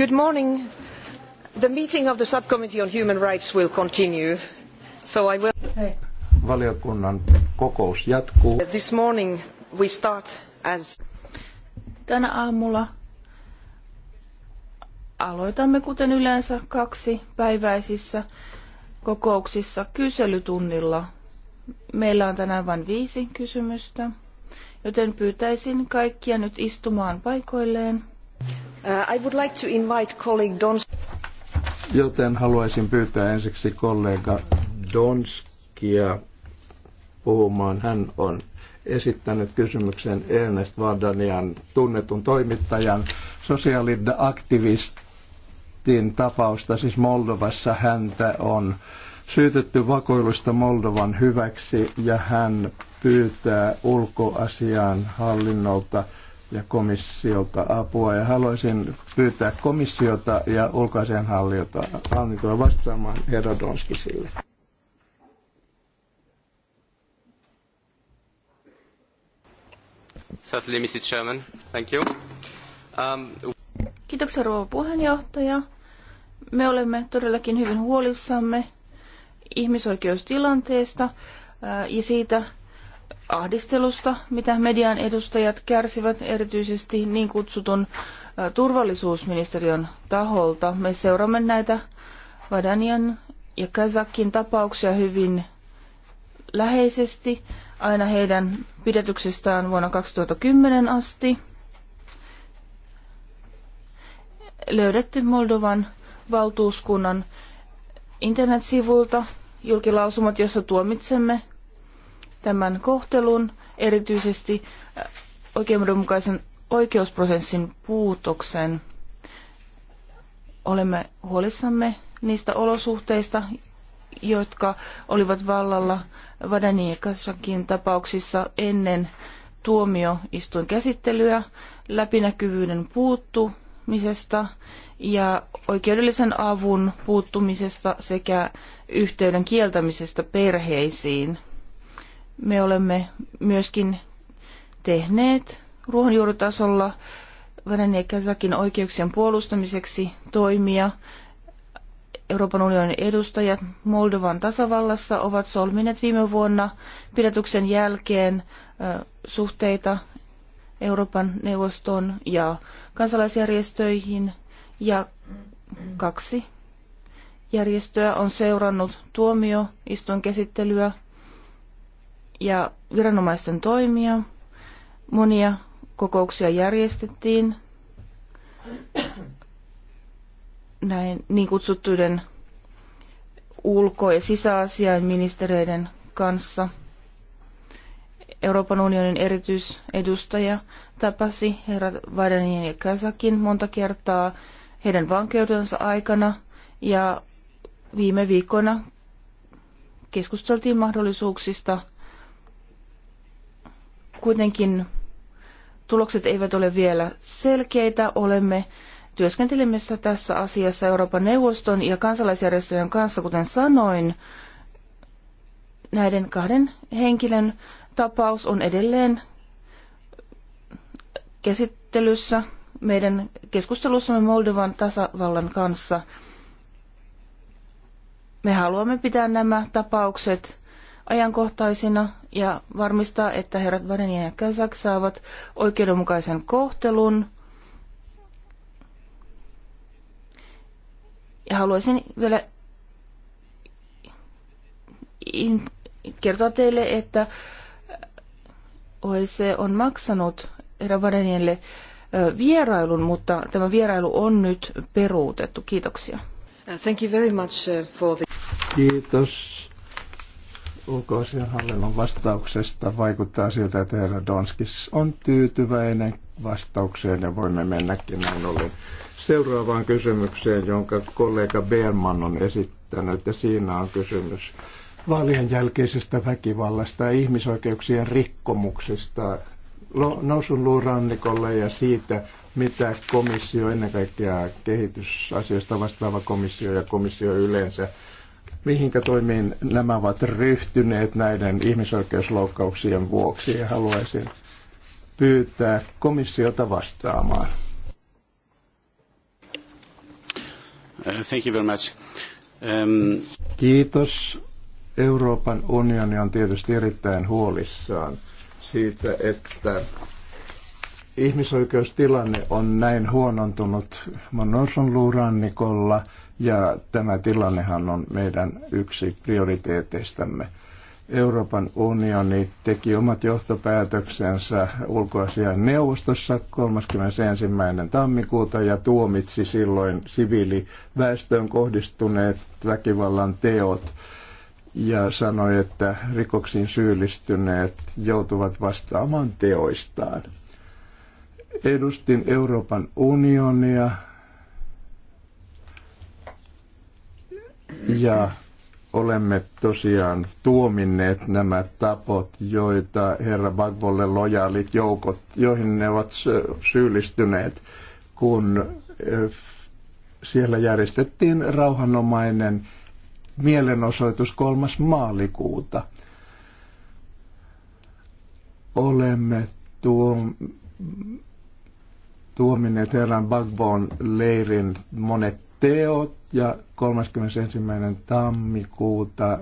Good morning. The meeting of the subcommittee on human rights will continue. So I will... Hei. Valiokunnan kokous jatkuu. This morning we start as... Tänä aamulla aloitamme kuten yleensä kaksi päiväisissä kokouksissa kyselytunnilla. Meillä on tänään vain viisi kysymystä, joten pyytäisin kaikkia nyt istumaan paikoilleen. Uh, I would like to invite colleague Joten haluaisin pyytää ensiksi kollega Donskia puhumaan. Hän on esittänyt kysymyksen Ernest Vardanian tunnetun toimittajan sosiaaliaktivistin tapausta, siis Moldovassa häntä on syytetty vakoilusta Moldovan hyväksi ja hän pyytää ulkoasian hallinnolta ja komissiolta apua. Ja haluaisin pyytää komissiota ja ulkoisen hallintoa vastaamaan Herodonskisille. Certainly, Mr. Chairman. Thank you. Um... Kiitoksia rouva puheenjohtaja. Me olemme todellakin hyvin huolissamme ihmisoikeustilanteesta ja siitä, ahdistelusta, mitä median edustajat kärsivät erityisesti niin kutsutun turvallisuusministeriön taholta. Me seuraamme näitä Vadanian ja Kazakin tapauksia hyvin läheisesti aina heidän pidätyksestään vuonna 2010 asti. Löydetty Moldovan valtuuskunnan internetsivuilta julkilausumat, jossa tuomitsemme tämän kohtelun, erityisesti äh, oikeudenmukaisen oikeusprosessin puutoksen. Olemme huolissamme niistä olosuhteista, jotka olivat vallalla Vadani ja tapauksissa ennen tuomioistuin käsittelyä, läpinäkyvyyden puuttumisesta ja oikeudellisen avun puuttumisesta sekä yhteyden kieltämisestä perheisiin – me olemme myöskin tehneet ruohonjuuritasolla Venäjän ja Kazakin oikeuksien puolustamiseksi toimia. Euroopan unionin edustajat Moldovan tasavallassa ovat solmineet viime vuonna pidätyksen jälkeen suhteita Euroopan neuvoston ja kansalaisjärjestöihin ja kaksi järjestöä on seurannut tuomioistuinkäsittelyä ja viranomaisten toimia. Monia kokouksia järjestettiin näin niin kutsuttuiden ulko- ja sisäasiain ministereiden kanssa. Euroopan unionin erityisedustaja tapasi herra Vadanin ja Kasakin monta kertaa heidän vankeutensa aikana ja viime viikkoina keskusteltiin mahdollisuuksista Kuitenkin tulokset eivät ole vielä selkeitä. Olemme työskentelemässä tässä asiassa Euroopan neuvoston ja kansalaisjärjestöjen kanssa, kuten sanoin. Näiden kahden henkilön tapaus on edelleen käsittelyssä meidän keskustelussamme Moldovan tasavallan kanssa. Me haluamme pitää nämä tapaukset ajankohtaisina ja varmistaa, että herrat Varenia ja Kazak saavat oikeudenmukaisen kohtelun. Ja haluaisin vielä kertoa teille, että OEC on maksanut herran Varenielle vierailun, mutta tämä vierailu on nyt peruutettu. Kiitoksia. Thank you very much uh, for the... Kiitos ulkoasianhallinnon vastauksesta. Vaikuttaa siltä, että herra Donskis on tyytyväinen vastaukseen ja voimme mennäkin näin ollen seuraavaan kysymykseen, jonka kollega Berman on esittänyt. Ja siinä on kysymys vaalien jälkeisestä väkivallasta ja ihmisoikeuksien rikkomuksista luurannikolle ja siitä, mitä komissio, ennen kaikkea kehitysasioista vastaava komissio ja komissio yleensä mihinkä toimiin nämä ovat ryhtyneet näiden ihmisoikeusloukkauksien vuoksi ja haluaisin pyytää komissiota vastaamaan. Uh, thank you very much. Um... Kiitos. Euroopan unioni on tietysti erittäin huolissaan siitä, että ihmisoikeustilanne on näin huonontunut Monoson luurannikolla – ja tämä tilannehan on meidän yksi prioriteeteistamme. Euroopan unioni teki omat johtopäätöksensä ulkoasian neuvostossa 31. tammikuuta ja tuomitsi silloin siviiliväestöön kohdistuneet väkivallan teot ja sanoi, että rikoksiin syyllistyneet joutuvat vastaamaan teoistaan. Edustin Euroopan unionia Ja olemme tosiaan tuominneet nämä tapot, joita herra Bagbolle lojaalit joukot, joihin ne ovat syyllistyneet, kun siellä järjestettiin rauhanomainen mielenosoitus kolmas maalikuuta. Olemme tuo tuominen Teheran Bagbon leirin monet teot ja 31. tammikuuta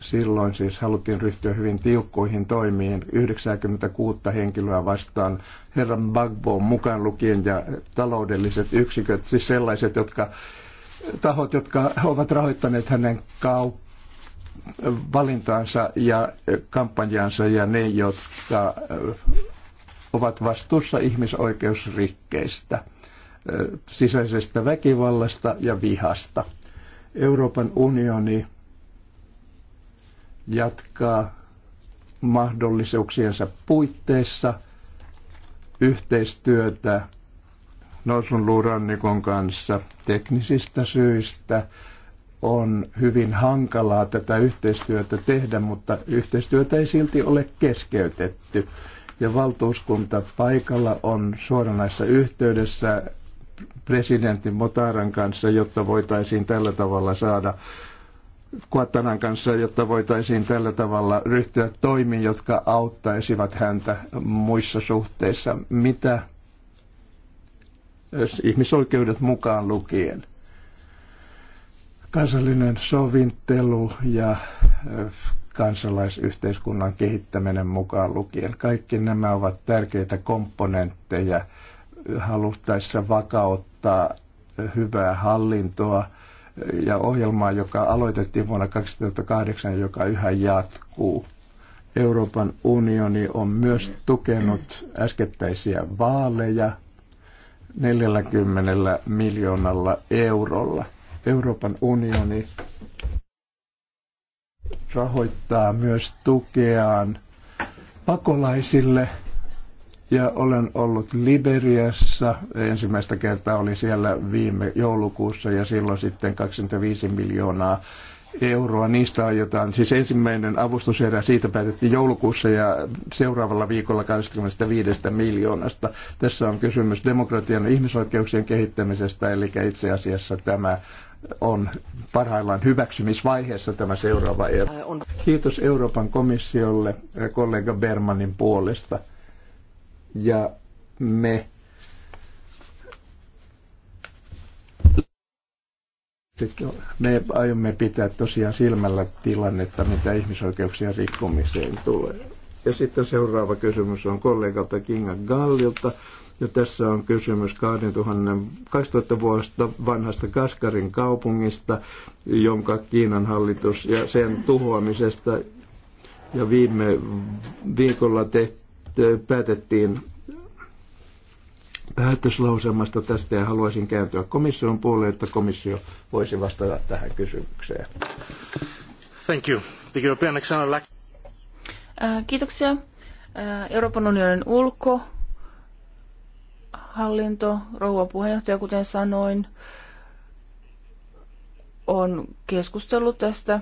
silloin siis haluttiin ryhtyä hyvin tiukkoihin toimiin 96 henkilöä vastaan, herran Bagboon mukaan lukien ja taloudelliset yksiköt, siis sellaiset jotka, tahot, jotka ovat rahoittaneet hänen kaup valintaansa ja kampanjansa ja ne, jotka ovat vastuussa ihmisoikeusrikkeistä, sisäisestä väkivallasta ja vihasta. Euroopan unioni jatkaa mahdollisuuksiensa puitteissa yhteistyötä nousun luurannikon kanssa teknisistä syistä. On hyvin hankalaa tätä yhteistyötä tehdä, mutta yhteistyötä ei silti ole keskeytetty ja valtuuskunta paikalla on suoranaisessa yhteydessä presidentin Motaran kanssa, jotta voitaisiin tällä tavalla saada Kuattanan kanssa, jotta voitaisiin tällä tavalla ryhtyä toimiin, jotka auttaisivat häntä muissa suhteissa. Mitä ihmisoikeudet mukaan lukien? Kansallinen sovintelu ja äh, kansalaisyhteiskunnan kehittäminen mukaan lukien. Kaikki nämä ovat tärkeitä komponentteja haluttaessa vakauttaa hyvää hallintoa ja ohjelmaa, joka aloitettiin vuonna 2008, joka yhä jatkuu. Euroopan unioni on myös tukenut äskettäisiä vaaleja 40 miljoonalla eurolla. Euroopan unioni rahoittaa myös tukeaan pakolaisille. Ja olen ollut Liberiassa, ensimmäistä kertaa oli siellä viime joulukuussa ja silloin sitten 25 miljoonaa euroa. Niistä aiotaan, siis ensimmäinen avustuserä siitä päätettiin joulukuussa ja seuraavalla viikolla 25 miljoonasta. Tässä on kysymys demokratian ja ihmisoikeuksien kehittämisestä, eli itse asiassa tämä on parhaillaan hyväksymisvaiheessa tämä seuraava ero. Kiitos Euroopan komissiolle kollega Bermanin puolesta. Ja me me aiomme pitää tosiaan silmällä tilannetta, mitä ihmisoikeuksien rikkomiseen tulee. Ja sitten seuraava kysymys on kollegalta Kinga Gallilta ja tässä on kysymys 2000, 2000 vuotta vanhasta Kaskarin kaupungista, jonka Kiinan hallitus ja sen tuhoamisesta. Ja viime viikolla tehty, päätettiin päätöslauselmasta tästä ja haluaisin kääntyä komission puoleen, että komissio voisi vastata tähän kysymykseen. Thank you. The European äh, Kiitoksia. Äh, Euroopan unionin ulko hallinto, rouva puheenjohtaja, kuten sanoin, on keskustellut tästä.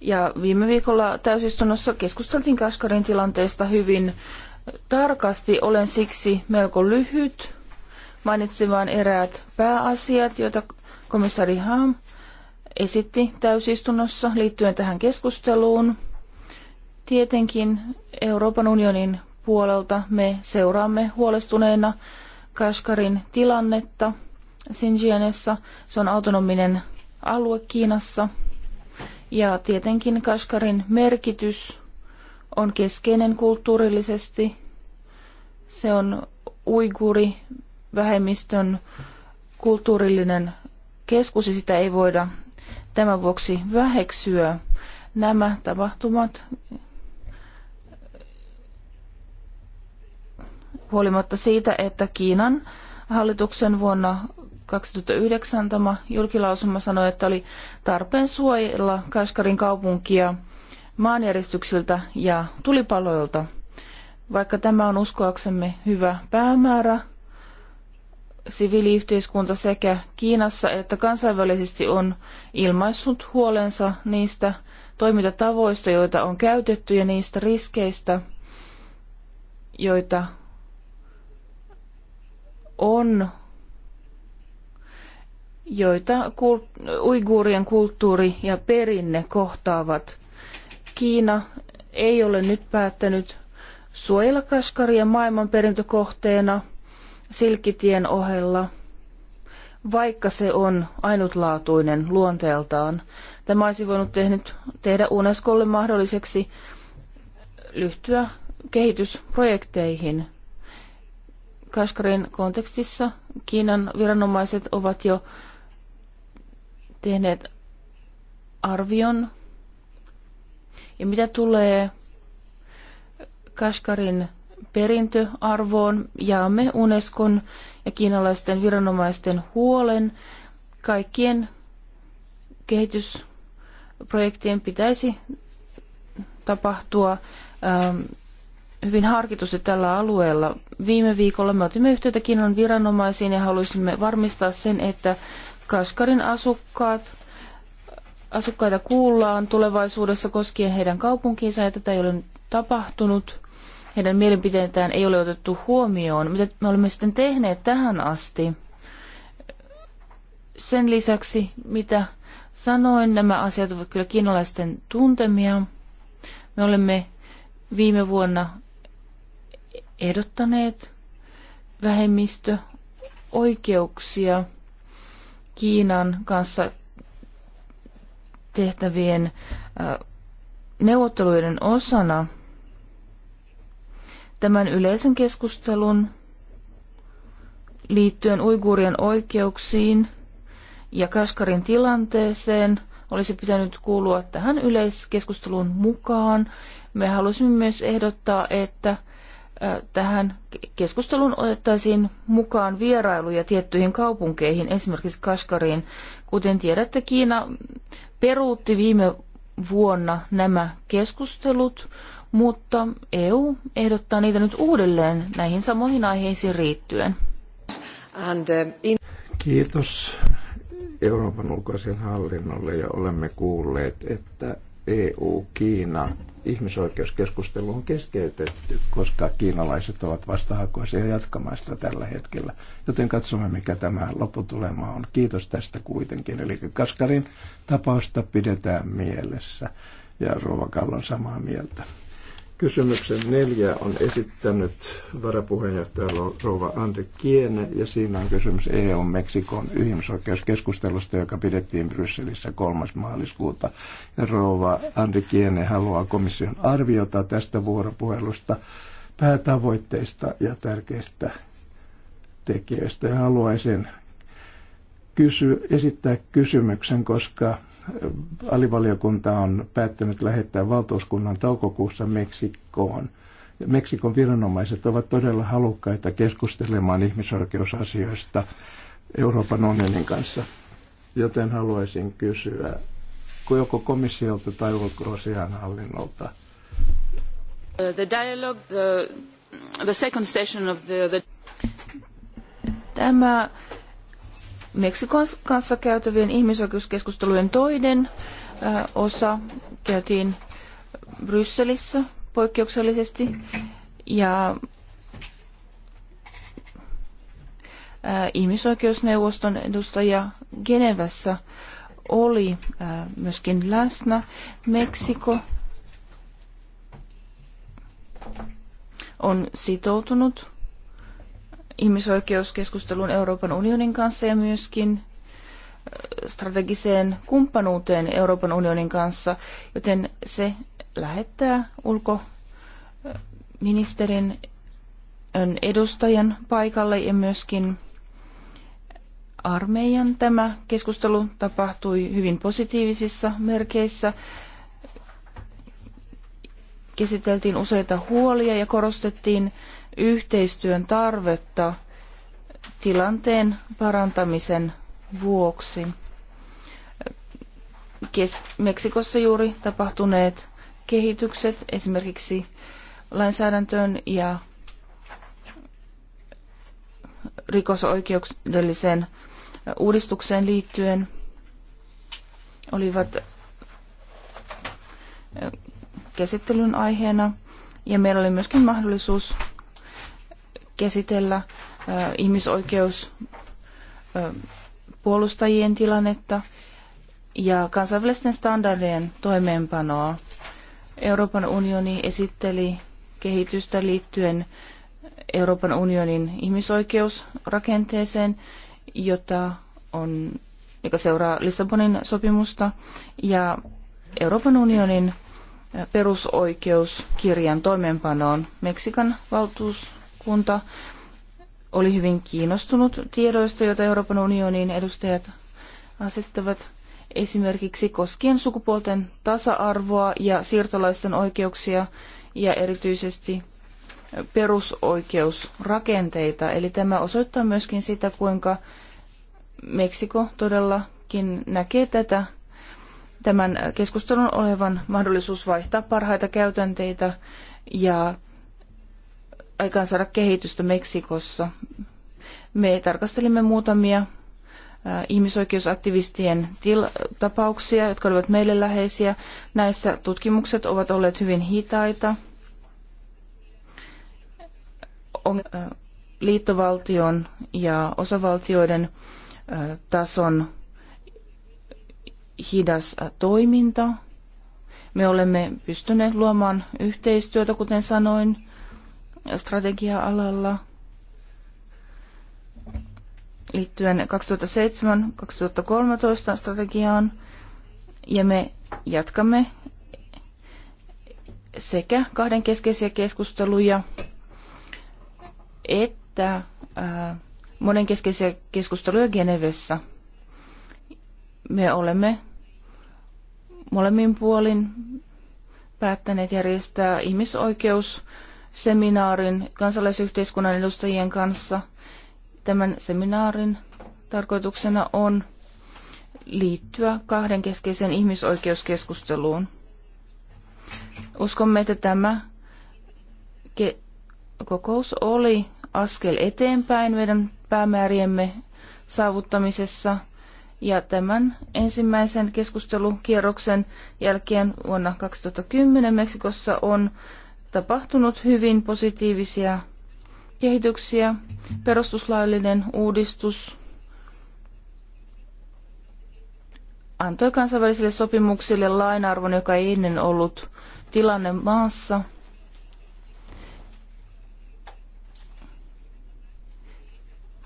Ja viime viikolla täysistunnossa keskusteltiin Kaskarin tilanteesta hyvin tarkasti. Olen siksi melko lyhyt Mainitsin vain eräät pääasiat, joita komissari Ham esitti täysistunnossa liittyen tähän keskusteluun. Tietenkin Euroopan unionin puolelta me seuraamme huolestuneena Kashkarin tilannetta Xinjiangissa. Se on autonominen alue Kiinassa. Ja tietenkin Kashkarin merkitys on keskeinen kulttuurillisesti. Se on uiguri vähemmistön kulttuurillinen keskus ja sitä ei voida tämän vuoksi väheksyä. Nämä tapahtumat huolimatta siitä, että Kiinan hallituksen vuonna 2009 tämä julkilausuma sanoi, että oli tarpeen suojella Kaskarin kaupunkia maanjäristyksiltä ja tulipaloilta. Vaikka tämä on uskoaksemme hyvä päämäärä, siviiliyhteiskunta sekä Kiinassa että kansainvälisesti on ilmaissut huolensa niistä toimintatavoista, joita on käytetty ja niistä riskeistä, joita on, joita kult- uiguurien kulttuuri ja perinne kohtaavat. Kiina ei ole nyt päättänyt suojella Kaskaria maailmanperintökohteena Silkkitien ohella, vaikka se on ainutlaatuinen luonteeltaan. Tämä olisi voinut tehnyt, tehdä Unescolle mahdolliseksi lyhtyä kehitysprojekteihin – Kashgarin kontekstissa Kiinan viranomaiset ovat jo tehneet arvion. Ja mitä tulee Kashgarin perintöarvoon, jaamme Unescon ja kiinalaisten viranomaisten huolen. Kaikkien kehitysprojektien pitäisi tapahtua ähm, hyvin harkitusti tällä alueella. Viime viikolla me otimme yhteyttä Kiinan viranomaisiin ja haluaisimme varmistaa sen, että Kaskarin asukkaat, asukkaita kuullaan tulevaisuudessa koskien heidän kaupunkiinsa ja tätä ei ole tapahtunut. Heidän mielipiteitään ei ole otettu huomioon. Mitä me olemme sitten tehneet tähän asti? Sen lisäksi, mitä sanoin, nämä asiat ovat kyllä kiinalaisten tuntemia. Me olemme viime vuonna ehdottaneet vähemmistöoikeuksia Kiinan kanssa tehtävien neuvotteluiden osana. Tämän yleisen keskustelun liittyen uigurien oikeuksiin ja Kaskarin tilanteeseen olisi pitänyt kuulua tähän yleiskeskusteluun mukaan. Me halusimme myös ehdottaa, että tähän keskusteluun otettaisiin mukaan vierailuja tiettyihin kaupunkeihin, esimerkiksi Kaskariin. Kuten tiedätte, Kiina peruutti viime vuonna nämä keskustelut, mutta EU ehdottaa niitä nyt uudelleen näihin samoihin aiheisiin riittyen. Kiitos Euroopan ulkoisen hallinnolle ja olemme kuulleet, että EU-Kiina ihmisoikeuskeskustelu on keskeytetty, koska kiinalaiset ovat vastahakoisia jatkamaan sitä tällä hetkellä. Joten katsomme, mikä tämä lopputulema on. Kiitos tästä kuitenkin. Eli Kaskarin tapausta pidetään mielessä ja Ruokalla samaa mieltä. Kysymyksen neljä on esittänyt varapuheenjohtaja Rouva Andre Kiene ja siinä on kysymys EU-Meksikon ihmisoikeuskeskustelusta, joka pidettiin Brysselissä 3. maaliskuuta. Rouva Andre Kiene haluaa komission arviota tästä vuoropuhelusta, päätavoitteista ja tärkeistä tekijöistä. Ja haluaisin kysy, esittää kysymyksen, koska alivaliokunta on päättänyt lähettää valtuuskunnan toukokuussa Meksikoon. Meksikon viranomaiset ovat todella halukkaita keskustelemaan ihmisoikeusasioista Euroopan unionin kanssa. Joten haluaisin kysyä joko komissiolta tai ulkoasian hallinnolta. The dialogue, the, the second session of the, the... Tämä Meksikon kanssa käytävien ihmisoikeuskeskustelujen toinen osa käytiin Brysselissä poikkeuksellisesti ja ihmisoikeusneuvoston edustaja Genevessä oli myöskin läsnä. Meksiko on sitoutunut ihmisoikeuskeskusteluun Euroopan unionin kanssa ja myöskin strategiseen kumppanuuteen Euroopan unionin kanssa, joten se lähettää ulkoministerin edustajan paikalle ja myöskin armeijan tämä keskustelu tapahtui hyvin positiivisissa merkeissä. Käsiteltiin useita huolia ja korostettiin yhteistyön tarvetta tilanteen parantamisen vuoksi. Kes- Meksikossa juuri tapahtuneet kehitykset esimerkiksi lainsäädäntöön ja rikosoikeudelliseen uudistukseen liittyen olivat käsittelyn aiheena. Ja meillä oli myöskin mahdollisuus käsitellä ihmisoikeuspuolustajien tilannetta ja kansainvälisten standardien toimeenpanoa. Euroopan unioni esitteli kehitystä liittyen Euroopan unionin ihmisoikeusrakenteeseen, jota on, joka seuraa Lissabonin sopimusta, ja Euroopan unionin perusoikeuskirjan toimeenpanoon. Meksikan valtuus, valiokunta oli hyvin kiinnostunut tiedoista, joita Euroopan unionin edustajat asettavat esimerkiksi koskien sukupuolten tasa-arvoa ja siirtolaisten oikeuksia ja erityisesti perusoikeusrakenteita. Eli tämä osoittaa myöskin sitä, kuinka Meksiko todellakin näkee tätä tämän keskustelun olevan mahdollisuus vaihtaa parhaita käytänteitä ja aikaansaada kehitystä Meksikossa. Me tarkastelimme muutamia ihmisoikeusaktivistien tapauksia, jotka olivat meille läheisiä. Näissä tutkimukset ovat olleet hyvin hitaita. On, liittovaltion ja osavaltioiden tason hidas toiminta. Me olemme pystyneet luomaan yhteistyötä, kuten sanoin, strategia-alalla liittyen 2007-2013 strategiaan ja me jatkamme sekä kahden keskeisiä keskusteluja että äh, monen keskeisiä keskusteluja Genevessä. Me olemme molemmin puolin päättäneet järjestää ihmisoikeus- seminaarin kansalaisyhteiskunnan edustajien kanssa. Tämän seminaarin tarkoituksena on liittyä kahdenkeskeiseen ihmisoikeuskeskusteluun. Uskomme, että tämä kokous oli askel eteenpäin meidän päämääriemme saavuttamisessa. Ja tämän ensimmäisen keskustelukierroksen jälkeen vuonna 2010 Meksikossa on tapahtunut hyvin positiivisia kehityksiä. Perustuslaillinen uudistus antoi kansainvälisille sopimuksille lainarvon, joka ei ennen ollut tilanne maassa.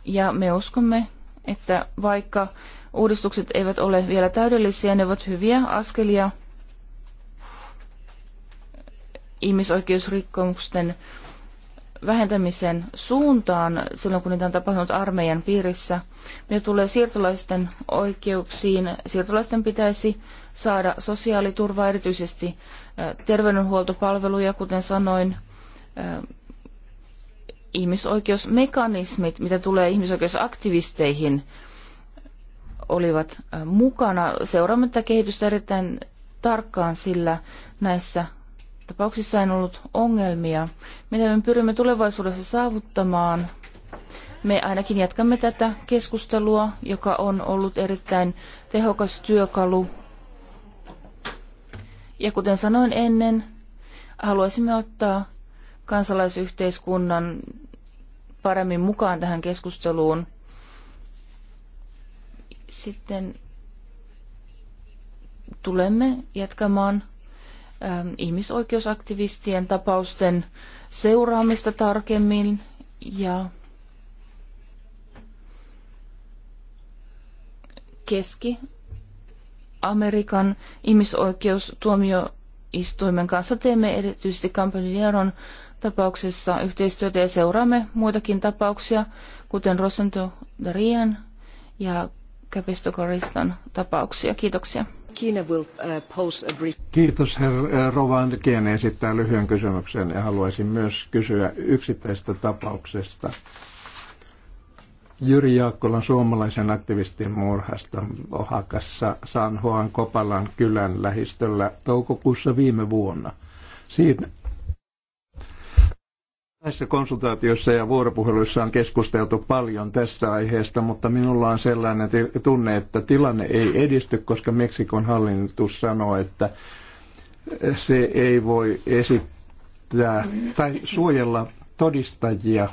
Ja me uskomme, että vaikka uudistukset eivät ole vielä täydellisiä, ne ovat hyviä askelia – ihmisoikeusrikkomusten vähentämisen suuntaan silloin, kun niitä on tapahtunut armeijan piirissä. Mitä tulee siirtolaisten oikeuksiin, siirtolaisten pitäisi saada sosiaaliturvaa, erityisesti terveydenhuoltopalveluja, kuten sanoin, ihmisoikeusmekanismit, mitä tulee ihmisoikeusaktivisteihin, olivat mukana. Seuraamme tätä kehitystä erittäin tarkkaan, sillä näissä tapauksissa on ollut ongelmia. Mitä me pyrimme tulevaisuudessa saavuttamaan? Me ainakin jatkamme tätä keskustelua, joka on ollut erittäin tehokas työkalu. Ja kuten sanoin ennen, haluaisimme ottaa kansalaisyhteiskunnan paremmin mukaan tähän keskusteluun. Sitten tulemme jatkamaan Ähm, ihmisoikeusaktivistien tapausten seuraamista tarkemmin ja Keski-Amerikan ihmisoikeustuomioistuimen kanssa teemme erityisesti Campanilleron tapauksessa yhteistyötä ja seuraamme muitakin tapauksia, kuten Rosento Darien ja Coristan tapauksia. Kiitoksia. Uh, Kiitos herra äh, Rovan esittää lyhyen kysymyksen ja haluaisin myös kysyä yksittäisestä tapauksesta. Jyri Jaakkolan suomalaisen aktivistin murhasta Ohakassa San Juan Kopalan kylän lähistöllä toukokuussa viime vuonna. Siitä Näissä konsultaatioissa ja vuoropuheluissa on keskusteltu paljon tästä aiheesta, mutta minulla on sellainen tunne, että tilanne ei edisty, koska Meksikon hallitus sanoo, että se ei voi esittää tai suojella todistajia,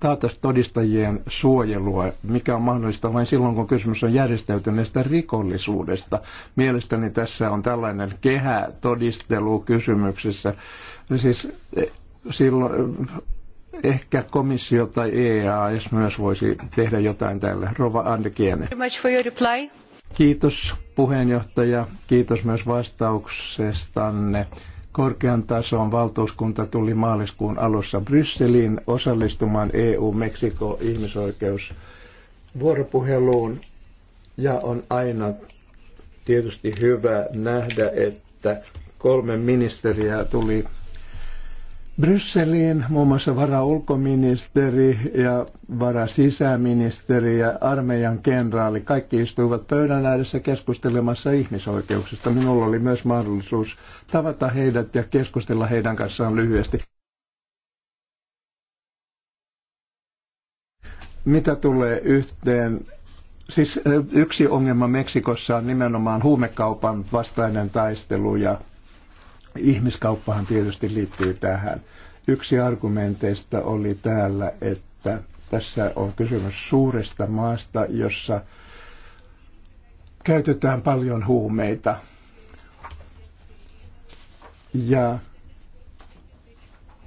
taata todistajien suojelua, mikä on mahdollista vain silloin, kun kysymys on järjestäytyneestä rikollisuudesta. Mielestäni tässä on tällainen kehä todistelu kysymyksessä. Siis silloin ehkä komissio tai EAS myös voisi tehdä jotain tälle. Rova Andekiene. Kiitos puheenjohtaja, kiitos myös vastauksestanne. Korkean tason valtuuskunta tuli maaliskuun alussa Brysseliin osallistumaan EU-Meksiko-ihmisoikeus vuoropuheluun ja on aina tietysti hyvä nähdä, että kolme ministeriä tuli Brysseliin muun muassa varaulkoministeri ja varasisäministeri ja armeijan kenraali. Kaikki istuivat pöydän ääressä keskustelemassa ihmisoikeuksista. Minulla oli myös mahdollisuus tavata heidät ja keskustella heidän kanssaan lyhyesti. Mitä tulee yhteen Siis yksi ongelma Meksikossa on nimenomaan huumekaupan vastainen taistelu ja Ihmiskauppahan tietysti liittyy tähän. Yksi argumenteista oli täällä, että tässä on kysymys suuresta maasta, jossa käytetään paljon huumeita. Ja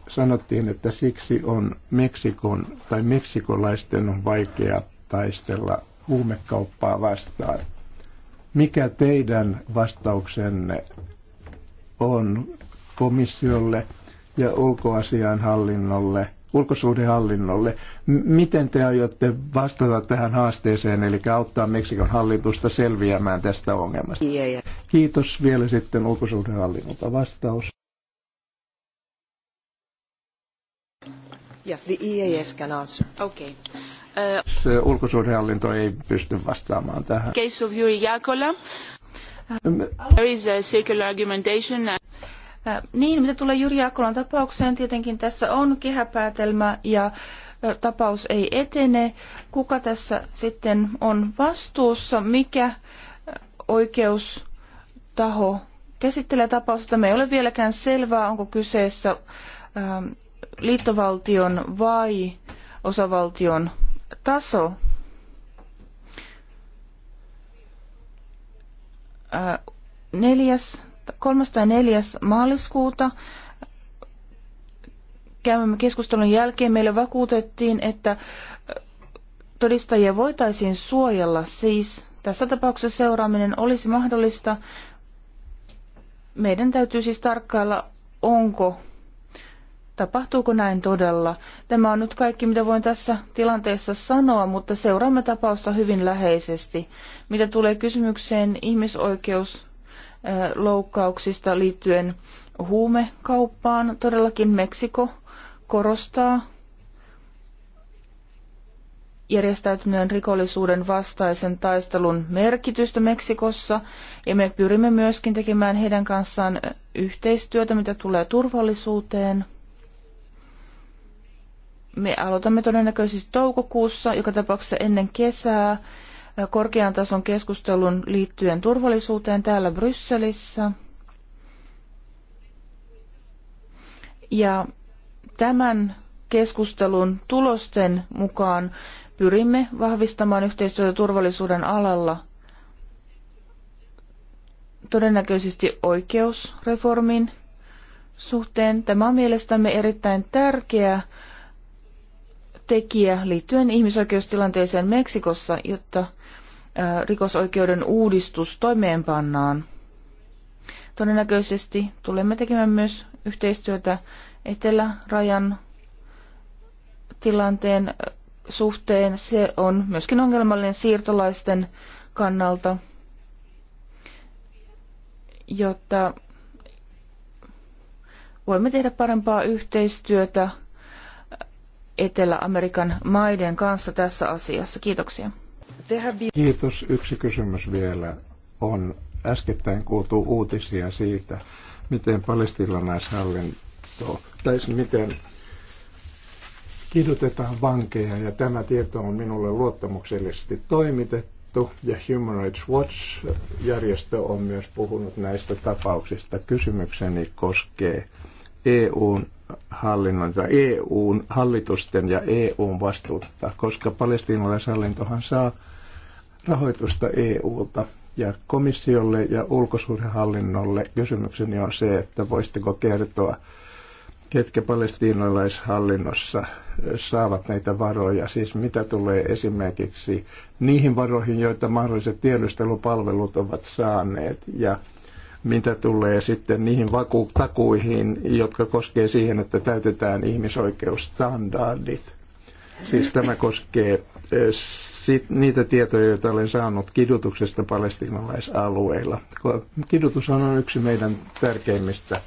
sanottiin, että siksi on Meksikon tai meksikolaisten on vaikea taistella huumekauppaa vastaan. Mikä teidän vastauksenne on komissiolle ja ulkoasianhallinnolle, ulkosuhdehallinnolle. Miten te aiotte vastata tähän haasteeseen, eli auttaa Meksikon hallitusta selviämään tästä ongelmasta? Kiitos vielä sitten ulkosuhdehallinnolta vastaus. Yeah, the EAS can answer. Okay. Uh, ulkosuhdehallinto ei pysty vastaamaan tähän. Case of Yuri Jakola. There is a circular argumentation. Niin, mitä tulee Jyri Akkolan tapaukseen, tietenkin tässä on kehäpäätelmä ja tapaus ei etene. Kuka tässä sitten on vastuussa? Mikä oikeustaho käsittelee tapausta? Me ei ole vieläkään selvää, onko kyseessä liittovaltion vai osavaltion taso. neljäs, kolmas tai neljäs maaliskuuta käymämme keskustelun jälkeen meille vakuutettiin, että todistajia voitaisiin suojella, siis tässä tapauksessa seuraaminen olisi mahdollista. Meidän täytyy siis tarkkailla, onko Tapahtuuko näin todella? Tämä on nyt kaikki, mitä voin tässä tilanteessa sanoa, mutta seuraamme tapausta hyvin läheisesti. Mitä tulee kysymykseen ihmisoikeusloukkauksista liittyen huumekauppaan, todellakin Meksiko korostaa järjestäytyneen rikollisuuden vastaisen taistelun merkitystä Meksikossa ja me pyrimme myöskin tekemään heidän kanssaan yhteistyötä, mitä tulee turvallisuuteen – me aloitamme todennäköisesti toukokuussa, joka tapauksessa ennen kesää, korkean tason keskustelun liittyen turvallisuuteen täällä Brysselissä. Ja tämän keskustelun tulosten mukaan pyrimme vahvistamaan yhteistyötä turvallisuuden alalla todennäköisesti oikeusreformin suhteen. Tämä on mielestämme erittäin tärkeä tekijä liittyen ihmisoikeustilanteeseen Meksikossa, jotta rikosoikeuden uudistus toimeenpannaan. Todennäköisesti tulemme tekemään myös yhteistyötä etelärajan tilanteen suhteen. Se on myöskin ongelmallinen siirtolaisten kannalta, jotta voimme tehdä parempaa yhteistyötä Etelä-Amerikan maiden kanssa tässä asiassa? Kiitoksia. Kiitos. Yksi kysymys vielä on äskettäin kuultu uutisia siitä, miten palestinalaishallinto, tai siis miten kidutetaan vankeja, ja tämä tieto on minulle luottamuksellisesti toimitettu, ja Human Rights Watch-järjestö on myös puhunut näistä tapauksista. Kysymykseni koskee EUn tai EUn hallitusten ja EUn vastuuta, koska palestiinalaishallintohan saa rahoitusta EUlta ja komissiolle ja ulkosuhdehallinnolle. Kysymykseni on se, että voisitteko kertoa, ketkä palestiinalaishallinnossa eh, saavat näitä varoja, siis mitä tulee esimerkiksi niihin varoihin, joita mahdolliset tiedustelupalvelut ovat saaneet ja mitä tulee sitten niihin vaku- takuihin, jotka koskee siihen, että täytetään ihmisoikeusstandardit. Siis tämä koskee eh, sit, niitä tietoja, joita olen saanut kidutuksesta palestinalaisalueilla. Kidutus on yksi meidän tärkeimmistä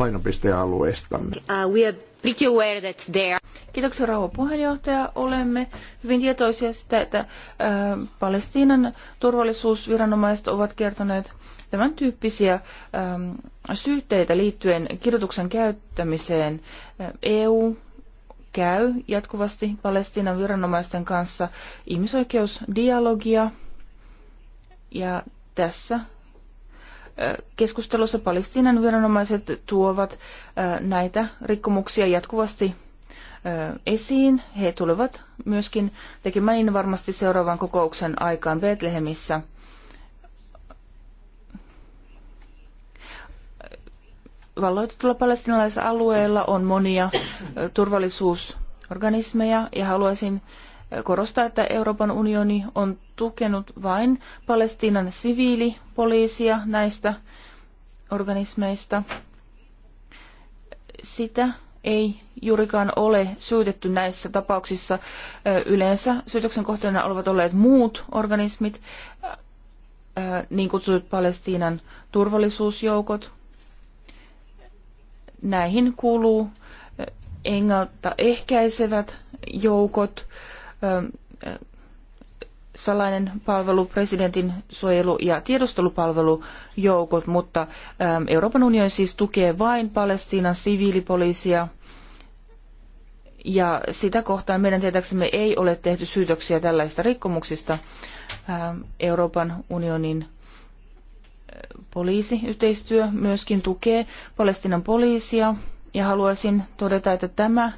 painopistealueistamme. Uh, we are pretty aware that's there. Kiitoksia rauha puheenjohtaja. Olemme hyvin tietoisia sitä, että äh, Palestiinan turvallisuusviranomaiset ovat kertoneet tämän tyyppisiä ähm, syytteitä liittyen kirjoituksen käyttämiseen. Uh, EU käy jatkuvasti Palestiinan viranomaisten kanssa ihmisoikeusdialogia ja tässä keskustelussa Palestiinan viranomaiset tuovat näitä rikkomuksia jatkuvasti esiin. He tulevat myöskin tekemään niin varmasti seuraavan kokouksen aikaan Bethlehemissä. Valloitetulla palestinalaisella alueella on monia turvallisuusorganismeja ja haluaisin äh, korostaa, että Euroopan unioni on tukenut vain Palestiinan siviilipoliisia näistä organismeista. Sitä ei juurikaan ole syytetty näissä tapauksissa. Yleensä syytöksen kohteena ovat olleet muut organismit, niin kutsutut Palestiinan turvallisuusjoukot. Näihin kuuluu ennalta ehkäisevät joukot, salainen palvelu, presidentin suojelu ja tiedustelupalvelujoukot, mutta Euroopan unioni siis tukee vain Palestiinan siviilipoliisia. Ja sitä kohtaan meidän tietääksemme ei ole tehty syytöksiä tällaisista rikkomuksista. Euroopan unionin poliisiyhteistyö myöskin tukee Palestiinan poliisia. Ja haluaisin todeta, että tämä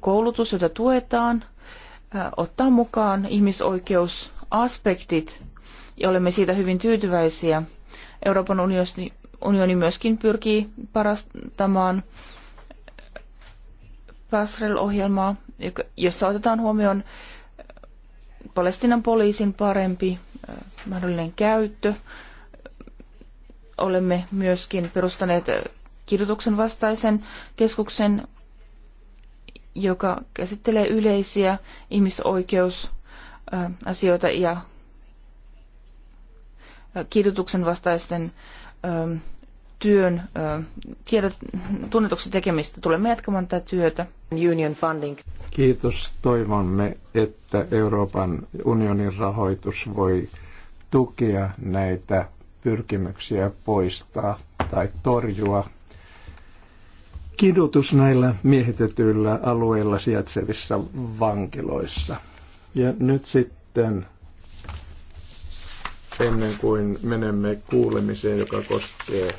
koulutus, jota tuetaan, ottaa mukaan ihmisoikeusaspektit ja olemme siitä hyvin tyytyväisiä. Euroopan unioni myöskin pyrkii parastamaan Pasrel-ohjelmaa, jossa otetaan huomioon Palestinan poliisin parempi mahdollinen käyttö. Olemme myöskin perustaneet kidutuksen vastaisen keskuksen joka käsittelee yleisiä ihmisoikeusasioita ja kidutuksen vastaisten ähm, työn tiedot, ähm, tunnetuksen tekemistä. Tulemme jatkamaan tätä työtä. Union funding. Kiitos. Toivomme, että Euroopan unionin rahoitus voi tukea näitä pyrkimyksiä poistaa tai torjua kidutus näillä miehitetyillä alueilla sijaitsevissa vankiloissa. Ja nyt sitten ennen kuin menemme kuulemiseen, joka koskee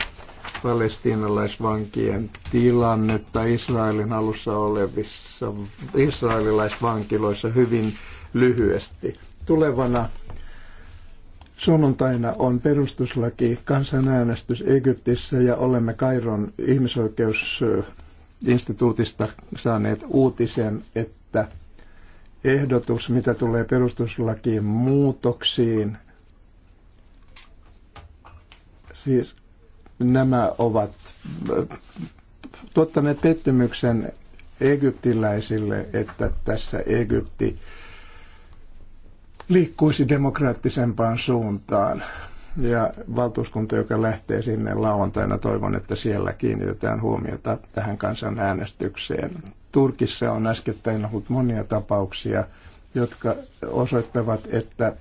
palestiinalaisvankien tilannetta Israelin alussa olevissa israelilaisvankiloissa hyvin lyhyesti. Tulevana Sunnuntaina on perustuslaki kansanäänestys Egyptissä ja olemme Kairon ihmisoikeusinstituutista saaneet uutisen, että ehdotus, mitä tulee perustuslakiin muutoksiin, siis nämä ovat tuottaneet pettymyksen egyptiläisille, että tässä Egypti liikkuisi demokraattisempaan suuntaan. Ja valtuuskunta, joka lähtee sinne lauantaina, toivon, että siellä kiinnitetään huomiota tähän kansanäänestykseen. Turkissa on äskettäin ollut monia tapauksia, jotka osoittavat, että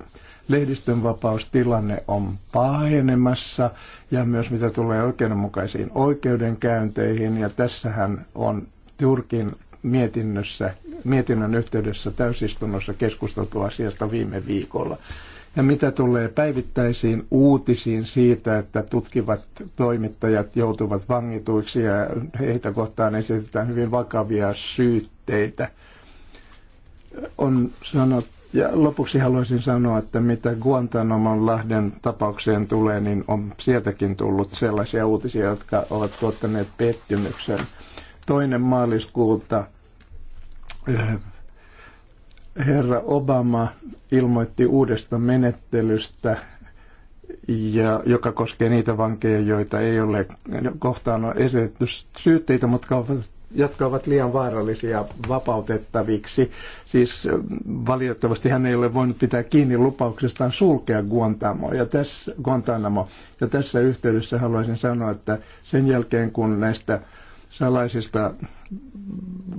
lehdistönvapaustilanne on pahenemassa ja myös mitä tulee oikeudenmukaisiin oikeudenkäynteihin. Ja tässähän on Turkin mietinnössä, mietinnön yhteydessä täysistunnossa keskusteltu asiasta viime viikolla. Ja mitä tulee päivittäisiin uutisiin siitä, että tutkivat toimittajat joutuvat vangituiksi ja heitä kohtaan esitetään hyvin vakavia syytteitä, on sanottu, ja lopuksi haluaisin sanoa, että mitä Guantanamon lahden tapaukseen tulee, niin on sieltäkin tullut sellaisia uutisia, jotka ovat tuottaneet pettymyksen – toinen maaliskuuta eh, herra Obama ilmoitti uudesta menettelystä, ja, joka koskee niitä vankeja, joita ei ole kohtaan esitetty syytteitä, mutta jotka ovat liian vaarallisia vapautettaviksi. Siis eh, valitettavasti hän ei ole voinut pitää kiinni lupauksestaan sulkea Guantanamo. Ja tässä, Guantanamo. Ja tässä yhteydessä haluaisin sanoa, että sen jälkeen kun näistä salaisesta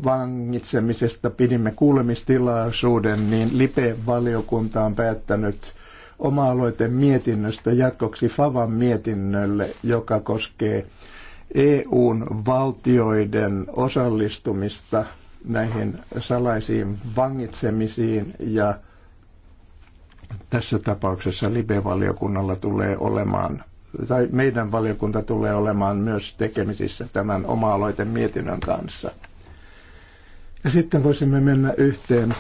vangitsemisesta pidimme kuulemistilaisuuden, niin LIPE-valiokunta on päättänyt oma-aloiten mietinnöstä jatkoksi FAVan mietinnölle, joka koskee EUn valtioiden osallistumista näihin salaisiin vangitsemisiin ja tässä tapauksessa LIBE-valiokunnalla tulee olemaan tai meidän valiokunta tulee olemaan myös tekemisissä tämän oma-aloiten mietinnön kanssa. Ja sitten voisimme mennä yhteen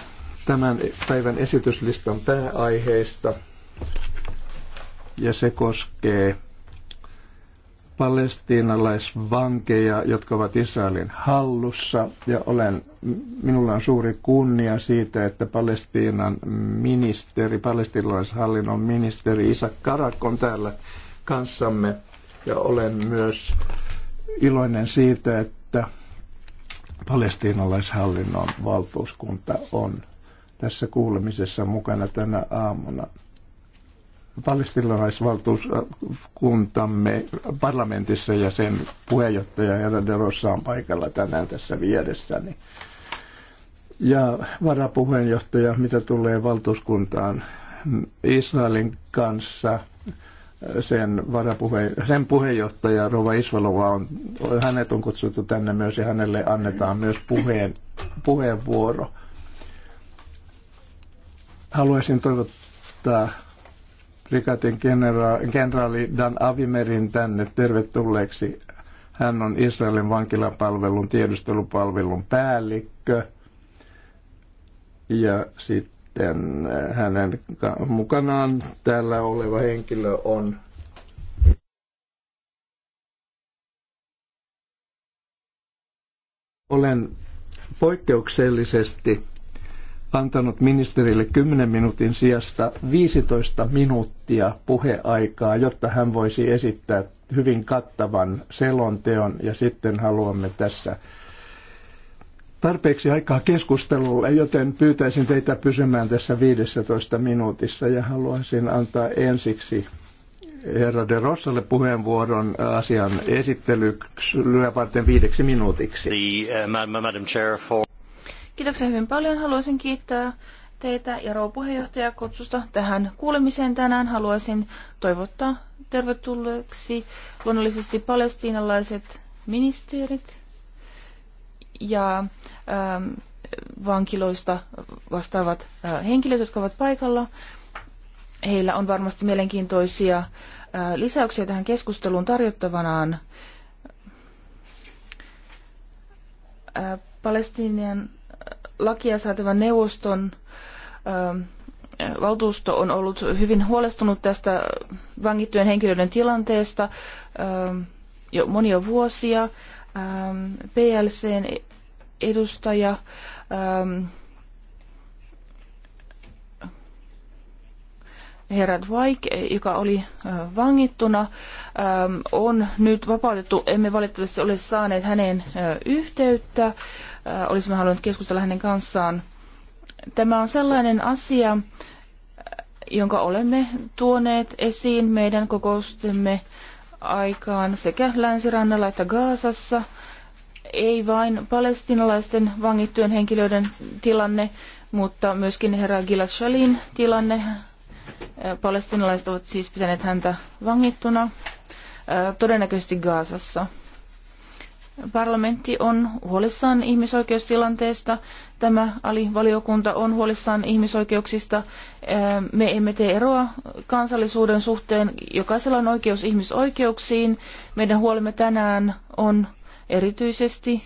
tämän päivän esityslistan pääaiheista. Ja se koskee palestiinalaisvankeja, jotka ovat Israelin hallussa. Ja olen, minulla on suuri kunnia siitä, että Palestiinan ministeri, palestinalaishallinnon ministeri Isak Karak on täällä kanssamme ja olen myös iloinen siitä, että palestiinalaishallinnon valtuuskunta on tässä kuulemisessa mukana tänä aamuna. Palestinalaisvaltuuskuntamme parlamentissa ja sen puheenjohtaja Herra Derossa on paikalla tänään tässä vieressäni. Ja varapuheenjohtaja, mitä tulee valtuuskuntaan Israelin kanssa – sen, varapuhe, sen puheenjohtaja Rova Isvalova on, hänet on kutsuttu tänne myös ja hänelle annetaan myös puheen, puheenvuoro. Haluaisin toivottaa Rikatin kenraali Dan Avimerin tänne tervetulleeksi. Hän on Israelin vankilapalvelun tiedustelupalvelun päällikkö. Ja sitten sitten äh, hänen mukanaan täällä oleva henkilö on Olen poikkeuksellisesti antanut ministerille 10 minuutin sijasta 15 minuuttia puheaikaa, jotta hän voisi esittää hyvin kattavan selonteon ja sitten haluamme tässä tarpeeksi aikaa keskustelulle, joten pyytäisin teitä pysymään tässä 15 minuutissa ja haluaisin antaa ensiksi herra de Rossalle puheenvuoron asian esittelyksi varten viideksi minuutiksi. The, uh, Madam Chair for... Kiitoksia hyvin paljon. Haluaisin kiittää teitä ja rouva puheenjohtaja kutsusta tähän kuulemiseen tänään. Haluaisin toivottaa tervetulleeksi luonnollisesti palestiinalaiset ministerit ja ähm, vankiloista vastaavat äh, henkilöt, jotka ovat paikalla. Heillä on varmasti mielenkiintoisia äh, lisäyksiä tähän keskusteluun tarjottavanaan. Äh, Palestinian lakia säätävän neuvoston ähm, valtuusto on ollut hyvin huolestunut tästä vangittujen henkilöiden tilanteesta ähm, jo monia vuosia ähm, PLCn edustaja ähm, herra Dwight, joka oli äh, vangittuna, ähm, on nyt vapautettu. Emme valitettavasti ole saaneet häneen äh, yhteyttä. Äh, olisimme halunneet keskustella hänen kanssaan. Tämä on sellainen asia, jonka olemme tuoneet esiin meidän kokoustemme aikaan sekä länsirannalla että Gaasassa. Ei vain palestinalaisten vangittujen henkilöiden tilanne, mutta myöskin herra Gilad Shalin tilanne. Palestinalaiset ovat siis pitäneet häntä vangittuna, todennäköisesti Gaasassa. Parlamentti on huolissaan ihmisoikeustilanteesta Tämä alivaliokunta on huolissaan ihmisoikeuksista. Me emme tee eroa kansallisuuden suhteen. Jokaisella on oikeus ihmisoikeuksiin. Meidän huolemme tänään on erityisesti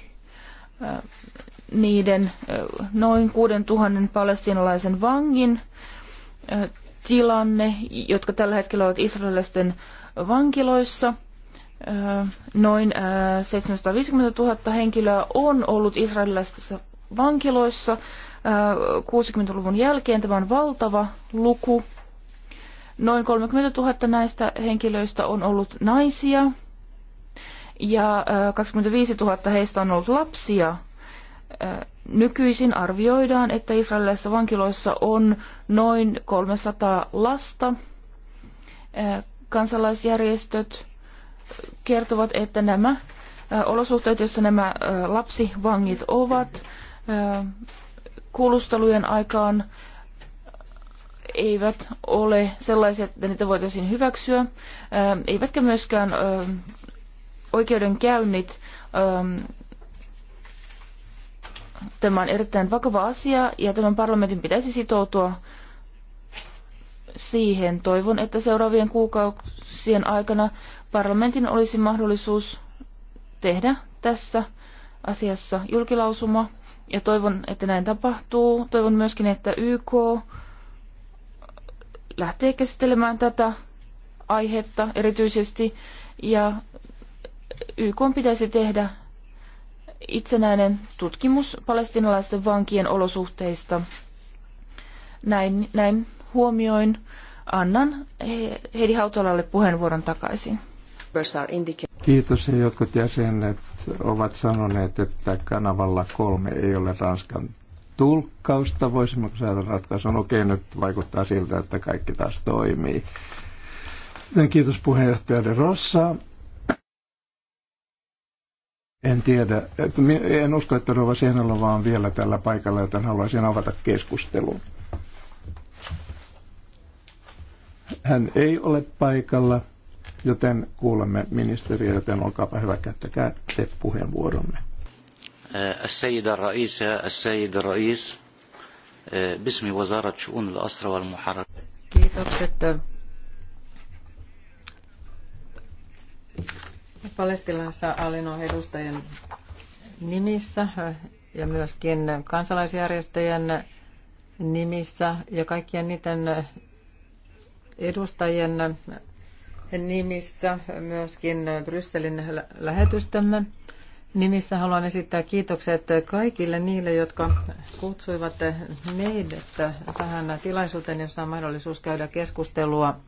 niiden noin 6000 palestinalaisen vangin tilanne, jotka tällä hetkellä ovat israelisten vankiloissa. Noin 750 000 henkilöä on ollut israelilaisissa vankiloissa 60-luvun äh, jälkeen. Tämä on valtava luku. Noin 30 000 näistä henkilöistä on ollut naisia ja 25 äh, 000 heistä on ollut lapsia. Äh, nykyisin arvioidaan, että israelilaisissa vankiloissa on noin 300 lasta. Kansalaisjärjestöt kertovat, että nämä olosuhteet, joissa nämä lapsivangit ovat, kuulustelujen aikaan eivät ole sellaisia, että niitä voitaisiin hyväksyä, eivätkä myöskään oikeudenkäynnit. Tämä on erittäin vakava asia ja tämän parlamentin pitäisi sitoutua siihen. Toivon, että seuraavien kuukausien aikana parlamentin olisi mahdollisuus tehdä tässä asiassa julkilausuma ja toivon, että näin tapahtuu. Toivon myöskin, että YK lähtee käsittelemään tätä aihetta erityisesti ja YK pitäisi tehdä itsenäinen tutkimus palestinalaisten vankien olosuhteista. Näin, näin huomioin annan Heidi Hautalalle puheenvuoron takaisin. Kiitos ja jotkut jäsenet ovat sanoneet, että kanavalla kolme ei ole Ranskan tulkkausta. Voisimmeko saada ratkaisun? Okei, nyt vaikuttaa siltä, että kaikki taas toimii. Kiitos puheenjohtaja De Rossa. En tiedä. En usko, että Rova Sehnalova on vielä tällä paikalla, joten haluaisin avata keskustelun. Hän ei ole paikalla joten kuulemme ministeriä, joten olkaapa hyvä, käyttäkää te puheenvuoronne. السيد الرئيس السيد الرئيس باسم وزارة شؤون الأسرة والمحرر Kiitokset palestinalaisen hallinnon edustajien nimissä eh, ja myöskin kansalaisjärjestöjen nimissä ja kaikkien niiden edustajien nimissä, myöskin Brysselin lähetystämme nimissä haluan esittää kiitokset kaikille niille, jotka kutsuivat meidät tähän tilaisuuteen, jossa on mahdollisuus käydä keskustelua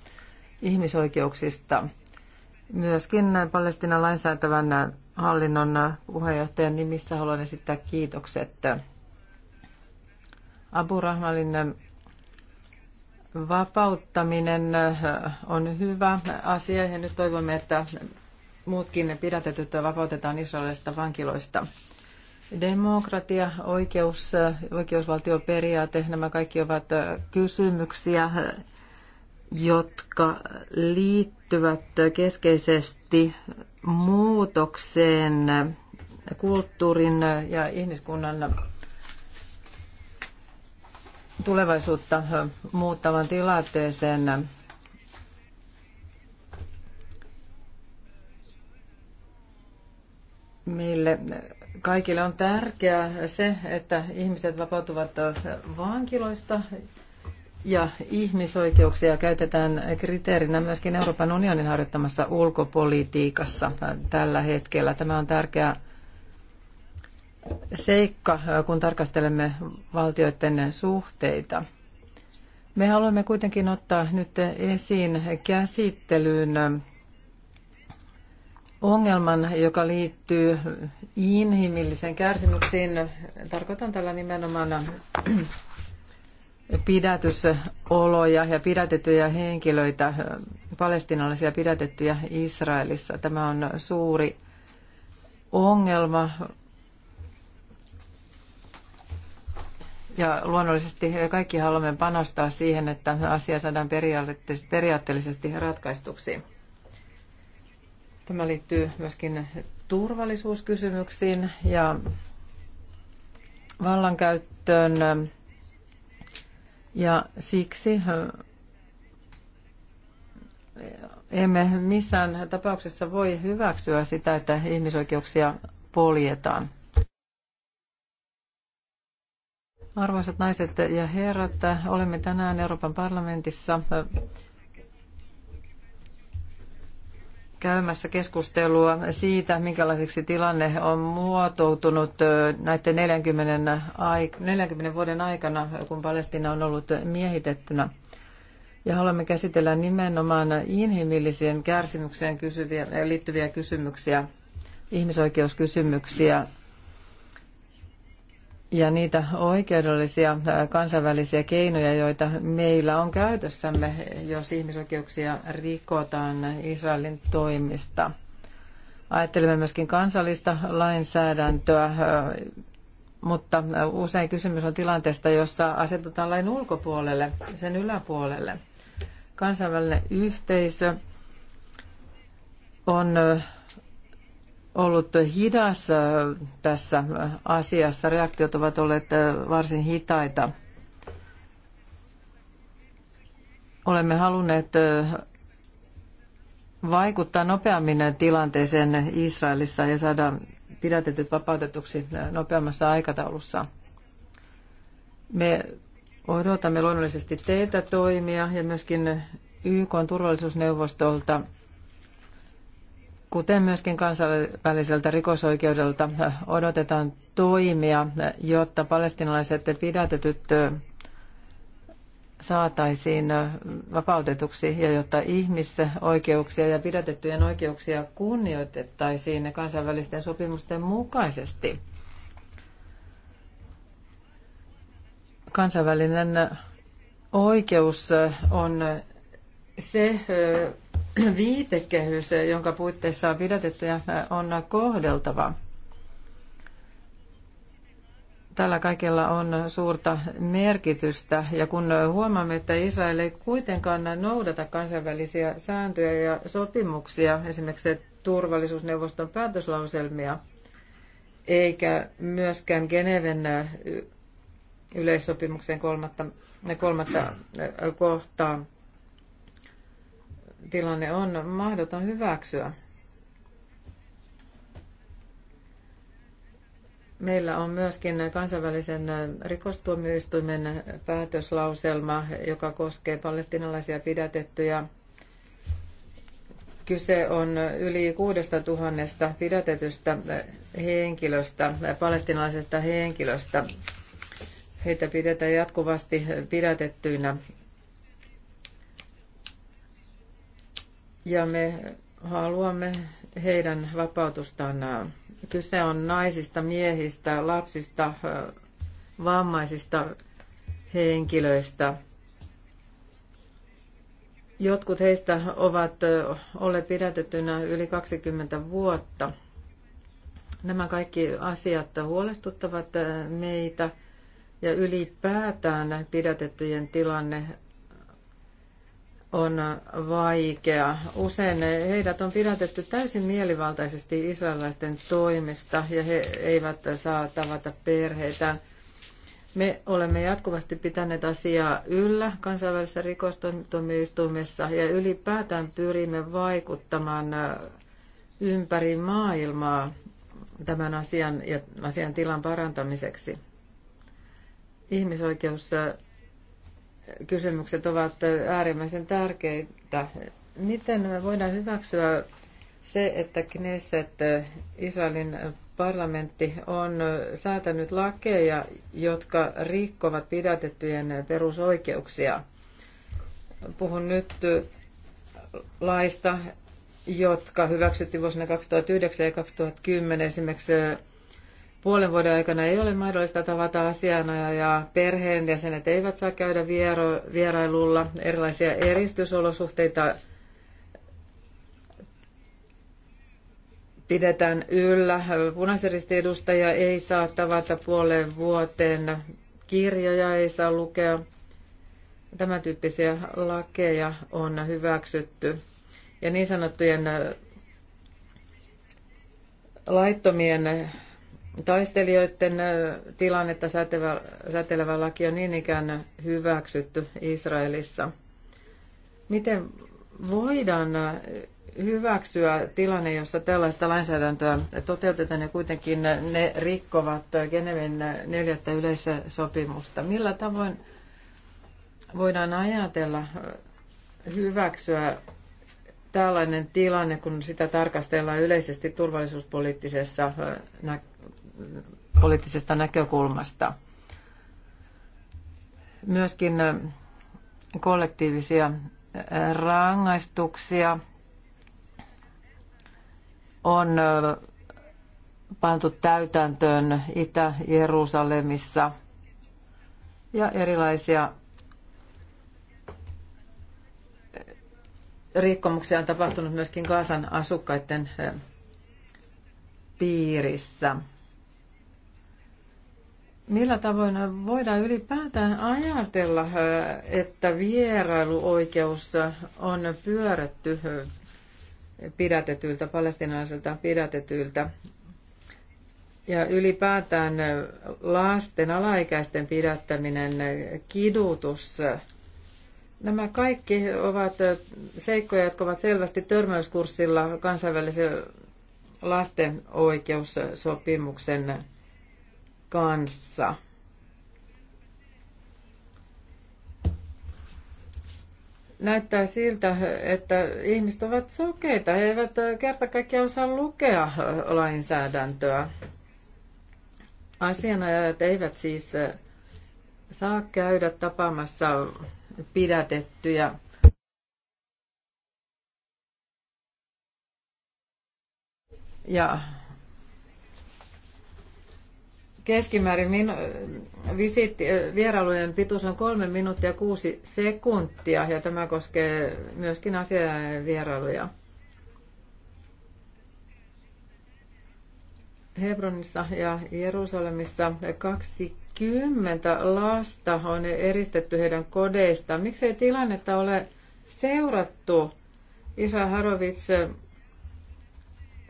ihmisoikeuksista. Myöskin Palestinan lainsäätävän hallinnon puheenjohtajan nimissä haluan esittää kiitokset. Abu Rahmalin vapauttaminen äh, on hyvä asia ja nyt toivomme, että muutkin pidätetyt vapautetaan israelista vankiloista. Demokratia, oikeus, äh, oikeusvaltioperiaate, nämä kaikki ovat äh, kysymyksiä, jotka liittyvät keskeisesti muutokseen kulttuurin ja ihmiskunnan tulevaisuutta muuttavan tilanteeseen. Meille kaikille on tärkeää se, että ihmiset vapautuvat vankiloista ja ihmisoikeuksia käytetään kriteerinä myöskin Euroopan unionin harjoittamassa ulkopolitiikassa tällä hetkellä. Tämä on tärkeää seikka, äh, kun tarkastelemme valtioiden suhteita. Me haluamme kuitenkin ottaa nyt esiin käsittelyyn ongelman, joka liittyy inhimillisen kärsimyksiin. Tarkoitan tällä nimenomaan pidätysoloja ja pidätettyjä henkilöitä, palestinalaisia pidätettyjä Israelissa. Tämä on suuri ongelma, Ja luonnollisesti kaikki haluamme panostaa siihen, että asia saadaan periaatteellisesti ratkaistuksi. Tämä liittyy myöskin turvallisuuskysymyksiin ja vallankäyttöön. Ja siksi eh, emme missään tapauksessa voi hyväksyä sitä, että ihmisoikeuksia poljetaan. Arvoisat naiset ja herrat, olemme tänään Euroopan parlamentissa äh, käymässä keskustelua siitä, minkälaiseksi tilanne on muotoutunut näiden 40, 40 vuoden aikana, kun Palestina on ollut miehitettynä. Ja haluamme käsitellä nimenomaan inhimilliseen kärsimykseen kysyviä, liittyviä kysymyksiä, ihmisoikeuskysymyksiä, ja niitä oikeudellisia kansainvälisiä keinoja, joita meillä on käytössämme, jos ihmisoikeuksia rikotaan Israelin toimista. Ajattelemme myöskin kansallista lainsäädäntöä, mutta usein kysymys on tilanteesta, jossa asetutaan lain ulkopuolelle, sen yläpuolelle. Kansainvälinen yhteisö on ollut hidas äh, tässä äh, asiassa. Reaktiot ovat olleet äh, varsin hitaita. Olemme halunneet vaikuttaa nopeammin tilanteeseen Israelissa ja saada pidätetyt vapautetuksi nopeammassa aikataulussa. Me odotamme luonnollisesti teiltä toimia ja myöskin YK turvallisuusneuvostolta – kuten myöskin kansainväliseltä rikosoikeudelta äh, odotetaan toimia, äh, jotta palestinalaiset pidätetyt äh, saataisiin vapautetuksi ja jotta ihmisoikeuksia ja pidätettyjen oikeuksia kunnioitettaisiin kansainvälisten sopimusten mukaisesti. Kansainvälinen oikeus on se viitekehys, jonka puitteissa pidätettyjä on kohdeltava. Tällä kaikella on suurta merkitystä ja kun huomaamme, että Israel ei kuitenkaan noudata kansainvälisiä sääntöjä ja sopimuksia, esimerkiksi turvallisuusneuvoston päätöslauselmia, eikä myöskään Geneven yleissopimuksen kolmatta, kolmatta äh, kohtaa, tilanne on mahdoton hyväksyä. Meillä on myöskin kansainvälisen rikostuomioistuimen päätöslauselma, joka koskee palestinalaisia pidätettyjä. Kyse on yli 6000 pidätetystä henkilöstä, palestinalaisesta henkilöstä. Heitä pidetään jatkuvasti pidätettyinä ja me haluamme heidän vapautustaan. Kyse on naisista, miehistä, lapsista, vammaisista henkilöistä. Jotkut heistä ovat olleet pidätettynä yli 20 vuotta. Nämä kaikki asiat huolestuttavat meitä ja ylipäätään pidätettyjen tilanne on vaikea. Usein heidät on pidätetty täysin mielivaltaisesti israelaisten toimesta ja he eivät saa tavata perheitä. Me olemme jatkuvasti pitäneet asiaa yllä kansainvälisessä rikostuomioistuimessa ja ylipäätään pyrimme vaikuttamaan ympäri maailmaa tämän asian ja asian tilan parantamiseksi. Ihmisoikeus kysymykset ovat äärimmäisen tärkeitä. Miten me voidaan hyväksyä se, että Knesset, Israelin parlamentti, on säätänyt lakeja, jotka rikkovat pidätettyjen perusoikeuksia? Puhun nyt laista, jotka hyväksyttiin vuosina 2009 ja 2010 esimerkiksi puolen vuoden aikana ei ole mahdollista tavata asianajajaa. Perheenjäsenet eivät saa käydä viero, vierailulla. Erilaisia eristysolosuhteita pidetään yllä. Punaisristiedustajia ei saa tavata puoleen vuoteen. Kirjoja ei saa lukea. Tämän tyyppisiä lakeja on hyväksytty. Ja niin sanottujen laittomien Taistelijoiden tilannetta säätelevä, säätelevä laki on niin ikään hyväksytty Israelissa. Miten voidaan hyväksyä tilanne, jossa tällaista lainsäädäntöä toteutetaan ja kuitenkin ne rikkovat Geneven neljättä sopimusta? Millä tavoin voidaan ajatella hyväksyä tällainen tilanne, kun sitä tarkastellaan yleisesti turvallisuuspoliittisessa poliittisesta näkökulmasta. Myöskin äh, kollektiivisia äh, rangaistuksia on äh, pantu täytäntöön Itä-Jerusalemissa ja erilaisia rikkomuksia on tapahtunut myöskin Kaasan asukkaiden piirissä. Millä tavoin voidaan ylipäätään ajatella, että vierailuoikeus on pyörätty pidätetyiltä, palestinaisilta pidätetyiltä ja ylipäätään lasten, alaikäisten pidättäminen, kidutus, nämä kaikki ovat seikkoja, jotka ovat selvästi törmäyskurssilla kansainvälisen lasten oikeussopimuksen kanssa. Näyttää siltä, että ihmiset ovat sokeita. He eivät kerta kaikkiaan osaa lukea lainsäädäntöä. Asianajajat eivät siis saa käydä tapaamassa pidätettyjä ja Keskimäärin minu, visiitti, vierailujen pituus on 3 minuuttia 6 sekuntia ja tämä koskee myöskin asiavierailuja. Hebronissa ja Jerusalemissa 20 lasta on eristetty heidän kodeistaan. Miksei tilannetta ole seurattu? Isra Harovits,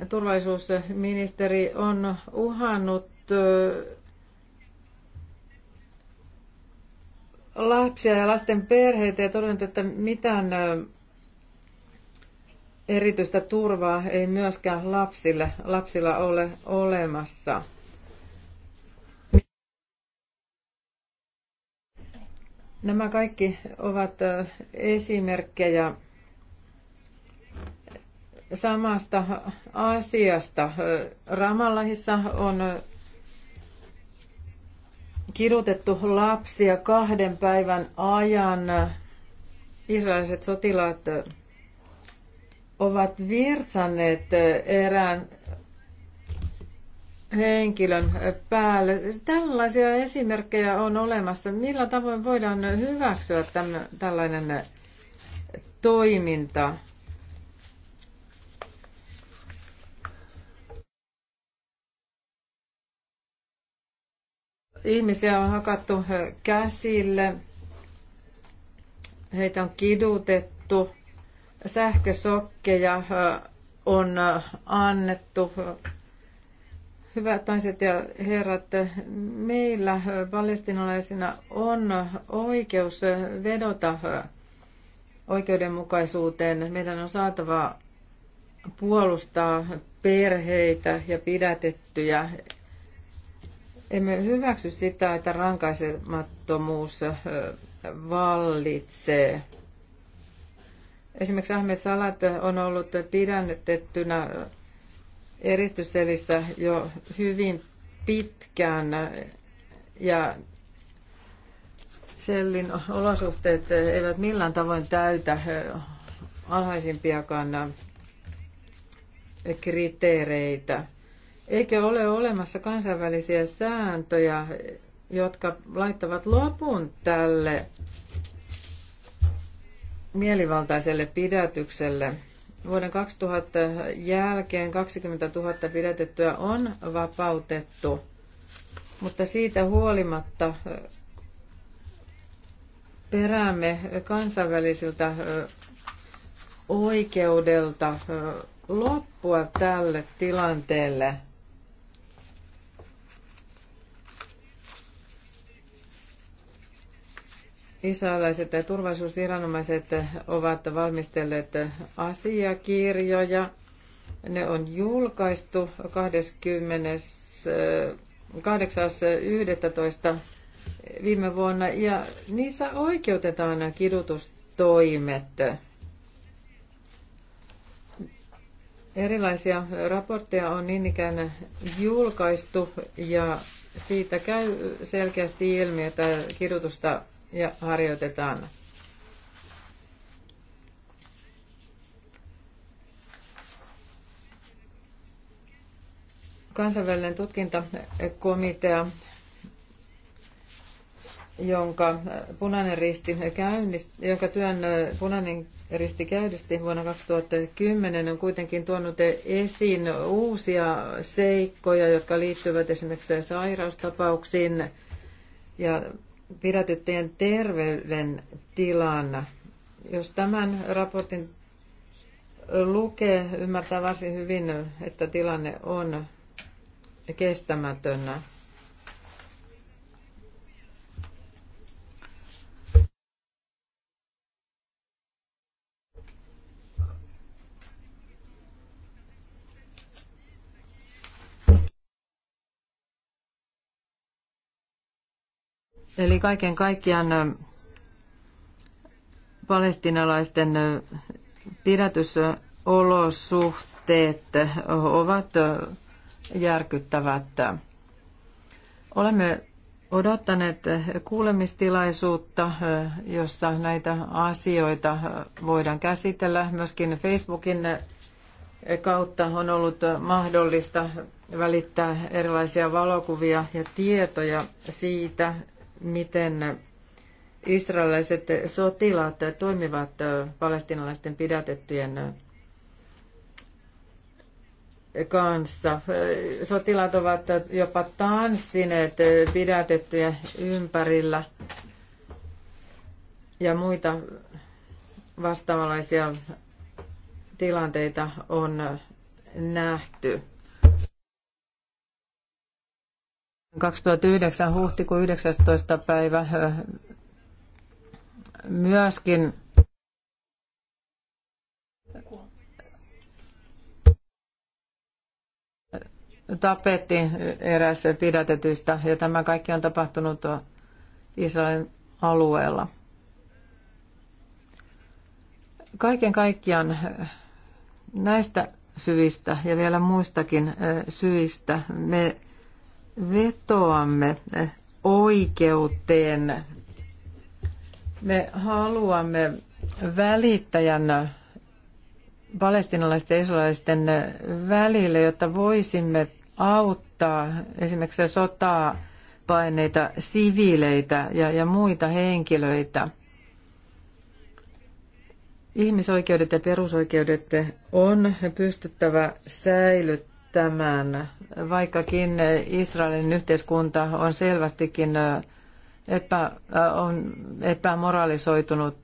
turvallisuusministeri, on uhannut lapsia ja lasten perheitä ja todennut, että mitään erityistä turvaa ei myöskään lapsille, lapsilla ole olemassa. Nämä kaikki ovat esimerkkejä samasta asiasta. Ramallahissa on kidutettu lapsia kahden päivän ajan. Israeliset sotilaat ovat virtsanneet erään henkilön päälle. Tällaisia esimerkkejä on olemassa. Millä tavoin voidaan hyväksyä tämän, tällainen toiminta? Ihmisiä on hakattu käsille, heitä on kidutettu, sähkösokkeja on annettu. Hyvät naiset ja herrat, meillä palestinalaisina on oikeus vedota oikeudenmukaisuuteen. Meidän on saatava puolustaa perheitä ja pidätettyjä emme hyväksy sitä, että rankaisemattomuus vallitsee. Esimerkiksi Ahmed Salat on ollut pidännettynä eristyselissä jo hyvin pitkään ja sellin olosuhteet eivät millään tavoin täytä alhaisimpiakaan kriteereitä. Eikä ole olemassa kansainvälisiä sääntöjä, jotka laittavat lopun tälle mielivaltaiselle pidätykselle. Vuoden 2000 jälkeen 20 000 pidätettyä on vapautettu, mutta siitä huolimatta peräämme kansainvälisiltä oikeudelta loppua tälle tilanteelle. Israelaiset turvallisuusviranomaiset ovat valmistelleet asiakirjoja. Ne on julkaistu 28.11. viime vuonna ja niissä oikeutetaan kidutustoimet. Erilaisia raportteja on niin ikään julkaistu ja siitä käy selkeästi ilmi, että kidutusta ja harjoitetaan. Kansainvälinen tutkintakomitea, jonka punainen risti käynnisti, jonka työn punainen risti käynnisti vuonna 2010, on kuitenkin tuonut esiin uusia seikkoja, jotka liittyvät esimerkiksi sairaustapauksiin ja pidätettyjen tilan. Jos tämän raportin lukee, ymmärtää varsin hyvin, että tilanne on kestämätönä. Eli kaiken kaikkiaan palestinalaisten pidätysolosuhteet ovat järkyttävät. Olemme odottaneet kuulemistilaisuutta, jossa näitä asioita voidaan käsitellä. Myöskin Facebookin kautta on ollut mahdollista välittää erilaisia valokuvia ja tietoja siitä, miten israelilaiset sotilaat toimivat palestinalaisten pidätettyjen kanssa. Sotilaat ovat jopa tanssineet pidätettyjä ympärillä ja muita vastaavanlaisia tilanteita on nähty. 2009 huhtikuun 19. päivä myöskin tapetti eräs pidätetyistä ja tämä kaikki on tapahtunut Israelin alueella. Kaiken kaikkiaan näistä syistä ja vielä muistakin syistä me vetoamme oikeuteen. Me haluamme välittäjän palestinalaisten ja israelisten välille, jotta voisimme auttaa esimerkiksi sotaa paineita siviileitä ja, ja muita henkilöitä. Ihmisoikeudet ja perusoikeudet on pystyttävä säilyttämään tämän, vaikkakin Israelin yhteiskunta on selvästikin epä, on epämoralisoitunut,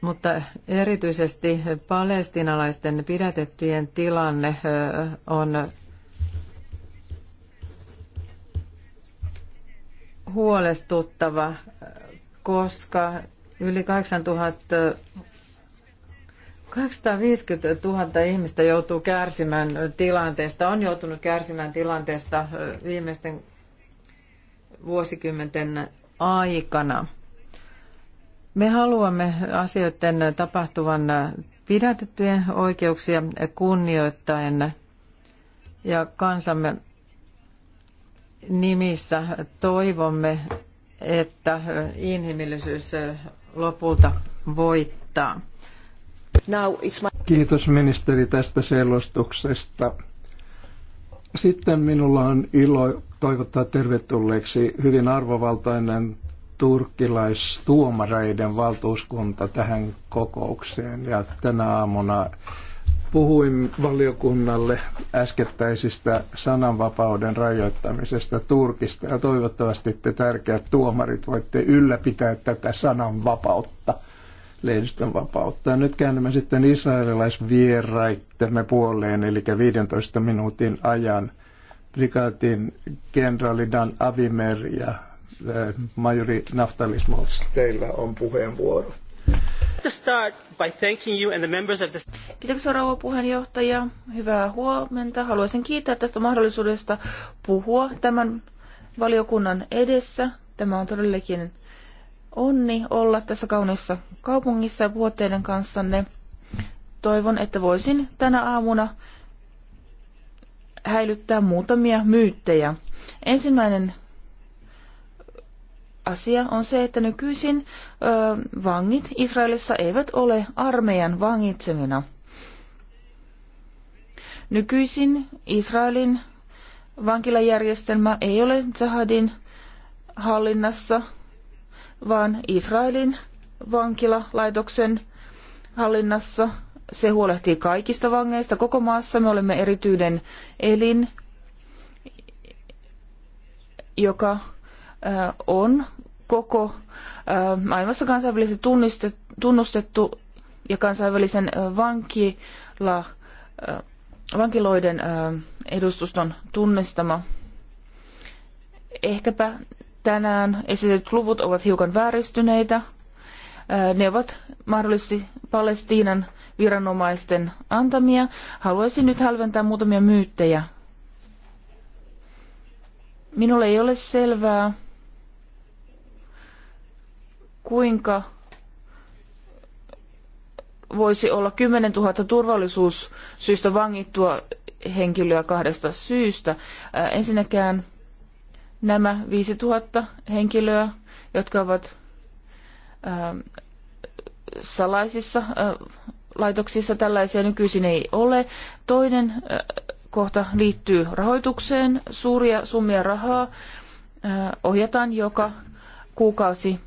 mutta erityisesti palestinalaisten pidätettyjen tilanne on huolestuttava, koska yli 8000 250 000 ihmistä joutuu kärsimään tilanteesta, on joutunut kärsimään tilanteesta viimeisten vuosikymmenten aikana. Me haluamme asioiden tapahtuvan pidätettyjen oikeuksia kunnioittaen ja kansamme nimissä toivomme, että inhimillisyys lopulta voittaa. Kiitos ministeri tästä selostuksesta. Sitten minulla on ilo toivottaa tervetulleeksi hyvin arvovaltainen turkkilaistuomareiden valtuuskunta tähän kokoukseen. Ja tänä aamuna puhuin valiokunnalle äskettäisistä sananvapauden rajoittamisesta Turkista ja toivottavasti te tärkeät tuomarit voitte ylläpitää tätä sananvapautta lehdistön vapautta. Nyt käännymme sitten israelilaisvieraittemme puoleen, eli 15 minuutin ajan prikaatin kenraali Dan Avimer ja eh, majori Naftali Smalls. Teillä on puheenvuoro. Kiitoksia rouva puheenjohtaja. Hyvää huomenta. Haluaisin kiittää tästä mahdollisuudesta puhua tämän valiokunnan edessä. Tämä on todellakin onni olla tässä kaunissa kaupungissa vuoteiden kanssanne. Toivon, että voisin tänä aamuna häilyttää muutamia myyttejä. Ensimmäinen asia on se, että nykyisin ö, vangit Israelissa eivät ole armeijan vangitsemina. Nykyisin Israelin vankilajärjestelmä ei ole Zahadin hallinnassa vaan Israelin vankilalaitoksen hallinnassa. Se huolehtii kaikista vangeista koko maassa. Me olemme erityinen elin, joka on koko maailmassa kansainvälisesti tunnustettu ja kansainvälisen vankila, vankiloiden edustuston tunnistama. Ehkäpä tänään esitetyt luvut ovat hiukan vääristyneitä. Ne ovat mahdollisesti Palestiinan viranomaisten antamia. Haluaisin nyt hälventää muutamia myyttejä. Minulle ei ole selvää, kuinka voisi olla 10 000 turvallisuussyistä vangittua henkilöä kahdesta syystä. Ensinnäkään nämä 5000 henkilöä, jotka ovat ähm, salaisissa äh, laitoksissa tällaisia nykyisin ei ole. Toinen äh, kohta liittyy rahoitukseen. Suuria summia rahaa äh, ohjataan joka kuukausi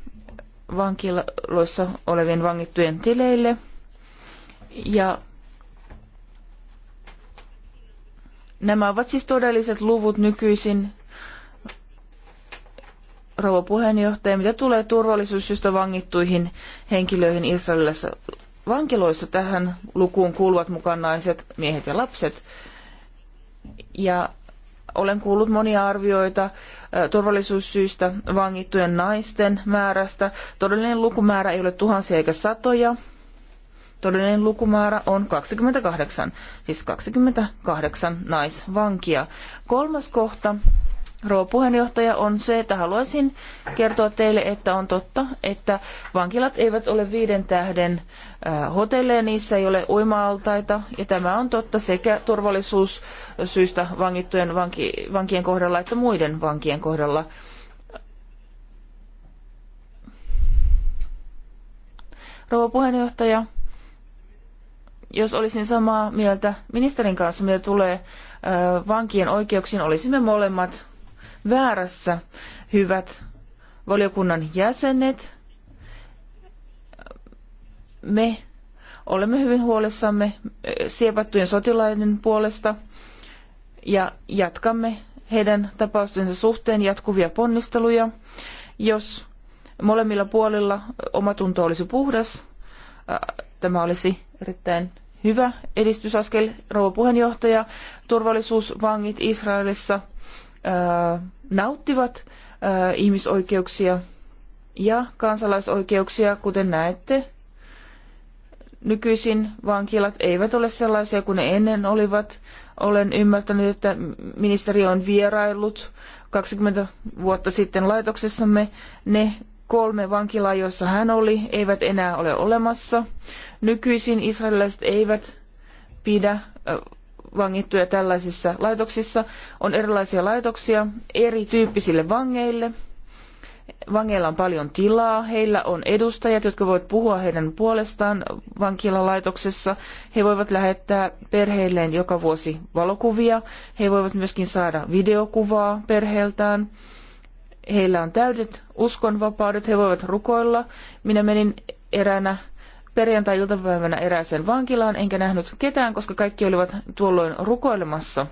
vankiloissa olevien vangittujen tileille. Ja nämä ovat siis todelliset luvut nykyisin rouva puheenjohtaja, mitä tulee turvallisuussyistä vangittuihin henkilöihin Israelissa vankiloissa tähän lukuun kuuluvat mukaan naiset, miehet ja lapset. Ja olen kuullut monia arvioita turvallisuussyistä vangittujen naisten määrästä. Todellinen lukumäärä ei ole tuhansia eikä satoja. Todellinen lukumäärä on 28, siis 28 naisvankia. Kolmas kohta rouva puheenjohtaja, on se, että haluaisin kertoa teille, että on totta, että vankilat eivät ole viiden tähden hotelleja, niissä ei ole uima-altaita, ja tämä on totta sekä turvallisuussyistä vangittujen vanki, vankien kohdalla että muiden vankien kohdalla. Rouva puheenjohtaja, jos olisin samaa mieltä ministerin kanssa, mitä tulee vankien oikeuksiin, olisimme molemmat väärässä, hyvät valiokunnan jäsenet. Me olemme hyvin huolissamme eh, siepattujen sotilaiden puolesta ja jatkamme heidän tapaustensa suhteen jatkuvia ponnisteluja. Jos molemmilla puolilla omatunto olisi puhdas, eh, tämä olisi erittäin hyvä edistysaskel. Rouva puheenjohtaja, turvallisuusvangit Israelissa – nauttivat ihmisoikeuksia ja kansalaisoikeuksia, kuten näette. Nykyisin vankilat eivät ole sellaisia kuin ne ennen olivat. Olen ymmärtänyt, että ministeri on vieraillut 20 vuotta sitten laitoksessamme. Ne kolme vankilaa, joissa hän oli, eivät enää ole olemassa. Nykyisin israelilaiset eivät pidä vangittuja tällaisissa laitoksissa. On erilaisia laitoksia erityyppisille vangeille. Vangeilla on paljon tilaa, heillä on edustajat, jotka voivat puhua heidän puolestaan vankilalaitoksessa. He voivat lähettää perheilleen joka vuosi valokuvia. He voivat myöskin saada videokuvaa perheeltään heillä on täydet uskonvapaudet, he voivat rukoilla. Minä menin eräänä perjantai-iltapäivänä erääseen vankilaan, enkä nähnyt ketään, koska kaikki olivat tuolloin rukoilemassa.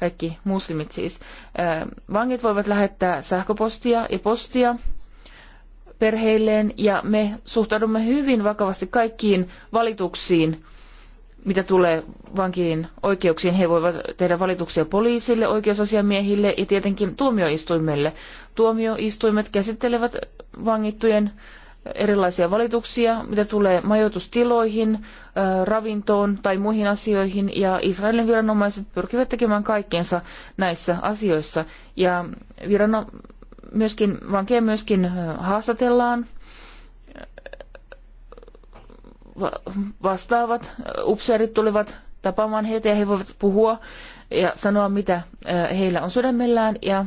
Kaikki muslimit siis. Vangit voivat lähettää sähköpostia ja postia perheilleen ja me suhtaudumme hyvin vakavasti kaikkiin valituksiin, mitä tulee vankien oikeuksiin. He voivat tehdä valituksia poliisille, oikeusasiamiehille ja tietenkin tuomioistuimelle. Tuomioistuimet käsittelevät vangittujen erilaisia valituksia, mitä tulee majoitustiloihin, ravintoon tai muihin asioihin, ja Israelin viranomaiset pyrkivät tekemään kaikkensa näissä asioissa. Ja virano, myöskin, vankeja myöskin haastatellaan, vastaavat, upseerit tulevat tapaamaan heitä ja he voivat puhua ja sanoa, mitä heillä on sydämellään, ja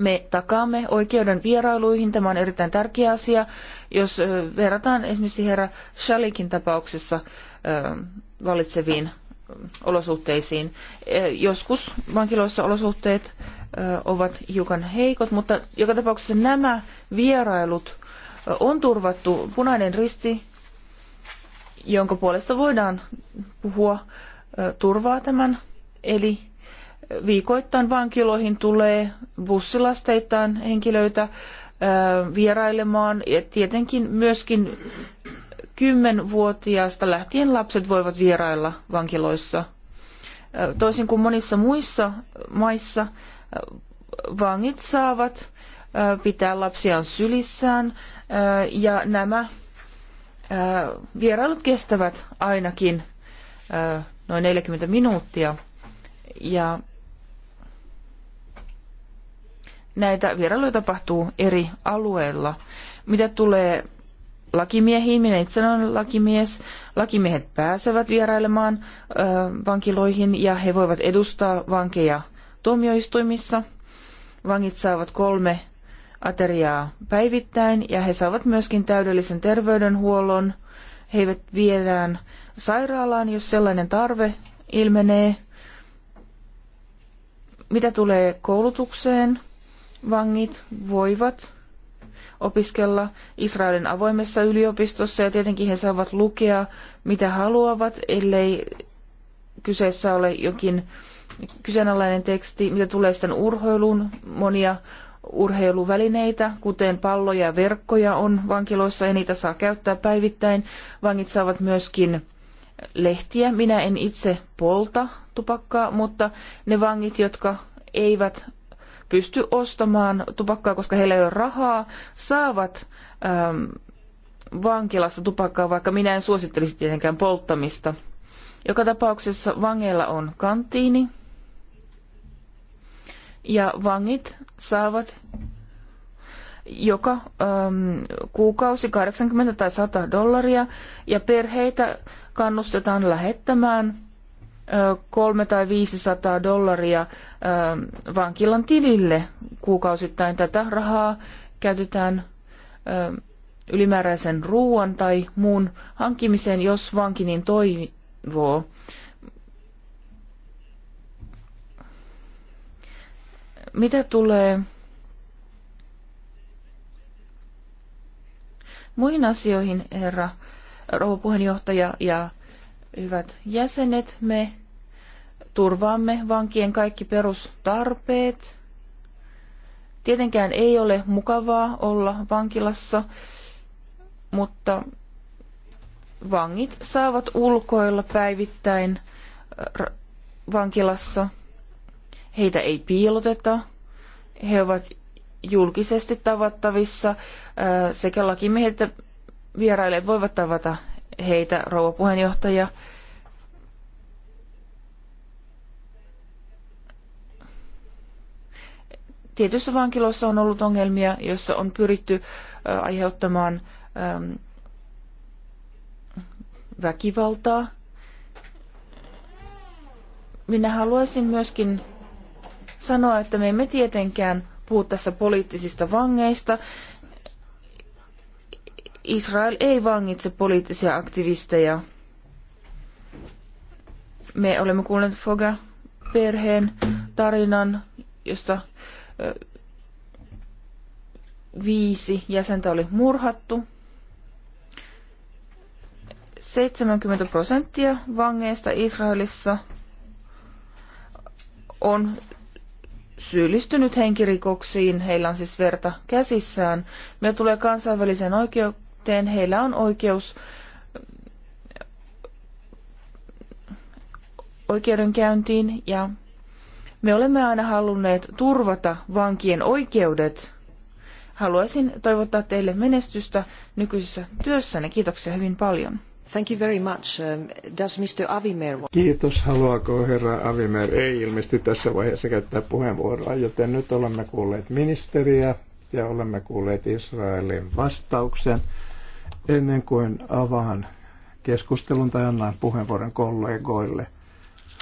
me takaamme oikeuden vierailuihin. Tämä on erittäin tärkeä asia. Jos verrataan esimerkiksi herra Shalikin tapauksessa valitseviin olosuhteisiin. E, joskus vankiloissa olosuhteet ovat hiukan heikot, mutta joka tapauksessa nämä vierailut on turvattu punainen risti, jonka puolesta voidaan puhua, turvaa tämän. Eli viikoittain vankiloihin tulee bussilasteittain henkilöitä vierailemaan ja tietenkin myöskin kymmenvuotiaasta lähtien lapset voivat vierailla vankiloissa. Toisin kuin monissa muissa maissa, vangit saavat pitää lapsiaan sylissään ja nämä vierailut kestävät ainakin noin 40 minuuttia. Ja näitä vierailuja tapahtuu eri alueilla. Mitä tulee lakimiehiin, minä itse olen lakimies, lakimiehet pääsevät vierailemaan ö, vankiloihin ja he voivat edustaa vankeja tuomioistuimissa. Vangit saavat kolme ateriaa päivittäin ja he saavat myöskin täydellisen terveydenhuollon. Heidät viedään sairaalaan, jos sellainen tarve ilmenee. Mitä tulee koulutukseen, vangit voivat opiskella Israelin avoimessa yliopistossa ja tietenkin he saavat lukea mitä haluavat, ellei kyseessä ole jokin kyseenalainen teksti, mitä tulee sitten urheiluun. Monia urheiluvälineitä, kuten palloja ja verkkoja on vankiloissa ja niitä saa käyttää päivittäin. Vangit saavat myöskin lehtiä. Minä en itse polta tupakkaa, mutta ne vangit, jotka eivät pysty ostamaan tupakkaa, koska heillä ei ole rahaa, saavat ähm, vankilassa tupakkaa, vaikka minä en suosittelisi tietenkään polttamista. Joka tapauksessa vangeilla on kantiini ja vangit saavat joka ähm, kuukausi 80 tai 100 dollaria ja perheitä kannustetaan lähettämään kolme tai 500 dollaria vankilan tilille kuukausittain. Tätä rahaa käytetään ylimääräisen ruoan tai muun hankkimiseen, jos vanki niin toivoo. Mitä tulee muihin asioihin, herra rouva puheenjohtaja ja hyvät jäsenet, me turvaamme vankien kaikki perustarpeet. Tietenkään ei ole mukavaa olla vankilassa, mutta vangit saavat ulkoilla päivittäin äh, vankilassa. Heitä ei piiloteta. He ovat julkisesti tavattavissa. Äh, sekä lakimiehet että vierailijat voivat tavata heitä, rouva puheenjohtaja. tietyissä vankiloissa on ollut ongelmia, joissa on pyritty aiheuttamaan väkivaltaa. Minä haluaisin myöskin sanoa, että me emme tietenkään puhu tässä poliittisista vangeista. Israel ei vangitse poliittisia aktivisteja. Me olemme kuulleet Foga-perheen tarinan, josta viisi jäsentä oli murhattu. 70 prosenttia vangeista Israelissa on syyllistynyt henkirikoksiin, heillä on siis verta käsissään. Me tulee kansainväliseen oikeuteen, heillä on oikeus oikeudenkäyntiin ja me olemme aina halunneet turvata vankien oikeudet. Haluaisin toivottaa teille menestystä nykyisessä työssänne. Kiitoksia hyvin paljon. Thank you very much. Um, does Mr. Avimer... Kiitos. Haluaako herra Avimer? Ei ilmeisesti tässä vaiheessa käyttää puheenvuoroa, joten nyt olemme kuulleet ministeriä ja olemme kuulleet Israelin vastauksen. Ennen kuin avaan keskustelun tai annan puheenvuoron kollegoille –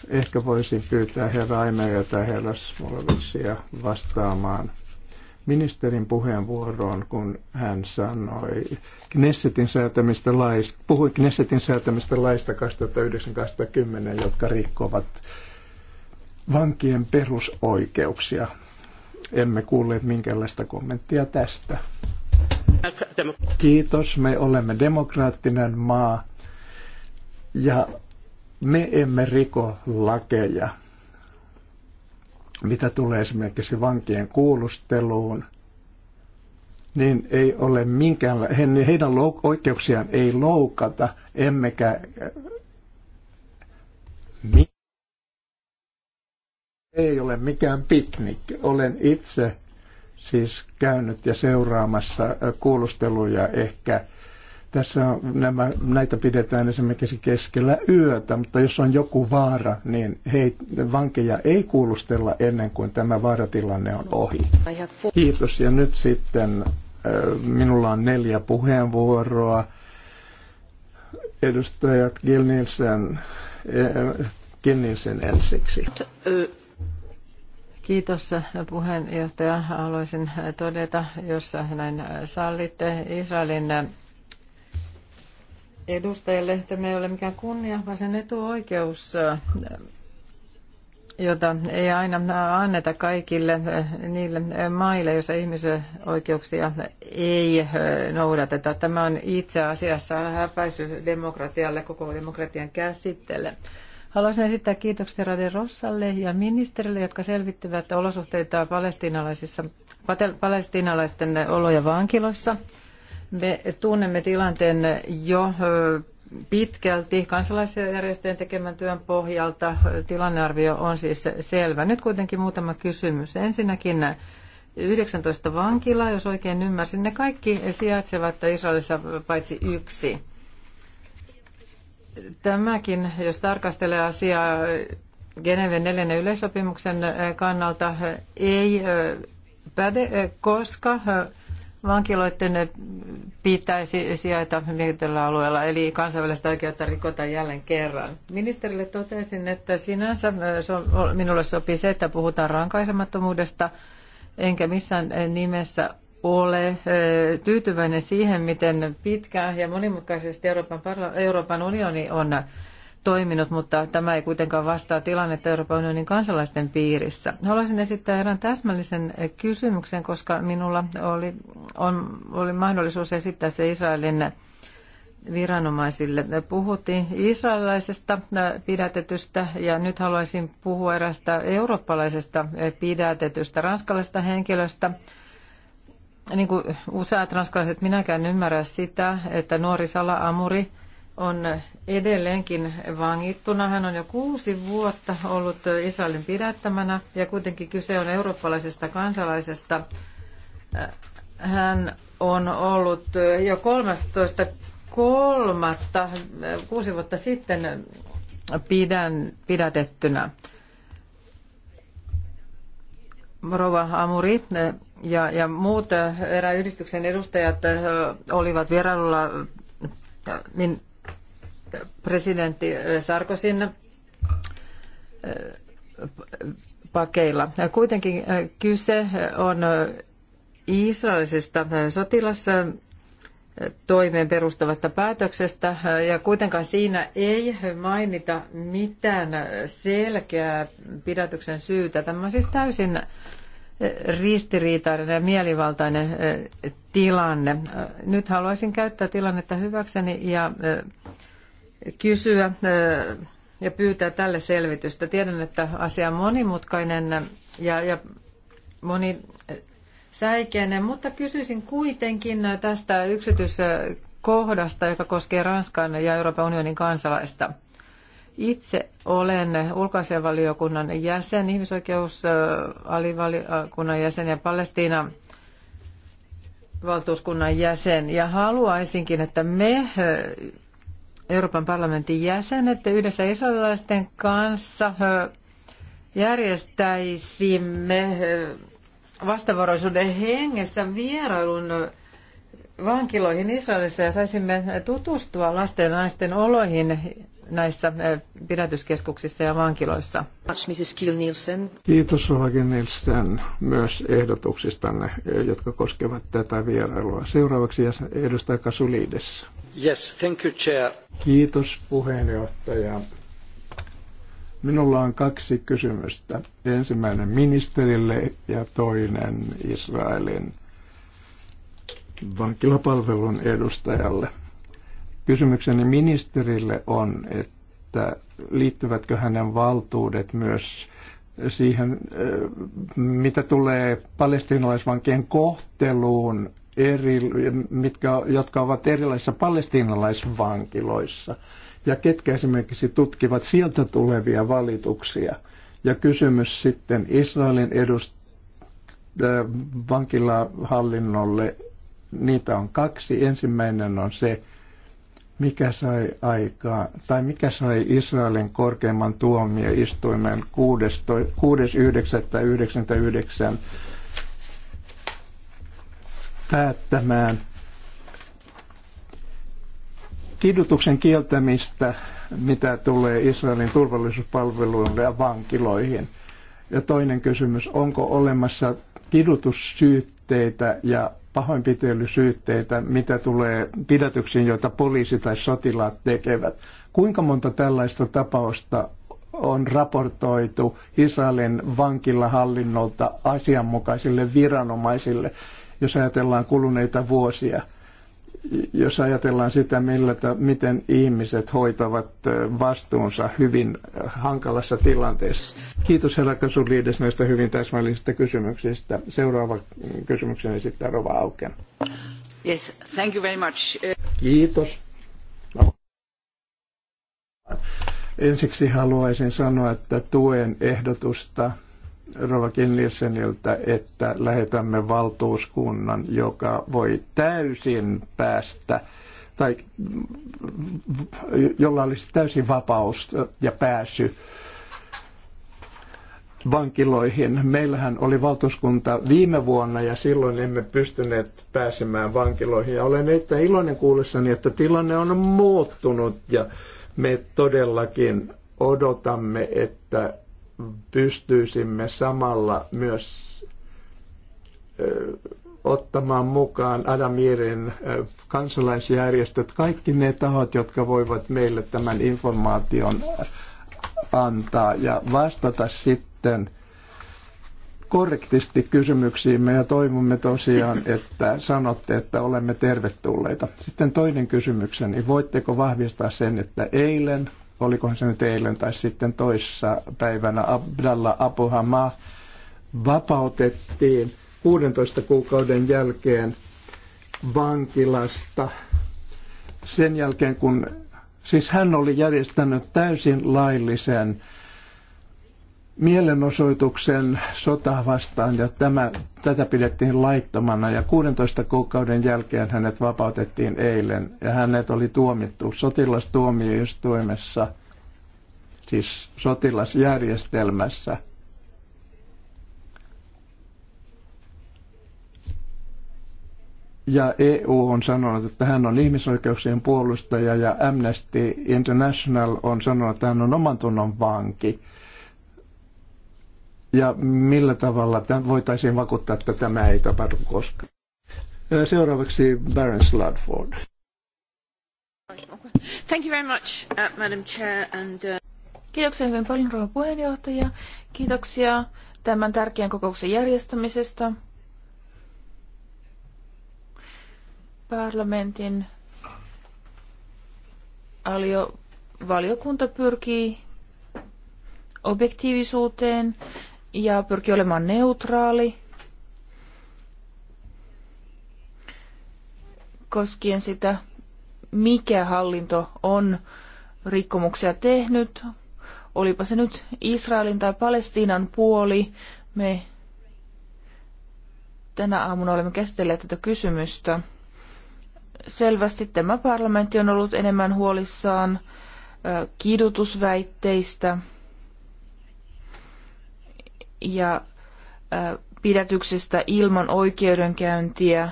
Ehkä voisin pyytää herra Aimeja tai herra Smolovitsia vastaamaan ministerin puheenvuoroon, kun hän sanoi Knessetin säätämistä laista, puhui Knessetin säätämistä laista 2009-2010, jotka rikkovat vankien perusoikeuksia. Emme kuulleet minkäänlaista kommenttia tästä. Kiitos, me olemme demokraattinen maa ja me emme riko lakeja, mitä tulee esimerkiksi vankien kuulusteluun, niin ei ole minkäänla- heidän oikeuksiaan ei loukata, emmekä eh, ei ole mikään piknik. Olen itse siis käynyt ja seuraamassa eh, kuulusteluja ehkä tässä nämä, näitä pidetään esimerkiksi keskellä yötä, mutta jos on joku vaara, niin hei, vankeja ei kuulustella ennen kuin tämä vaaratilanne on ohi. Kiitos ja nyt sitten minulla on neljä puheenvuoroa. Edustajat Gilnilsen, e, Gilnilsen ensiksi. Kiitos puheenjohtaja. Haluaisin todeta, jos näin sallitte, Israelin edustajille, että me ei ole mikään kunnia, vaan sen etuoikeus, eh, jota ei aina anneta kaikille eh, niille maille, joissa ihmisoikeuksia ei eh, noudateta. Tämä on itse asiassa häpäisy demokratialle, koko demokratian käsitteelle. Haluaisin esittää kiitokset Rade Rossalle ja ministerille, jotka selvittivät olosuhteita palestinalaisten oloja vankiloissa. Me tunnemme tilanteen jo pitkälti kansalaisjärjestöjen tekemän työn pohjalta. Tilannearvio on siis selvä. Nyt kuitenkin muutama kysymys. Ensinnäkin 19 vankilaa, jos oikein ymmärsin. Ne kaikki sijaitsevat Israelissa paitsi yksi. Tämäkin, jos tarkastelee asiaa Geneven 4. yleisopimuksen kannalta, ei päde, koska vankiloiden pitäisi sijaita mietitellä alueella, eli kansainvälistä oikeutta rikota jälleen kerran. Ministerille totesin, että sinänsä minulle sopii se, että puhutaan rankaisemattomuudesta, enkä missään nimessä ole tyytyväinen siihen, miten pitkään ja monimutkaisesti Euroopan, Euroopan unioni on toiminut, mutta tämä ei kuitenkaan vastaa tilannetta Euroopan unionin kansalaisten piirissä. Haluaisin esittää erään täsmällisen kysymyksen, koska minulla oli, on, oli mahdollisuus esittää se Israelin viranomaisille. Puhuttiin israelilaisesta äh, pidätetystä ja nyt haluaisin puhua erästä eurooppalaisesta äh, pidätetystä ranskalaisesta henkilöstä. Niin kuin useat ranskalaiset, minäkään ymmärrä sitä, että nuori salaamuri on edelleenkin vangittuna. Hän on jo kuusi vuotta ollut Israelin pidättämänä ja kuitenkin kyse on eurooppalaisesta kansalaisesta. Äh, hän on ollut jo 13 kolmatta, äh, kuusi vuotta sitten pidän, pidätettynä. Rova Amuri äh, ja, ja muut eräyhdistyksen edustajat olivat vierailulla niin presidentti eh, Sarkosin eh, pakeilla. Kuitenkin eh, kyse on Israelisesta sotilastoimeen perustavasta päätöksestä ja kuitenkaan siinä ei mainita mitään selkeää pidätyksen syytä. Tämä on siis täysin ristiriitainen ja mielivaltainen tilanne. Nyt haluaisin käyttää tilannetta hyväkseni ja kysyä äh, ja pyytää tälle selvitystä. Tiedän, että asia on monimutkainen ja, ja moni äh, säikeinen, mutta kysyisin kuitenkin äh, tästä yksityiskohdasta, joka koskee Ranskan ja Euroopan unionin kansalaista. Itse olen ulkoasianvaliokunnan jäsen, ihmisoikeusalivaliokunnan jäsen ja Palestiinan valtuuskunnan jäsen. Ja haluaisinkin, että me Euroopan parlamentin jäsenet yhdessä israelilaisten kanssa järjestäisimme vastavuoroisuuden hengessä vierailun vankiloihin Israelissa ja saisimme tutustua lasten ja naisten oloihin näissä pidätyskeskuksissa ja vankiloissa. Kiitos Roger Nielsen myös ehdotuksistanne, jotka koskevat tätä vierailua. Seuraavaksi edustaja Kasulides. Yes, thank you, chair. Kiitos puheenjohtaja. Minulla on kaksi kysymystä. Ensimmäinen ministerille ja toinen Israelin vankilapalvelun edustajalle. Kysymykseni ministerille on, että liittyvätkö hänen valtuudet myös siihen, eh, mitä tulee palestiinalaisvankien kohteluun eri, mitkä, jotka ovat erilaisissa palestiinalaisvankiloissa ja ketkä esimerkiksi tutkivat sieltä tulevia valituksia. Ja kysymys sitten Israelin edust, äh, vankilahallinnolle, niitä on kaksi. Ensimmäinen on se, mikä sai aikaa, tai mikä sai Israelin korkeimman tuomioistuimen 6.9.99 päättämään kidutuksen kieltämistä, mitä tulee Israelin turvallisuuspalveluille ja vankiloihin. Ja toinen kysymys, onko olemassa kidutussyytteitä ja pahoinpitelysyytteitä, mitä tulee pidätyksiin, joita poliisi tai sotilaat tekevät. Kuinka monta tällaista tapausta on raportoitu Israelin vankilahallinnolta asianmukaisille viranomaisille jos ajatellaan kuluneita vuosia. Jos ajatellaan sitä, millä, miten ihmiset hoitavat vastuunsa hyvin hankalassa tilanteessa. Kiitos herra Kasuliides näistä hyvin täsmällisistä kysymyksistä. Seuraava kysymyksen esittää Rova Auken. Yes, thank you very much. Kiitos. Ensiksi haluaisin sanoa, että tuen ehdotusta Rova Kinlisseniltä, että lähetämme valtuuskunnan, joka voi täysin päästä tai jolla olisi täysin vapaus ja pääsy vankiloihin. Meillähän oli valtuuskunta viime vuonna ja silloin emme pystyneet pääsemään vankiloihin. Ja olen erittäin iloinen kuullessani, että tilanne on muuttunut ja me todellakin odotamme, että pystyisimme samalla myös ottamaan mukaan Adamirin kansalaisjärjestöt, kaikki ne tahot, jotka voivat meille tämän informaation antaa ja vastata sitten korrektisti kysymyksiimme ja toivomme tosiaan, että sanotte, että olemme tervetulleita. Sitten toinen kysymykseni, voitteko vahvistaa sen, että eilen olikohan se nyt eilen tai sitten toissa päivänä Abdallah Abuhama vapautettiin 16 kuukauden jälkeen vankilasta sen jälkeen kun, siis hän oli järjestänyt täysin laillisen mielenosoituksen sotaa vastaan ja tämä, tätä pidettiin laittomana ja 16 kuukauden jälkeen hänet vapautettiin eilen ja hänet oli tuomittu sotilastuomioistuimessa, siis sotilasjärjestelmässä. Ja EU on sanonut, että hän on ihmisoikeuksien puolustaja ja Amnesty International on sanonut, että hän on oman tunnon vanki – ja millä tavalla voitaisiin vakuuttaa, että tämä ei tapahdu koskaan. Seuraavaksi Baron Sladford. Thank you very much, uh, Madam Chair, and, uh... Kiitoksia hyvin paljon, rouva puheenjohtaja. Kiitoksia tämän tärkeän kokouksen järjestämisestä. Parlamentin valiokunta pyrkii objektiivisuuteen ja pyrki olemaan neutraali koskien sitä, mikä hallinto on rikkomuksia tehnyt. Olipa se nyt Israelin tai Palestiinan puoli, me tänä aamuna olemme käsitelleet tätä kysymystä. Selvästi tämä parlamentti on ollut enemmän huolissaan kidutusväitteistä – ja pidätyksestä ilman oikeudenkäyntiä.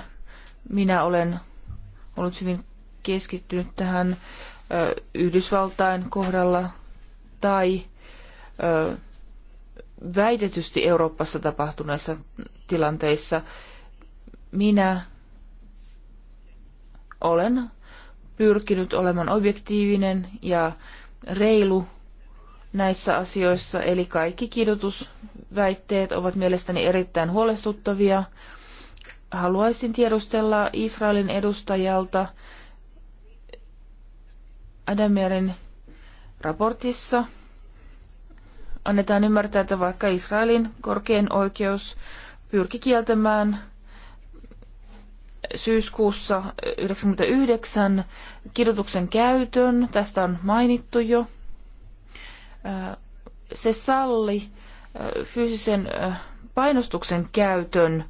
Minä olen ollut hyvin keskittynyt tähän Yhdysvaltain kohdalla tai väitetysti Euroopassa tapahtuneissa tilanteissa. Minä olen pyrkinyt olemaan objektiivinen ja reilu näissä asioissa, eli kaikki kidutusväitteet ovat mielestäni erittäin huolestuttavia. Haluaisin tiedustella Israelin edustajalta Adamerin raportissa. Annetaan ymmärtää, että vaikka Israelin korkein oikeus pyrki kieltämään syyskuussa 1999 kidutuksen käytön, tästä on mainittu jo, se salli fyysisen painostuksen käytön.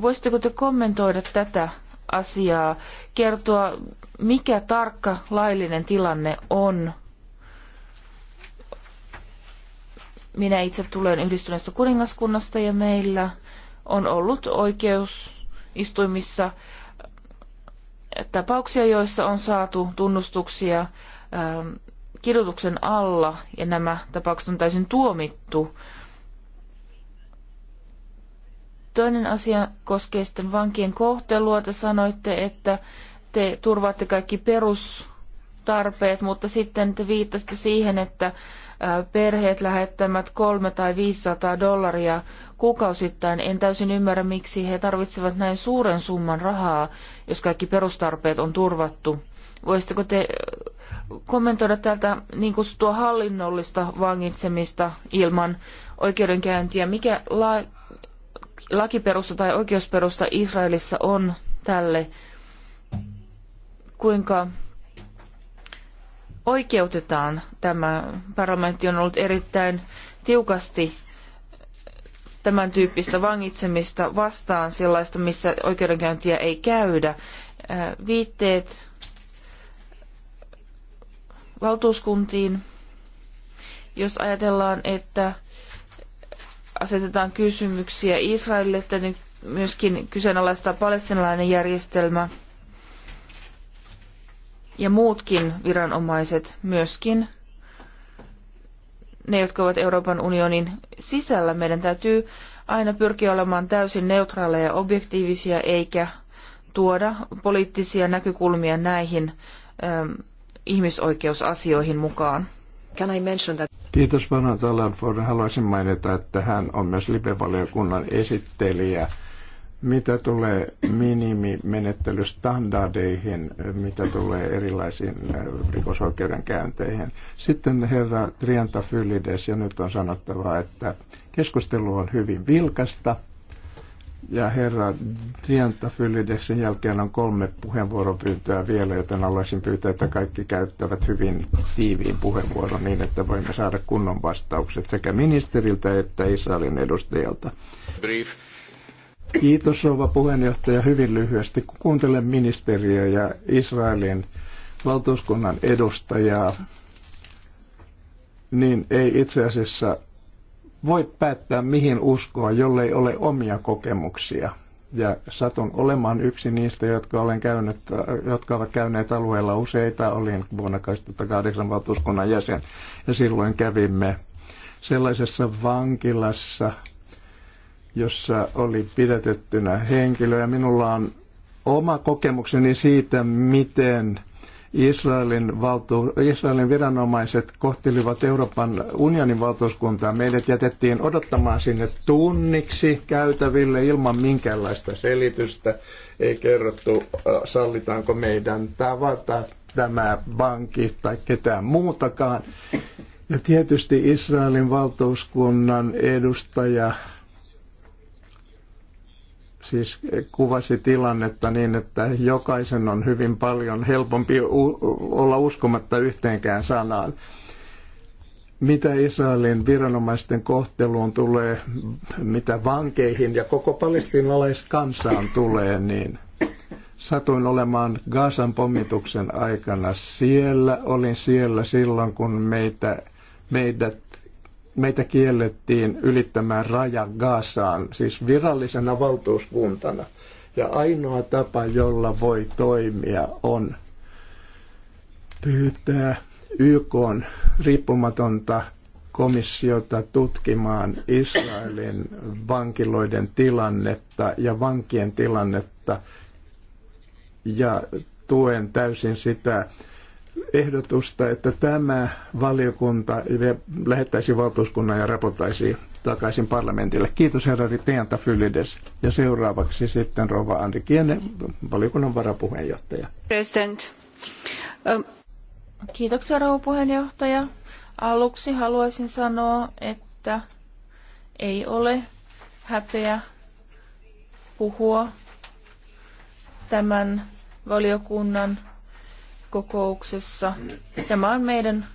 Voisitteko te kommentoida tätä asiaa, kertoa mikä tarkka laillinen tilanne on? Minä itse tulen yhdistyneestä kuningaskunnasta ja meillä on ollut oikeus istuimissa tapauksia, joissa on saatu tunnustuksia kidutuksen alla ja nämä tapaukset on täysin tuomittu. Toinen asia koskee sitten vankien kohtelua. Te sanoitte, että te turvaatte kaikki perustarpeet, mutta sitten te viittasitte siihen, että perheet lähettämät kolme tai 500 dollaria kuukausittain. En täysin ymmärrä, miksi he tarvitsevat näin suuren summan rahaa, jos kaikki perustarpeet on turvattu. Voisitteko te kommentoida täältä niin kutsuttua hallinnollista vangitsemista ilman oikeudenkäyntiä. Mikä la- lakiperusta tai oikeusperusta Israelissa on tälle? Kuinka oikeutetaan tämä? Parlamentti on ollut erittäin tiukasti tämän tyyppistä vangitsemista vastaan sellaista, missä oikeudenkäyntiä ei käydä. Viitteet valtuuskuntiin, jos ajatellaan, että asetetaan kysymyksiä Israelille, että nyt myöskin kyseenalaistaa palestinalainen järjestelmä ja muutkin viranomaiset myöskin ne, jotka ovat Euroopan unionin sisällä. Meidän täytyy aina pyrkiä olemaan täysin neutraaleja ja objektiivisia, eikä tuoda poliittisia näkökulmia näihin ähm, ihmisoikeusasioihin mukaan. Can I mention that? Kiitos Vanata Lanford. Haluaisin mainita, että hän on myös Libe-valiokunnan esittelijä. Mitä tulee minimimenettelystandardeihin, mitä tulee erilaisiin äh, rikosoikeudenkäynteihin. Sitten herra Fylides, ja nyt on sanottava, että keskustelu on hyvin vilkasta ja herra sen jälkeen on kolme puheenvuoropyyntöä vielä, joten haluaisin pyytää, että kaikki käyttävät hyvin tiiviin puheenvuoron niin, että voimme saada kunnon vastaukset sekä ministeriltä että Israelin edustajalta. Brief. Kiitos rouva puheenjohtaja hyvin lyhyesti. Kun kuuntelen ministeriä ja Israelin valtuuskunnan edustajaa, niin ei itse asiassa voi päättää mihin uskoa, jollei ole omia kokemuksia. Ja satun olemaan yksi niistä, jotka, olen käynyt, jotka ovat käyneet alueella useita. Olin vuonna 2008 valtuuskunnan jäsen ja silloin kävimme sellaisessa vankilassa, jossa oli pidätettynä henkilö. Ja minulla on oma kokemukseni siitä, miten Israelin, valtu, Israelin viranomaiset kohtelivat Euroopan unionin valtuuskuntaa. Meidät jätettiin odottamaan sinne tunniksi käytäville ilman minkäänlaista selitystä. Ei kerrottu, äh, sallitaanko meidän tavata tämä banki tai ketään muutakaan. Ja tietysti Israelin valtuuskunnan edustaja siis kuvasi tilannetta niin, että jokaisen on hyvin paljon helpompi olla uskomatta yhteenkään sanaan. Mitä Israelin viranomaisten kohteluun tulee, mitä vankeihin ja koko palestinalaiskansaan tulee, niin satuin olemaan Gaasan pommituksen aikana siellä. Olin siellä silloin, kun meitä, meidät meitä kiellettiin ylittämään raja Gazaan, siis virallisena valtuuskuntana. Ja ainoa tapa, jolla voi toimia, on pyytää YK riippumatonta komissiota tutkimaan Israelin vankiloiden tilannetta ja vankien tilannetta ja tuen täysin sitä ehdotusta, että tämä valiokunta lähettäisi valtuuskunnan ja raportaisi takaisin parlamentille. Kiitos herra Teanta Fylides. Ja seuraavaksi sitten rouva Andri Kiene, valiokunnan varapuheenjohtaja. President. Um, Kiitoksia rouva puheenjohtaja. Aluksi haluaisin sanoa, että ei ole häpeä puhua tämän valiokunnan kokouksessa. Tämä on meidän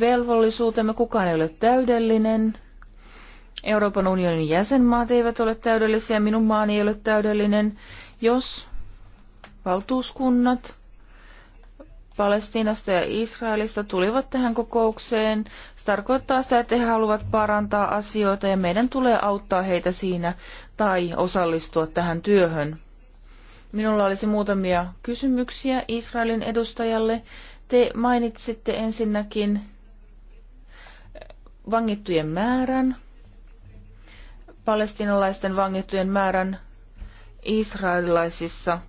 velvollisuutemme. Kukaan ei ole täydellinen. Euroopan unionin jäsenmaat eivät ole täydellisiä. Minun maani ei ole täydellinen. Jos valtuuskunnat Palestiinasta ja Israelista tulivat tähän kokoukseen. Se tarkoittaa sitä, että he haluavat parantaa asioita ja meidän tulee auttaa heitä siinä tai osallistua tähän työhön. Minulla olisi muutamia kysymyksiä Israelin edustajalle. Te mainitsitte ensinnäkin eh, vangittujen määrän, palestinalaisten vangittujen määrän israelilaisissa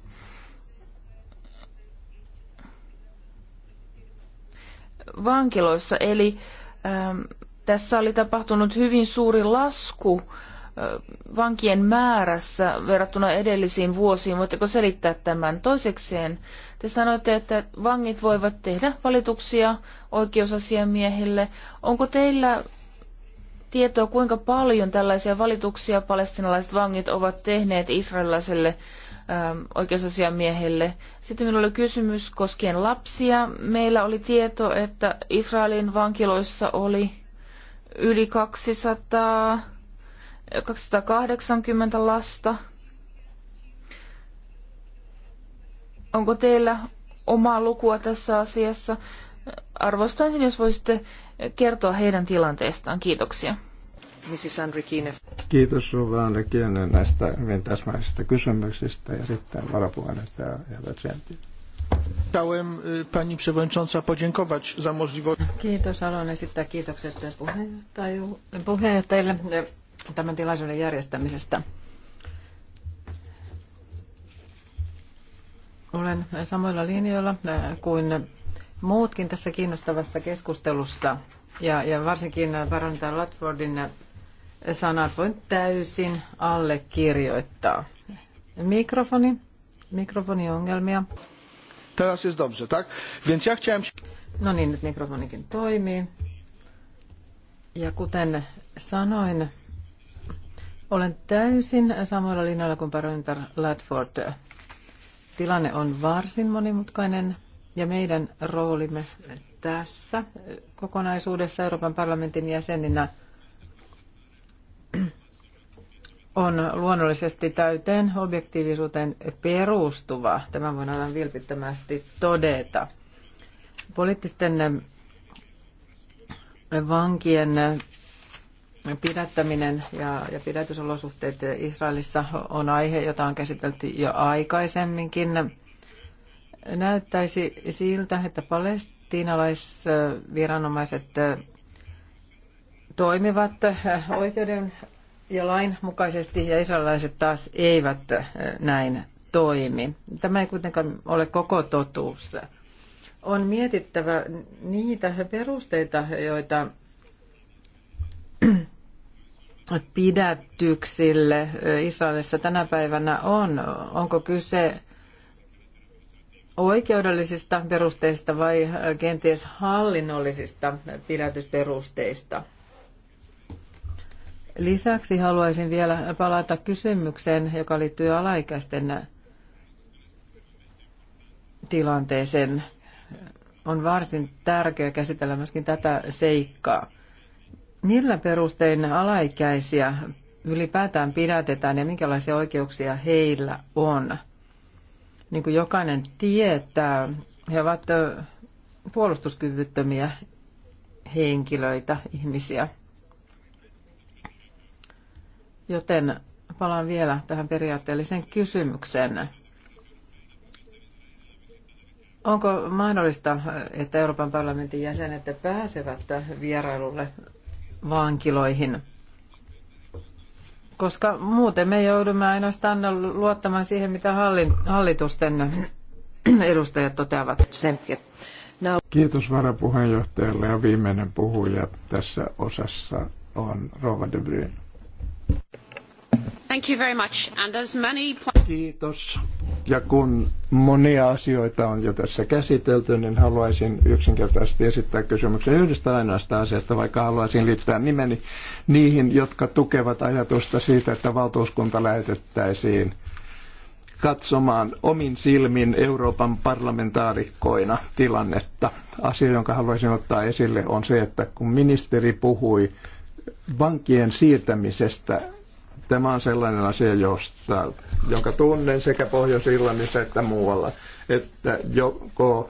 vankiloissa. Eli ähm, tässä oli tapahtunut hyvin suuri lasku äh, vankien määrässä verrattuna edellisiin vuosiin. Voitteko selittää tämän? Toisekseen te sanoitte, että vangit voivat tehdä valituksia oikeusasiamiehille. Onko teillä tietoa, kuinka paljon tällaisia valituksia palestinalaiset vangit ovat tehneet israelilaiselle oikeusasiamiehelle. Sitten minulla oli kysymys koskien lapsia. Meillä oli tieto, että Israelin vankiloissa oli yli 200 280 lasta. Onko teillä omaa lukua tässä asiassa? Arvostaisin, jos voisitte kertoa heidän tilanteestaan. Kiitoksia. Kiitos Ruva Andrikine näistä hyvin täsmäisistä kysymyksistä ja sitten varapuheenjohtaja Javacentin. Chciałem pani przewodnicząca podziękować za możliwość. Kiitos, haluan esittää kiitokset puheenjohtajille tämän tilaisuuden järjestämisestä. Olen samoilla linjoilla äh, kuin muutkin tässä kiinnostavassa keskustelussa. Ja, ja varsinkin parantaa Latfordin sanat voin täysin allekirjoittaa. Mikrofoni. Mikrofoniongelmia. Teraz jest dobrze, tak? Więc ja chciałem... No niin, nyt mikrofonikin toimii. Ja kuten sanoin, olen täysin samoilla linjoilla kuin parlamentar Ladford. Tilanne on varsin monimutkainen ja meidän roolimme tässä kokonaisuudessa Euroopan parlamentin jäseninä on luonnollisesti täyteen objektiivisuuteen perustuva. Tämän voin aivan vilpittömästi todeta. Poliittisten vankien pidättäminen ja, ja pidätysolosuhteet Israelissa on aihe, jota on käsitelty jo aikaisemminkin. Näyttäisi siltä, että palestiinalaisviranomaiset toimivat oikeuden ja lain mukaisesti ja Israelaiset taas eivät näin toimi. Tämä ei kuitenkaan ole koko totuus. On mietittävä niitä perusteita, joita pidätyksille Israelissa tänä päivänä on? Onko kyse oikeudellisista perusteista vai kenties hallinnollisista pidätysperusteista? Lisäksi haluaisin vielä palata kysymykseen, joka liittyy alaikäisten tilanteeseen. On varsin tärkeää käsitellä myöskin tätä seikkaa. Millä perustein alaikäisiä ylipäätään pidätetään ja minkälaisia oikeuksia heillä on? Niin kuin jokainen tietää, he ovat puolustuskyvyttömiä henkilöitä, ihmisiä. Joten palaan vielä tähän periaatteelliseen kysymykseen. Onko mahdollista, että Euroopan parlamentin jäsenet pääsevät vierailulle vankiloihin. Koska muuten me joudumme ainoastaan luottamaan siihen, mitä hallitusten edustajat toteavat. Kiitos varapuheenjohtajalle ja viimeinen puhuja tässä osassa on Rova de Bruyne. Thank you very much. And as many... Kiitos. Ja kun monia asioita on jo tässä käsitelty, niin haluaisin yksinkertaisesti esittää kysymyksen yhdestä ainoasta asiasta, vaikka haluaisin liittää nimeni niihin, jotka tukevat ajatusta siitä, että valtuuskunta lähetettäisiin katsomaan omin silmin Euroopan parlamentaarikkoina tilannetta. Asia, jonka haluaisin ottaa esille, on se, että kun ministeri puhui vankien siirtämisestä Tämä on sellainen asia, josta, jonka tunnen sekä Pohjois-Irlannissa että muualla, että joko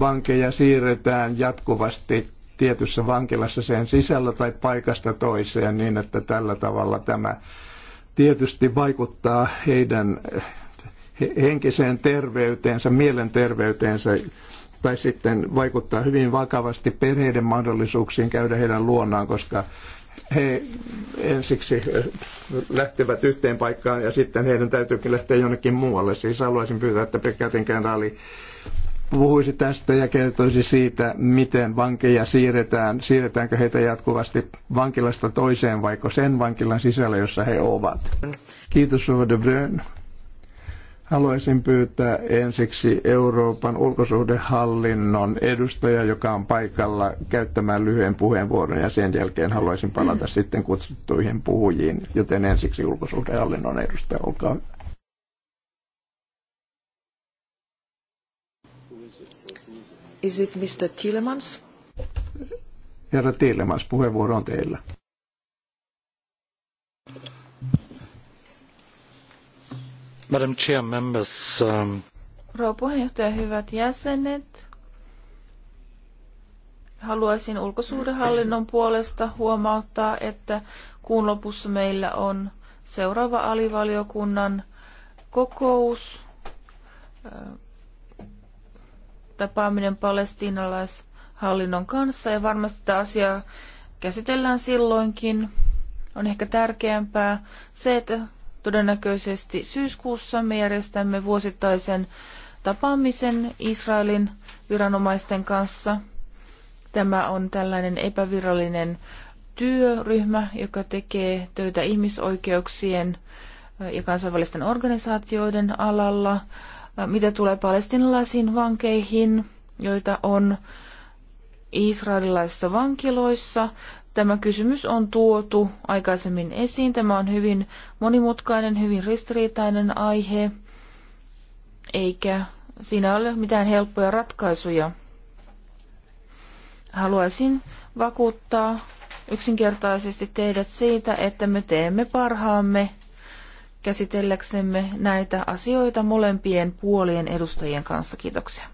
vankeja siirretään jatkuvasti tietyssä vankilassa sen sisällä tai paikasta toiseen niin, että tällä tavalla tämä tietysti vaikuttaa heidän henkiseen terveyteensä, mielenterveyteensä tai sitten vaikuttaa hyvin vakavasti perheiden mahdollisuuksiin käydä heidän luonaan, koska he ensiksi lähtevät yhteen paikkaan ja sitten heidän täytyykin lähteä jonnekin muualle. Siis haluaisin pyytää, että Pekkatin kenraali puhuisi tästä ja kertoisi siitä, miten vankeja siirretään, siirretäänkö heitä jatkuvasti vankilasta toiseen vaiko sen vankilan sisällä, jossa he ovat. Kiitos, Rova de Haluaisin pyytää ensiksi Euroopan ulkosuhdehallinnon edustaja, joka on paikalla, käyttämään lyhyen puheenvuoron ja sen jälkeen haluaisin palata sitten kutsuttuihin puhujiin, joten ensiksi ulkosuhdehallinnon edustaja, olkaa hyvä. Is it Mr. Tillemans? Herra Tillemans, puheenvuoro on teillä. Madam Chair, members. Um... Rouva puheenjohtaja, hyvät jäsenet. Haluaisin ulkosuhdehallinnon puolesta huomauttaa, että kuun lopussa meillä on seuraava alivaliokunnan kokous, tapaaminen palestiinalaishallinnon kanssa ja varmasti tätä asiaa käsitellään silloinkin. On ehkä tärkeämpää se, että Todennäköisesti syyskuussa me järjestämme vuosittaisen tapaamisen Israelin viranomaisten kanssa. Tämä on tällainen epävirallinen työryhmä, joka tekee töitä ihmisoikeuksien äh, ja kansainvälisten organisaatioiden alalla. Äh, mitä tulee palestinalaisiin vankeihin, joita on israelilaisissa vankiloissa, Tämä kysymys on tuotu aikaisemmin esiin. Tämä on hyvin monimutkainen, hyvin ristiriitainen aihe, eikä siinä ole mitään helppoja ratkaisuja. Haluaisin vakuuttaa yksinkertaisesti teidät siitä, että me teemme parhaamme käsitelläksemme näitä asioita molempien puolien edustajien kanssa. Kiitoksia.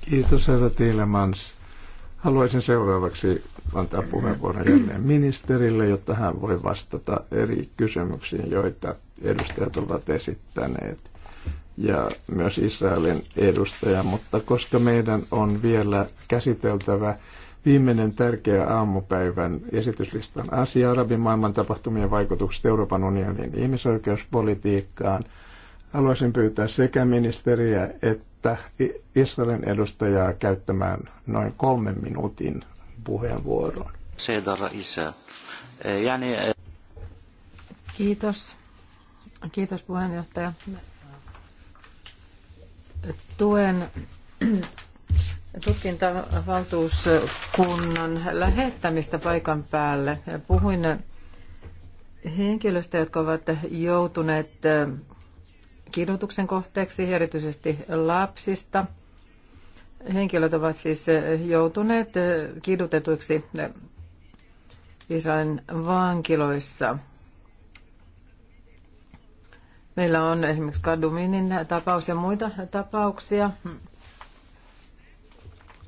Kiitos herra Tiilemans. Haluaisin seuraavaksi antaa puheenvuoron jälleen ministerille, jotta hän voi vastata eri kysymyksiin, joita edustajat ovat esittäneet ja myös Israelin edustaja, mutta koska meidän on vielä käsiteltävä viimeinen tärkeä aamupäivän esityslistan asia, arabimaailman tapahtumien vaikutukset Euroopan unionin ihmisoikeuspolitiikkaan – Haluaisin pyytää sekä ministeriä että Israelin edustajaa käyttämään noin kolmen minuutin puheenvuoron. Eh, eh. Kiitos. Kiitos puheenjohtaja. Tuen tutkintavaltuuskunnan lähettämistä paikan päälle. Puhuin henkilöstä, jotka ovat joutuneet eh, kidutuksen kohteeksi, erityisesti lapsista. Henkilöt ovat siis eh, joutuneet eh, kidutetuiksi eh, Israelin vankiloissa. Meillä on esimerkiksi Kaduminin tapaus ja muita tapauksia,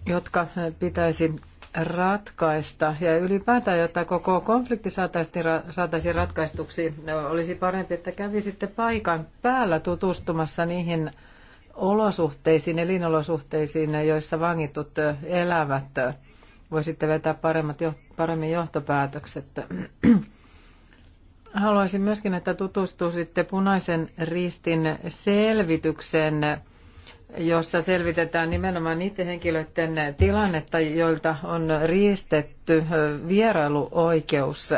jotka pitäisi ratkaista ja ylipäätään, jotta koko konflikti saataisiin, saataisi ratkaistuksi, olisi parempi, että kävisitte paikan päällä tutustumassa niihin olosuhteisiin, elinolosuhteisiin, joissa vangitut elävät. Voisitte vetää paremmat, paremmin johtopäätökset. Haluaisin myöskin, että tutustuisitte punaisen ristin selvitykseen jossa selvitetään nimenomaan niiden henkilöiden tilannetta, joilta on riistetty vierailuoikeus.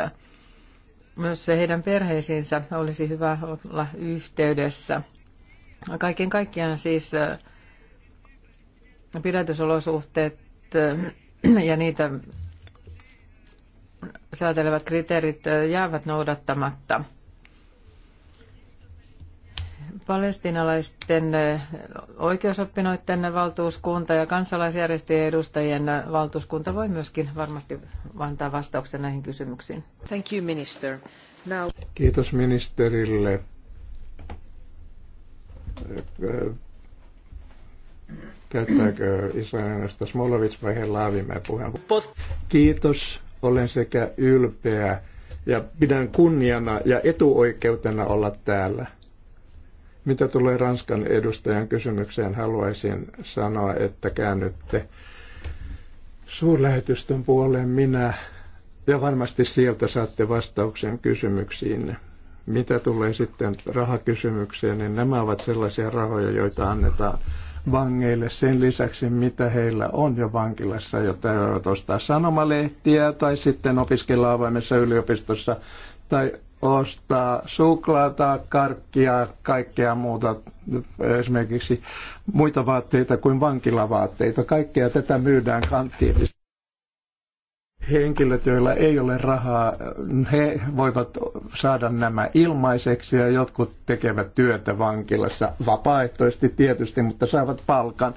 Myös heidän perheisiinsä olisi hyvä olla yhteydessä. Kaiken kaikkiaan siis pidätysolosuhteet ja niitä säätelevät kriteerit jäävät noudattamatta – palestinalaisten eh, oikeusoppinoiden valtuuskunta ja kansalaisjärjestöjen edustajien valtuuskunta voi myöskin varmasti antaa vastauksen näihin kysymyksiin. Thank you, minister. Now... Kiitos ministerille. Eh, eh, käyttääkö Israelista Smolovic vai Helaavimä puheenvuoron? Kiitos. Olen sekä ylpeä ja pidän kunniana ja etuoikeutena olla täällä. Mitä tulee Ranskan edustajan kysymykseen, haluaisin sanoa, että käännytte suurlähetystön puoleen minä, ja varmasti sieltä saatte vastauksen kysymyksiin. Mitä tulee sitten rahakysymykseen, niin nämä ovat sellaisia rahoja, joita annetaan vangeille sen lisäksi, mitä heillä on jo vankilassa, jotta he voivat ostaa sanomalehtiä tai sitten opiskella avaimessa yliopistossa tai ostaa suklaata, karkkia, kaikkea muuta, esimerkiksi muita vaatteita kuin vankilavaatteita. Kaikkea tätä myydään kanttiinissa. Henkilöt, joilla ei ole rahaa, he voivat saada nämä ilmaiseksi ja jotkut tekevät työtä vankilassa vapaaehtoisesti tietysti, mutta saavat palkan.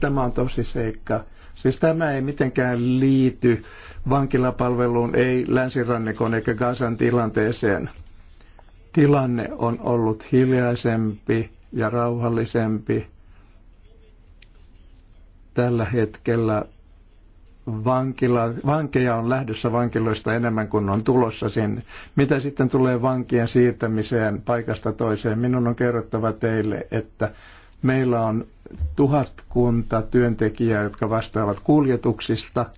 Tämä on tosi seikka. Siis tämä ei mitenkään liity vankilapalveluun, ei länsirannikon eikä Gazan tilanteeseen. Tilanne on ollut hiljaisempi ja rauhallisempi. Tällä hetkellä vankila, vankeja on lähdössä vankiloista enemmän kuin on tulossa sinne. Mitä sitten tulee vankien siirtämiseen paikasta toiseen? Minun on kerrottava teille, että meillä on tuhatkunta työntekijää, jotka vastaavat kuljetuksista –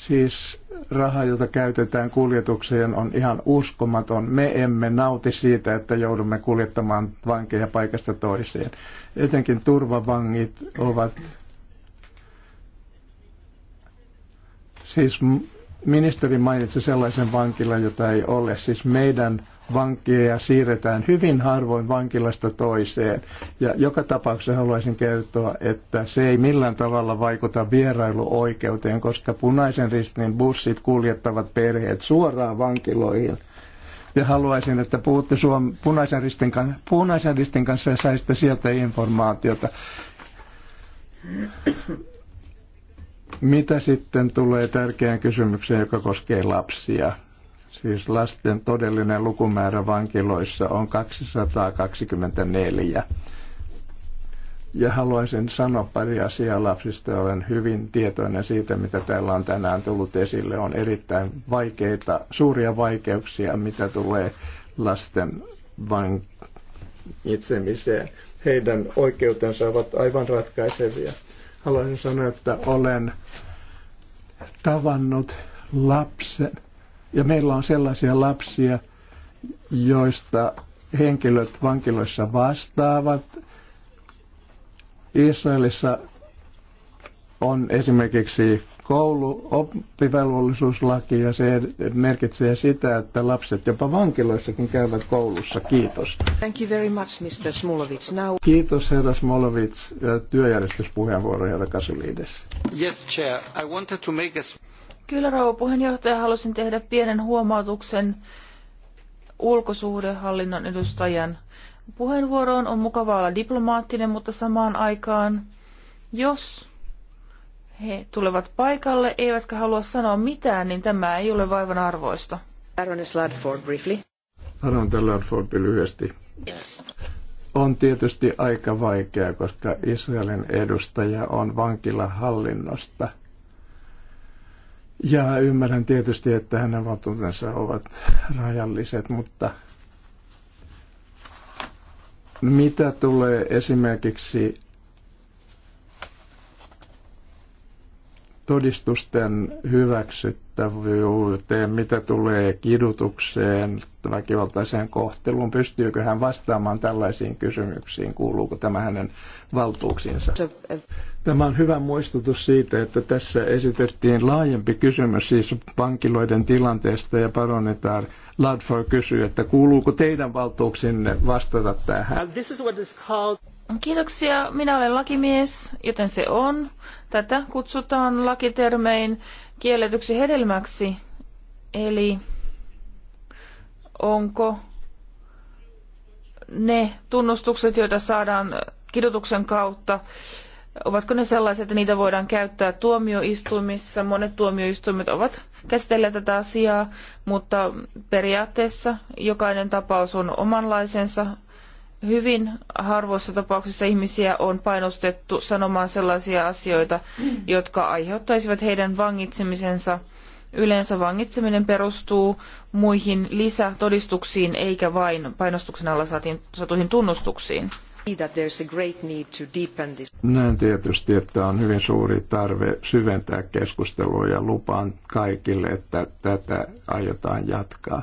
Siis raha, jota käytetään kuljetukseen, on ihan uskomaton. Me emme nauti siitä, että joudumme kuljettamaan vankeja paikasta toiseen. Etenkin turvavangit ovat... Siis ministeri mainitsi sellaisen vankilan, jota ei ole. Siis meidän vankeja siirretään hyvin harvoin vankilasta toiseen. Ja joka tapauksessa haluaisin kertoa, että se ei millään tavalla vaikuta vierailuoikeuteen, koska punaisen ristin bussit kuljettavat perheet suoraan vankiloihin ja haluaisin, että puhutte Suom- punaisen, ristin kan- punaisen ristin kanssa ja saisitte sieltä informaatiota. Mitä sitten tulee tärkeään kysymykseen, joka koskee lapsia? siis lasten todellinen lukumäärä vankiloissa on 224. Ja haluaisin sanoa pari asiaa lapsista. Olen hyvin tietoinen siitä, mitä täällä on tänään tullut esille. On erittäin vaikeita, suuria vaikeuksia, mitä tulee lasten vankitsemiseen. Heidän oikeutensa ovat aivan ratkaisevia. Haluaisin sanoa, että olen tavannut lapsen, ja meillä on sellaisia lapsia, joista henkilöt vankiloissa vastaavat. Israelissa on esimerkiksi kouluoppivelvollisuuslaki ja se merkitsee sitä, että lapset jopa vankiloissakin käyvät koulussa. Kiitos. Thank you very much, Mr. Smolovic. Now... Kiitos, herra Smolovic, työjärjestyspuheenvuoro, herra Kasuliides. Yes, chair. I wanted to make a... Kyllä, rouva puheenjohtaja, halusin tehdä pienen huomautuksen ulkosuhdehallinnon edustajan puheenvuoroon. On mukava olla diplomaattinen, mutta samaan aikaan, jos he tulevat paikalle eivätkä halua sanoa mitään, niin tämä ei ole vaivan arvoista. Baroness Ludford briefly. Baroness Ludford lyhyesti. Yes. On tietysti aika vaikeaa, koska Israelin edustaja on vankilahallinnosta – ja ymmärrän tietysti, että hänen valtuutensa ovat rajalliset, mutta mitä tulee esimerkiksi todistusten hyväksyttävyyteen, mitä tulee kidutukseen, väkivaltaiseen kohteluun, pystyykö hän vastaamaan tällaisiin kysymyksiin, kuuluuko tämä hänen valtuuksiinsa? Tämä on hyvä muistutus siitä, että tässä esitettiin laajempi kysymys siis pankiloiden tilanteesta ja paronitar Ladford kysyy, että kuuluuko teidän valtuuksinne vastata tähän? Kiitoksia. Minä olen lakimies, joten se on. Tätä kutsutaan lakitermein kielletyksi hedelmäksi. Eli onko ne tunnustukset, joita saadaan kidutuksen kautta, Ovatko ne sellaisia, että niitä voidaan käyttää tuomioistuimissa? Monet tuomioistuimet ovat käsitelleet tätä asiaa, mutta periaatteessa jokainen tapaus on omanlaisensa. Hyvin harvoissa tapauksissa ihmisiä on painostettu sanomaan sellaisia asioita, jotka aiheuttaisivat heidän vangitsemisensa. Yleensä vangitseminen perustuu muihin lisätodistuksiin eikä vain painostuksen alla saatuihin tunnustuksiin. Näen tietysti, että on hyvin suuri tarve syventää keskustelua ja lupaan kaikille, että tätä aiotaan jatkaa.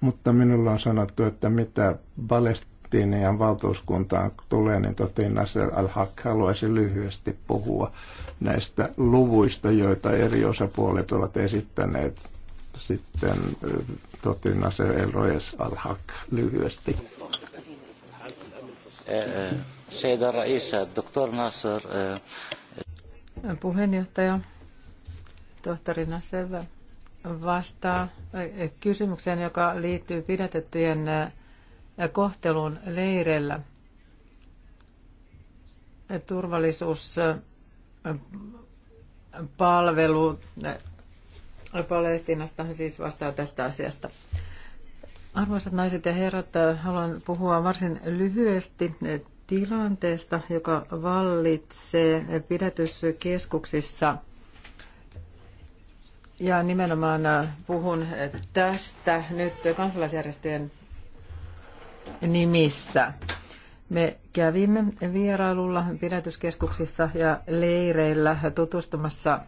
Mutta minulla on sanottu, että mitä Palestiinian valtuuskuntaan tulee, niin totin Nasser al-Haq haluaisi lyhyesti puhua näistä luvuista, joita eri osapuolet ovat esittäneet. Sitten eh, totin Nasser al-Haq lyhyesti. سيدة الرئيسة الدكتور ناصر Puheenjohtaja, tohtori Nasser vastaa eh, kysymykseen, joka liittyy pidätettyjen eh, kohtelun leirellä. Turvallisuuspalvelu eh, Palestinasta siis vastaa tästä asiasta. Arvoisat naiset ja herrat, äh, haluan puhua varsin lyhyesti äh, tilanteesta, joka vallitsee äh, pidätyskeskuksissa. Ja nimenomaan puhun tästä nyt kansalaisjärjestöjen nimissä. Me kävimme vierailulla pidätyskeskuksissa ja leireillä tutustumassa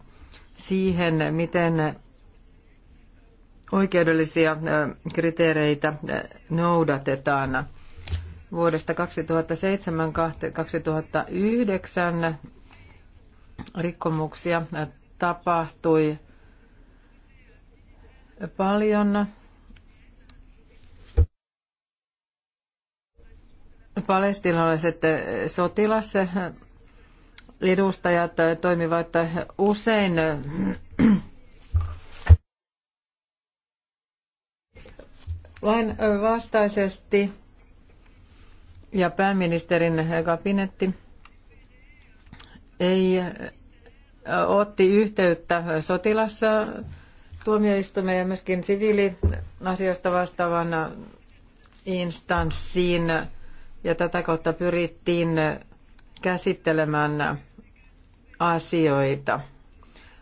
siihen, miten oikeudellisia kriteereitä noudatetaan. Vuodesta 2007-2009 rikkomuksia tapahtui paljon. Palestinalaiset sotilas edustajat toimivat usein lain vastaisesti ja pääministerin kabinetti ei otti yhteyttä sotilassa tuomioistuimeen ja myöskin siviiliasioista vastaavan instanssiin ja tätä kautta pyrittiin käsittelemään asioita.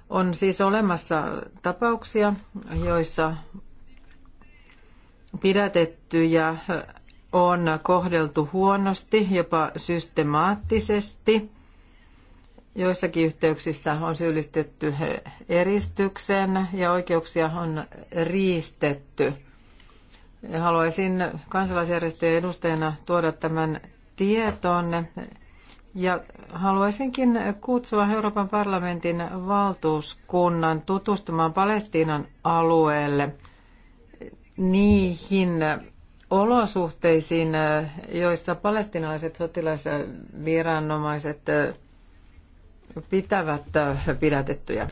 On siis olemassa tapauksia, joissa pidätettyjä on kohdeltu huonosti, jopa systemaattisesti. Joissakin yhteyksissä on syyllistetty eristykseen ja oikeuksia on riistetty. Haluaisin kansalaisjärjestöjen edustajana tuoda tämän tietoon ja haluaisinkin kutsua Euroopan parlamentin valtuuskunnan tutustumaan Palestiinan alueelle – niihin olosuhteisiin, joissa palestinaiset sotilasviranomaiset pitävät pidätettyjä.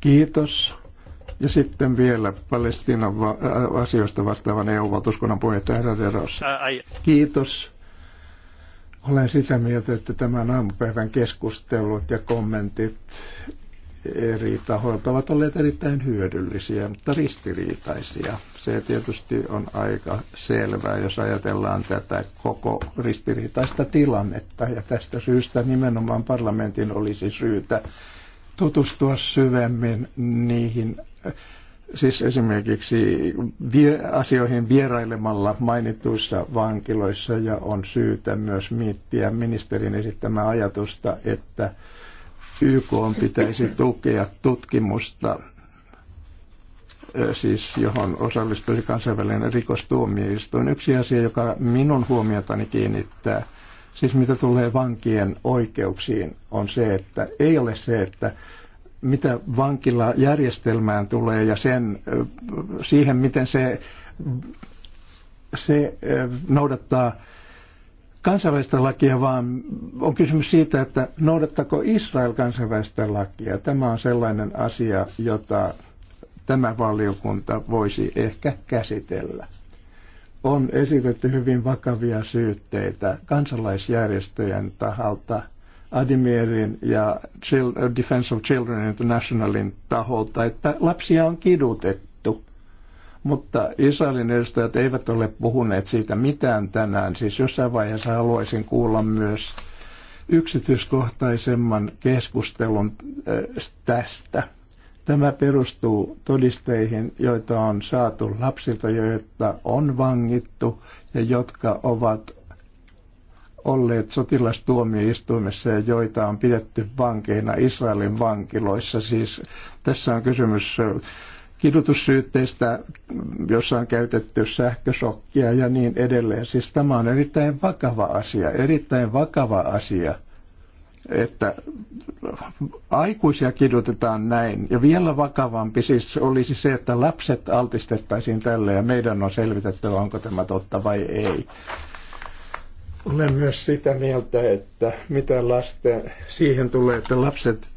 Kiitos. Ja sitten vielä Palestinan va- äh, asioista vastaavan EU-valtuuskunnan puheenjohtaja Herra Kiitos. Olen sitä mieltä, että tämän aamupäivän keskustelut ja kommentit eri tahoilta ovat olleet erittäin hyödyllisiä, mutta ristiriitaisia. Se tietysti on aika selvää, jos ajatellaan tätä koko ristiriitaista tilannetta. Ja tästä syystä nimenomaan parlamentin olisi syytä tutustua syvemmin niihin, siis esimerkiksi asioihin vierailemalla mainituissa vankiloissa ja on syytä myös miettiä ministerin esittämää ajatusta, että YK pitäisi tukea tutkimusta, siis johon osallistuisi kansainvälinen rikostuomioistuin. Yksi asia, joka minun huomiotani kiinnittää, siis mitä tulee vankien oikeuksiin, on se, että ei ole se, että mitä järjestelmään tulee ja sen, siihen, miten se, se noudattaa kansainvälistä lakia, vaan on kysymys siitä, että noudattako Israel kansainvälistä lakia. Tämä on sellainen asia, jota tämä valiokunta voisi ehkä käsitellä. On esitetty hyvin vakavia syytteitä kansalaisjärjestöjen taholta, Adimierin ja Defense of Children Internationalin taholta, että lapsia on kidutettu mutta Israelin edustajat eivät ole puhuneet siitä mitään tänään. Siis jossain vaiheessa haluaisin kuulla myös yksityiskohtaisemman keskustelun äh, tästä. Tämä perustuu todisteihin, joita on saatu lapsilta, joita on vangittu ja jotka ovat olleet sotilastuomioistuimessa ja joita on pidetty vankeina Israelin vankiloissa. Siis tässä on kysymys äh, kidutussyytteistä, jossa on käytetty sähkösokkia ja niin edelleen. Siis tämä on erittäin vakava asia, erittäin vakava asia, että aikuisia kidutetaan näin. Ja vielä vakavampi siis olisi se, että lapset altistettaisiin tälle ja meidän on selvitettävä, onko tämä totta vai ei. Olen myös sitä mieltä, että mitä lasten, siihen tulee, että lapset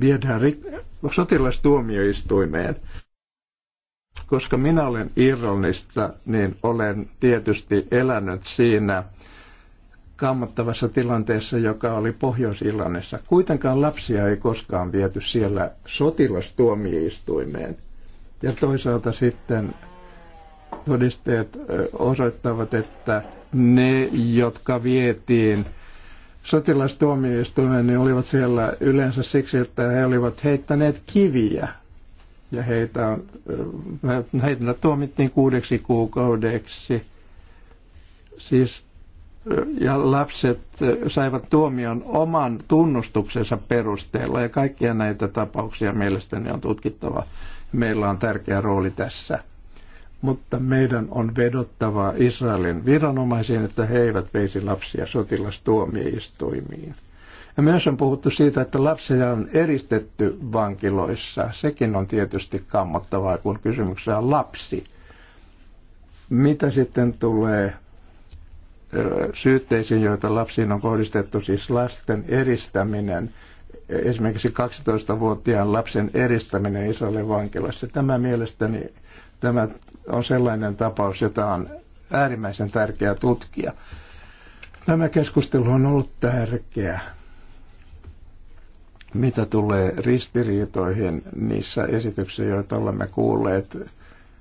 viedään rik- sotilastuomioistuimeen. Koska minä olen Irlannista, niin olen tietysti elänyt siinä kammottavassa tilanteessa, joka oli Pohjois-Irlannissa. Kuitenkaan lapsia ei koskaan viety siellä sotilastuomioistuimeen. Ja toisaalta sitten todisteet osoittavat, että ne, jotka vietiin sotilastuomioistuimeen, niin olivat siellä yleensä siksi, että he olivat heittäneet kiviä. Ja heitä, heitä tuomittiin kuudeksi kuukaudeksi. Siis, ja lapset saivat tuomion oman tunnustuksensa perusteella. Ja kaikkia näitä tapauksia mielestäni on tutkittava. Meillä on tärkeä rooli tässä mutta meidän on vedottava Israelin viranomaisiin, että he eivät veisi lapsia sotilastuomioistuimiin. Ja myös on puhuttu siitä, että lapsia on eristetty vankiloissa. Sekin on tietysti kammottavaa, kun kysymyksessä on lapsi. Mitä sitten tulee syytteisiin, joita lapsiin on kohdistettu, siis lasten eristäminen, esimerkiksi 12-vuotiaan lapsen eristäminen Israelin vankilassa. Tämä mielestäni tämä on sellainen tapaus, jota on äärimmäisen tärkeää tutkia. Tämä keskustelu on ollut tärkeä. Mitä tulee ristiriitoihin niissä esityksissä, joita olemme kuulleet,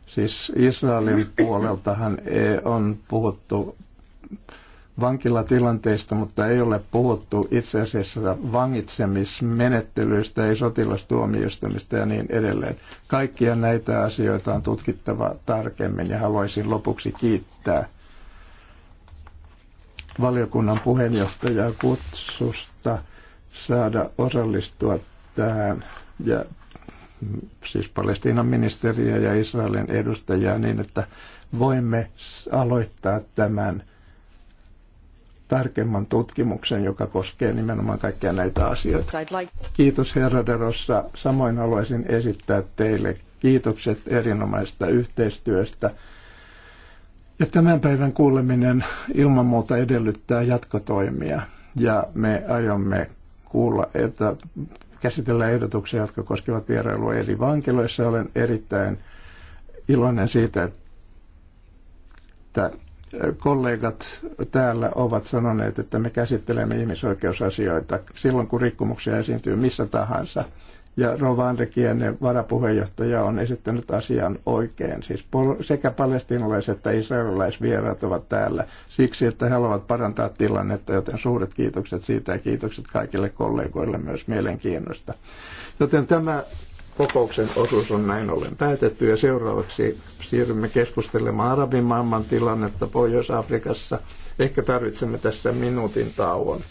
siis Israelin puoleltahan on puhuttu vankilatilanteista, mutta ei ole puhuttu itse asiassa vangitsemismenettelyistä, ei sotilastuomioistumista ja niin edelleen. Kaikkia näitä asioita on tutkittava tarkemmin ja haluaisin lopuksi kiittää valiokunnan puheenjohtajaa kutsusta saada osallistua tähän ja siis Palestiinan ministeriä ja Israelin edustajaa niin, että voimme aloittaa tämän tarkemman tutkimuksen, joka koskee nimenomaan kaikkia näitä asioita. Kiitos herra Derossa. Samoin haluaisin esittää teille kiitokset erinomaisesta yhteistyöstä. Ja tämän päivän kuuleminen ilman muuta edellyttää jatkotoimia. Ja me aiomme kuulla, että käsitellään ehdotuksia, jotka koskevat vierailua eri vankiloissa. Olen erittäin iloinen siitä, että kollegat täällä ovat sanoneet, että me käsittelemme ihmisoikeusasioita silloin, kun rikkomuksia esiintyy missä tahansa. Ja Rova Andrikienen varapuheenjohtaja on esittänyt asian oikein. Siis sekä palestinalaiset että israelilaisvieraat ovat täällä siksi, että he haluavat parantaa tilannetta, joten suuret kiitokset siitä ja kiitokset kaikille kollegoille myös mielenkiinnosta. Joten tämä kokouksen osuus on näin ollen päätetty ja seuraavaksi siirrymme keskustelemaan arabimaailman tilannetta Pohjois-Afrikassa. Ehkä tarvitsemme tässä minuutin tauon.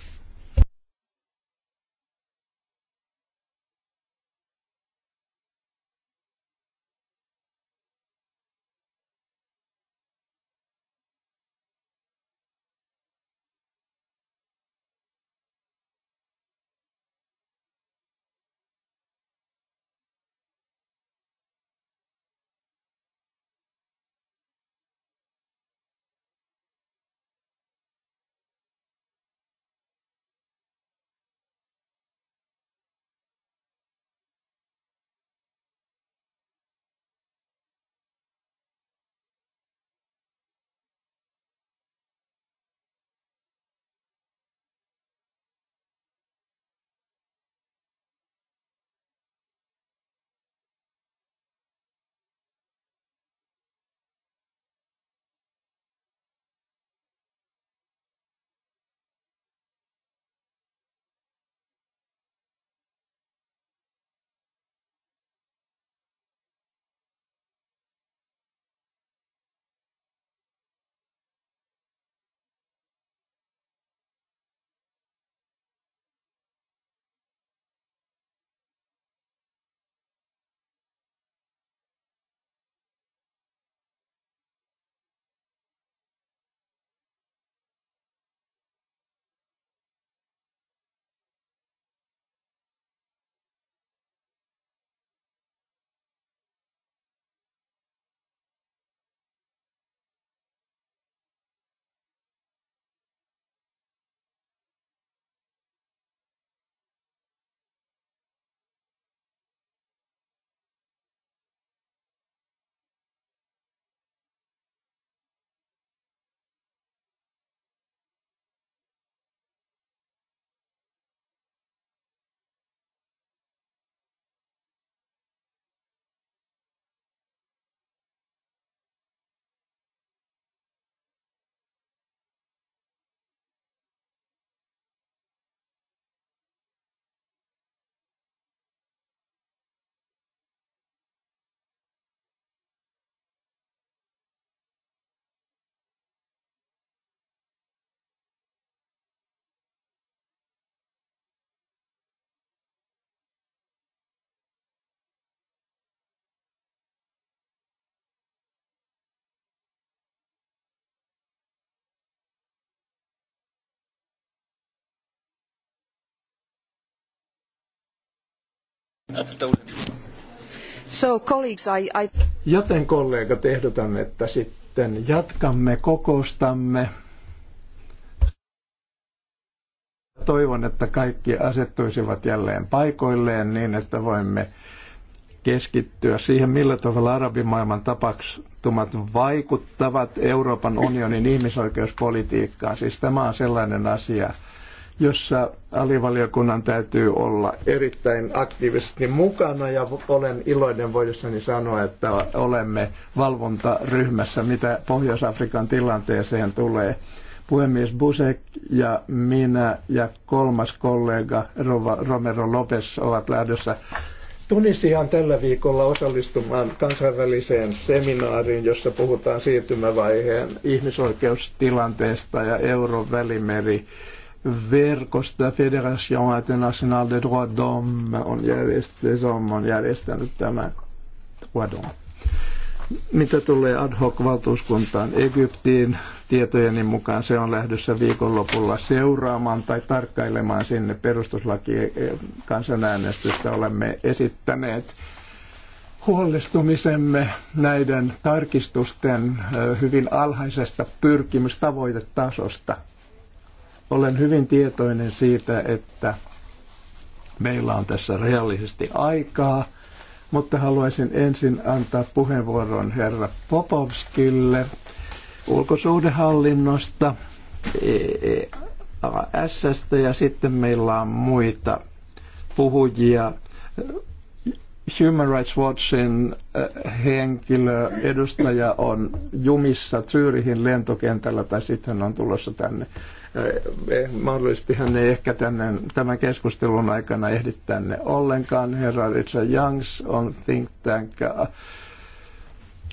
So, colleagues, I, I... Joten kollegat, ehdotan, että sitten jatkamme kokoustamme. Toivon, että kaikki asettuisivat jälleen paikoilleen niin, että voimme keskittyä siihen, millä tavalla arabimaailman tapahtumat vaikuttavat Euroopan unionin ihmisoikeuspolitiikkaan. Siis tämä on sellainen asia, jossa alivaliokunnan täytyy olla erittäin aktiivisesti mukana ja olen iloinen voidessani sanoa, että olemme valvontaryhmässä, mitä Pohjois-Afrikan tilanteeseen tulee. Puhemies Busek ja minä ja kolmas kollega Romero Lopes ovat lähdössä Tunisiaan tällä viikolla osallistumaan kansainväliseen seminaariin, jossa puhutaan siirtymävaiheen ihmisoikeustilanteesta ja euron välimeri verkosta Federation International de Droit d'Homme on, järjest- on järjestänyt tämä Wadon. Mitä tulee ad hoc valtuuskuntaan Egyptiin, tietojeni mukaan se on lähdössä viikonlopulla seuraamaan tai tarkkailemaan sinne perustuslaki kansanäänestystä. Olemme esittäneet huolestumisemme näiden tarkistusten hyvin alhaisesta pyrkimystavoitetasosta – olen hyvin tietoinen siitä, että meillä on tässä rajallisesti aikaa, mutta haluaisin ensin antaa puheenvuoron herra Popovskille ulkosuhdehallinnosta, ss e e ja sitten meillä on muita puhujia. Human Rights Watchin äh, henkilö, edustaja on jumissa Zyrihin lentokentällä tai sitten hän on tulossa tänne Eh, Mahdollisesti hän ei ehkä tänne, tämän keskustelun aikana ehdi tänne ollenkaan. Herra Richard Youngs on think tank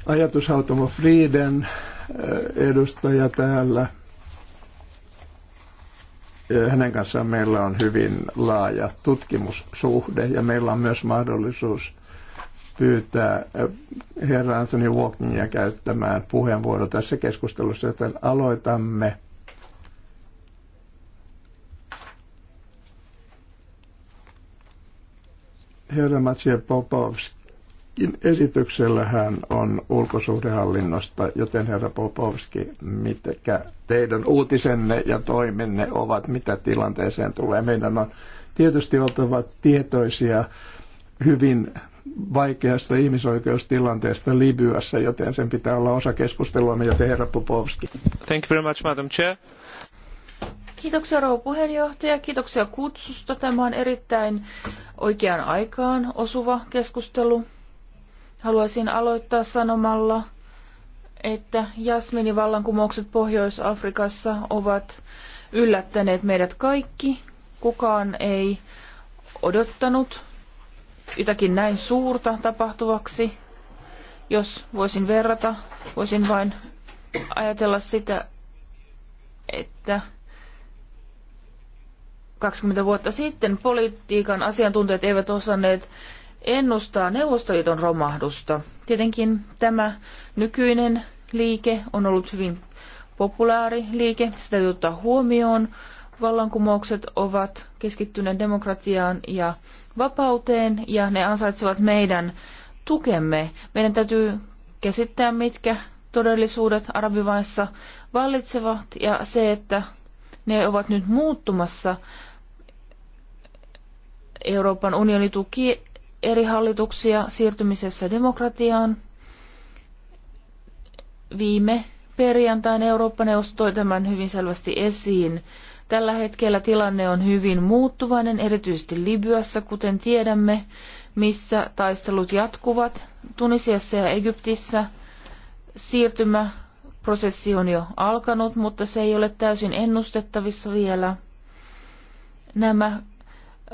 ajatushautomo Frieden edustaja täällä. Hänen kanssaan meillä on hyvin laaja tutkimussuhde ja meillä on myös mahdollisuus pyytää herra Anthony Walkingia käyttämään puheenvuoro tässä keskustelussa, joten aloitamme herra Matsie Popovskin esityksellä hän on ulkosuhdehallinnosta, joten herra Popovski, mitkä teidän uutisenne ja toimenne ovat, mitä tilanteeseen tulee. Meidän on tietysti oltava tietoisia hyvin vaikeasta ihmisoikeustilanteesta Libyassa, joten sen pitää olla osa keskustelua, joten herra Popovski. Thank you very much, Madam Chair. Kiitoksia rouva puheenjohtaja, kiitoksia kutsusta. Tämä on erittäin oikeaan aikaan osuva keskustelu. Haluaisin aloittaa sanomalla, että vallankumoukset Pohjois-Afrikassa ovat yllättäneet meidät kaikki. Kukaan ei odottanut jotakin näin suurta tapahtuvaksi. Jos voisin verrata, voisin vain ajatella sitä, että 20 vuotta sitten politiikan asiantuntijat eivät osanneet ennustaa Neuvostoliiton romahdusta. Tietenkin tämä nykyinen liike on ollut hyvin populaari liike, sitä täytyy ottaa huomioon. Vallankumoukset ovat keskittyneet demokratiaan ja vapauteen ja ne ansaitsevat meidän tukemme. Meidän täytyy käsittää, mitkä todellisuudet arabimaissa vallitsevat ja se, että ne ovat nyt muuttumassa Euroopan unioni tuki eri hallituksia siirtymisessä demokratiaan. Viime perjantain Eurooppa-neuvosto toi tämän hyvin selvästi esiin. Tällä hetkellä tilanne on hyvin muuttuvainen, erityisesti Libyassa, kuten tiedämme, missä taistelut jatkuvat. Tunisiassa ja Egyptissä siirtymäprosessi on jo alkanut, mutta se ei ole täysin ennustettavissa vielä. Nämä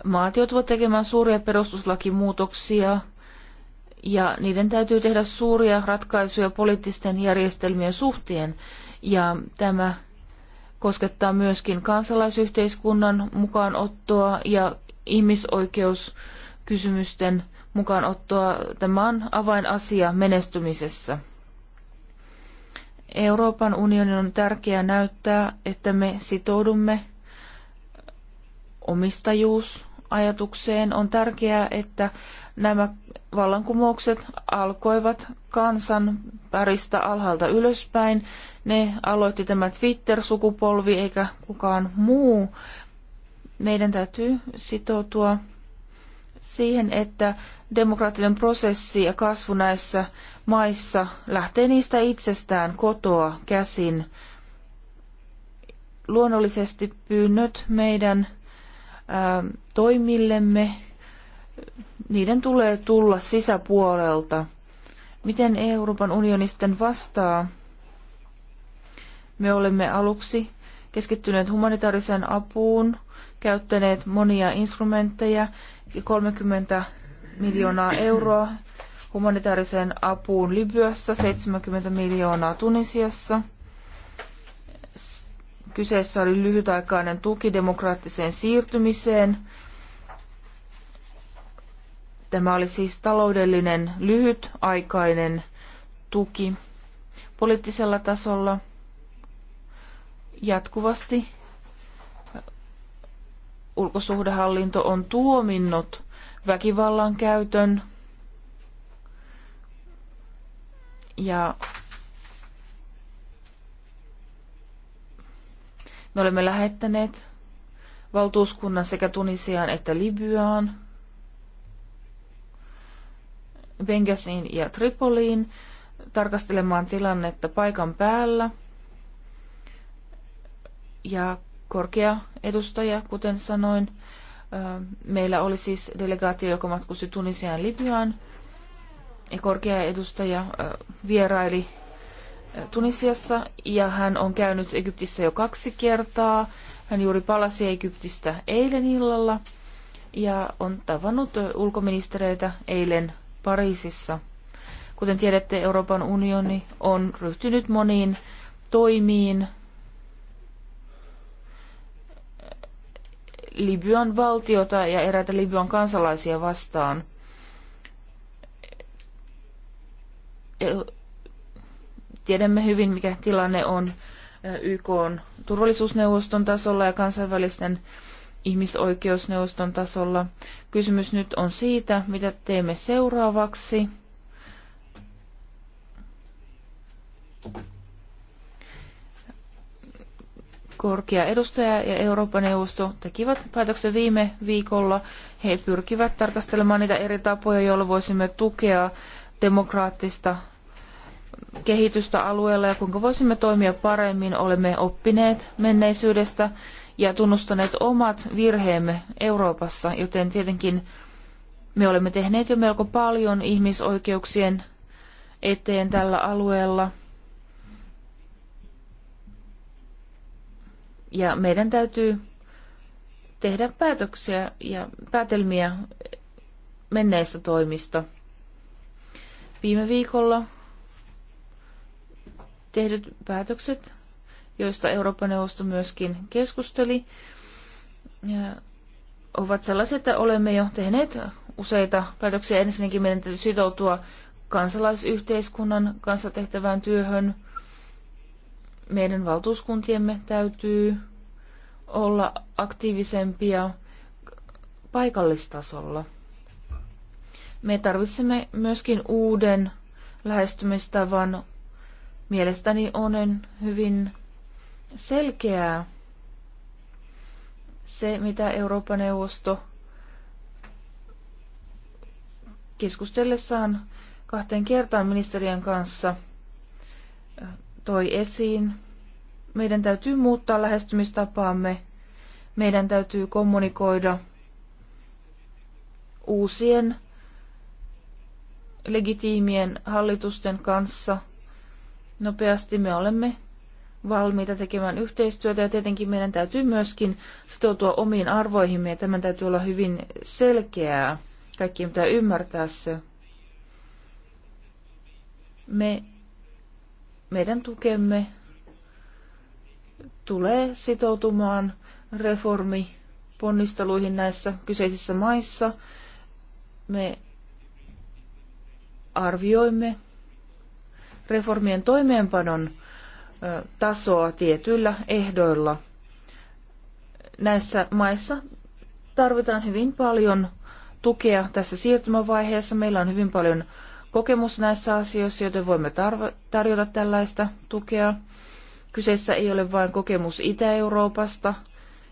maat joutuvat tekemään suuria perustuslakimuutoksia ja niiden täytyy tehdä suuria ratkaisuja poliittisten järjestelmien suhteen. Ja tämä koskettaa myöskin kansalaisyhteiskunnan mukaanottoa ja ihmisoikeuskysymysten mukaanottoa. Tämä on avainasia menestymisessä. Euroopan unionin on tärkeää näyttää, että me sitoudumme omistajuus ajatukseen on tärkeää, että nämä vallankumoukset alkoivat kansan päristä alhaalta ylöspäin. Ne aloitti tämä Twitter-sukupolvi eikä kukaan muu. Meidän täytyy sitoutua siihen, että demokraattinen prosessi ja kasvu näissä maissa lähtee niistä itsestään kotoa käsin. Luonnollisesti pyynnöt meidän toimillemme, niiden tulee tulla sisäpuolelta. Miten Euroopan unionisten vastaa? Me olemme aluksi keskittyneet humanitaariseen apuun, käyttäneet monia instrumentteja ja 30 miljoonaa euroa humanitaariseen apuun Libyassa, 70 miljoonaa Tunisiassa – Kyseessä oli lyhytaikainen tuki demokraattiseen siirtymiseen. Tämä oli siis taloudellinen lyhytaikainen tuki poliittisella tasolla jatkuvasti ulkosuhdehallinto on tuominnut väkivallan käytön ja Me olemme lähettäneet valtuuskunnan sekä Tunisiaan että Libyaan, Bengasiin ja Tripoliin tarkastelemaan tilannetta paikan päällä. Ja korkea edustaja, kuten sanoin, meillä oli siis delegaatio, joka matkusti Tunisiaan Libyaan, ja korkea edustaja vieraili Tunisiassa ja hän on käynyt Egyptissä jo kaksi kertaa. Hän juuri palasi Egyptistä eilen illalla ja on tavannut ulkoministereitä eilen Pariisissa. Kuten tiedätte, Euroopan unioni on ryhtynyt moniin toimiin Libyan valtiota ja eräitä Libyan kansalaisia vastaan. Tiedämme hyvin, mikä tilanne on YK on turvallisuusneuvoston tasolla ja kansainvälisten ihmisoikeusneuvoston tasolla. Kysymys nyt on siitä, mitä teemme seuraavaksi. Korkea edustaja ja Euroopan neuvosto tekivät päätöksen viime viikolla. He pyrkivät tarkastelemaan niitä eri tapoja, joilla voisimme tukea demokraattista kehitystä alueella ja kuinka voisimme toimia paremmin. Olemme oppineet menneisyydestä ja tunnustaneet omat virheemme Euroopassa, joten tietenkin me olemme tehneet jo melko paljon ihmisoikeuksien eteen tällä alueella. Ja meidän täytyy tehdä päätöksiä ja päätelmiä menneistä toimista. Viime viikolla tehdyt päätökset, joista Euroopan neuvosto myöskin keskusteli, ovat sellaisia, että olemme jo tehneet useita päätöksiä. Ensinnäkin meidän täytyy sitoutua kansalaisyhteiskunnan kanssa tehtävään työhön. Meidän valtuuskuntiemme täytyy olla aktiivisempia paikallistasolla. Me tarvitsemme myöskin uuden lähestymistavan mielestäni on hyvin selkeää se, mitä Euroopan neuvosto keskustellessaan kahteen kertaan ministeriön kanssa toi esiin. Meidän täytyy muuttaa lähestymistapaamme. Meidän täytyy kommunikoida uusien legitiimien hallitusten kanssa – nopeasti. Me olemme valmiita tekemään yhteistyötä ja tietenkin meidän täytyy myöskin sitoutua omiin arvoihimme ja tämän täytyy olla hyvin selkeää. Kaikki pitää ymmärtää se. Me, meidän tukemme tulee sitoutumaan reformiponnisteluihin näissä kyseisissä maissa. Me arvioimme reformien toimeenpanon tasoa tietyillä ehdoilla. Näissä maissa tarvitaan hyvin paljon tukea tässä siirtymävaiheessa. Meillä on hyvin paljon kokemus näissä asioissa, joten voimme tarjota tällaista tukea. Kyseessä ei ole vain kokemus Itä-Euroopasta,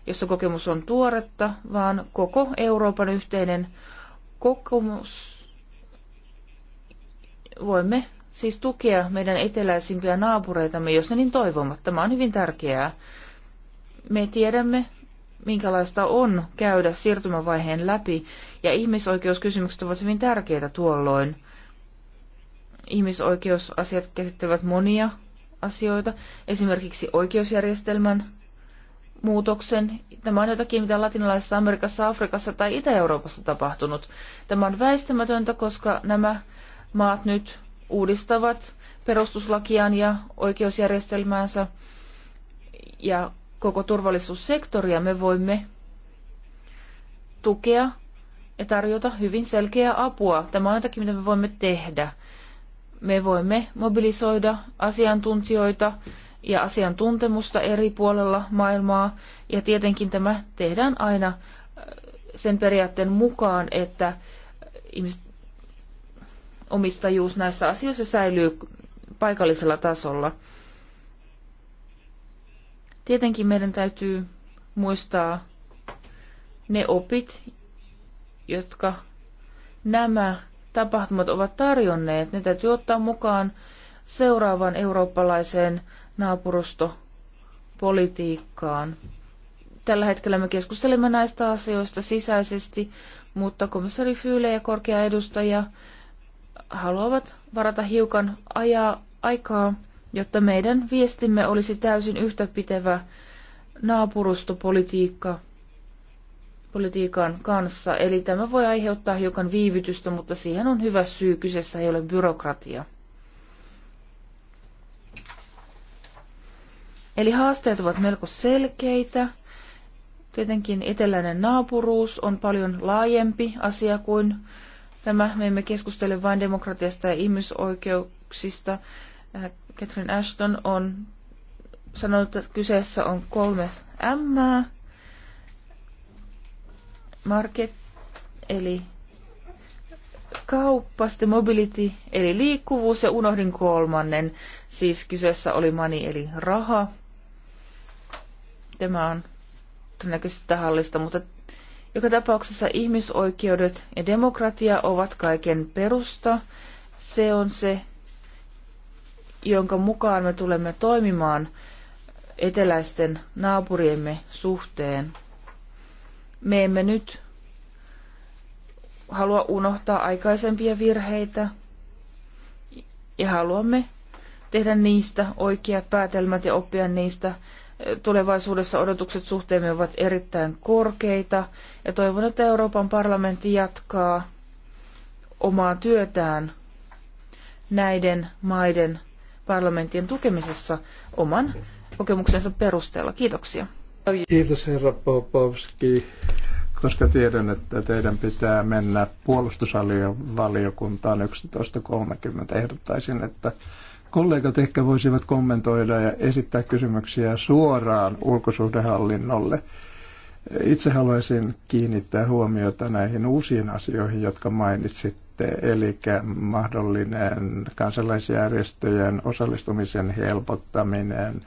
jossa kokemus on tuoretta, vaan koko Euroopan yhteinen kokemus. Voimme siis tukea meidän eteläisimpiä naapureitamme, jos ne niin toivomat. Tämä on hyvin tärkeää. Me tiedämme, minkälaista on käydä siirtymävaiheen läpi, ja ihmisoikeuskysymykset ovat hyvin tärkeitä tuolloin. Ihmisoikeusasiat käsittelevät monia asioita, esimerkiksi oikeusjärjestelmän muutoksen. Tämä on jotakin, mitä latinalaisessa Amerikassa, Afrikassa tai Itä-Euroopassa tapahtunut. Tämä on väistämätöntä, koska nämä maat nyt uudistavat perustuslakiaan ja oikeusjärjestelmäänsä ja koko turvallisuussektoria me voimme tukea ja tarjota hyvin selkeää apua. Tämä on jotakin, mitä me voimme tehdä. Me voimme mobilisoida asiantuntijoita ja asiantuntemusta eri puolella maailmaa. Ja tietenkin tämä tehdään aina sen periaatteen mukaan, että ihmiset omistajuus näissä asioissa säilyy paikallisella tasolla. Tietenkin meidän täytyy muistaa ne opit, jotka nämä tapahtumat ovat tarjonneet. Ne täytyy ottaa mukaan seuraavaan eurooppalaiseen naapurustopolitiikkaan. Tällä hetkellä me keskustelemme näistä asioista sisäisesti, mutta komissari Fyyle ja korkea edustaja haluavat varata hiukan ajaa, aikaa, jotta meidän viestimme olisi täysin pitävä naapurustopolitiikka politiikan kanssa. Eli tämä voi aiheuttaa hiukan viivytystä, mutta siihen on hyvä syy. Kyseessä ei ole byrokratia. Eli haasteet ovat melko selkeitä. Tietenkin eteläinen naapuruus on paljon laajempi asia kuin Tämä me emme keskustele vain demokratiasta ja ihmisoikeuksista. Äh, Catherine Ashton on sanonut, että kyseessä on kolme M. Market, eli kauppa, sitten mobility, eli liikkuvuus, ja unohdin kolmannen. Siis kyseessä oli mani, eli raha. Tämä on todennäköisesti tahallista, mutta joka tapauksessa ihmisoikeudet ja demokratia ovat kaiken perusta. Se on se, jonka mukaan me tulemme toimimaan eteläisten naapuriemme suhteen. Me emme nyt halua unohtaa aikaisempia virheitä ja haluamme tehdä niistä oikeat päätelmät ja oppia niistä tulevaisuudessa odotukset suhteemme ovat erittäin korkeita ja toivon, että Euroopan parlamentti jatkaa omaa työtään näiden maiden parlamenttien tukemisessa oman kokemuksensa perusteella. Kiitoksia. Kiitos herra Popovski, koska tiedän, että teidän pitää mennä puolustusvaliokuntaan 11.30. Ehdottaisin, että kollegat ehkä voisivat kommentoida ja esittää kysymyksiä suoraan ulkosuhdehallinnolle. Itse haluaisin kiinnittää huomiota näihin uusiin asioihin, jotka mainitsitte, eli mahdollinen kansalaisjärjestöjen osallistumisen helpottaminen,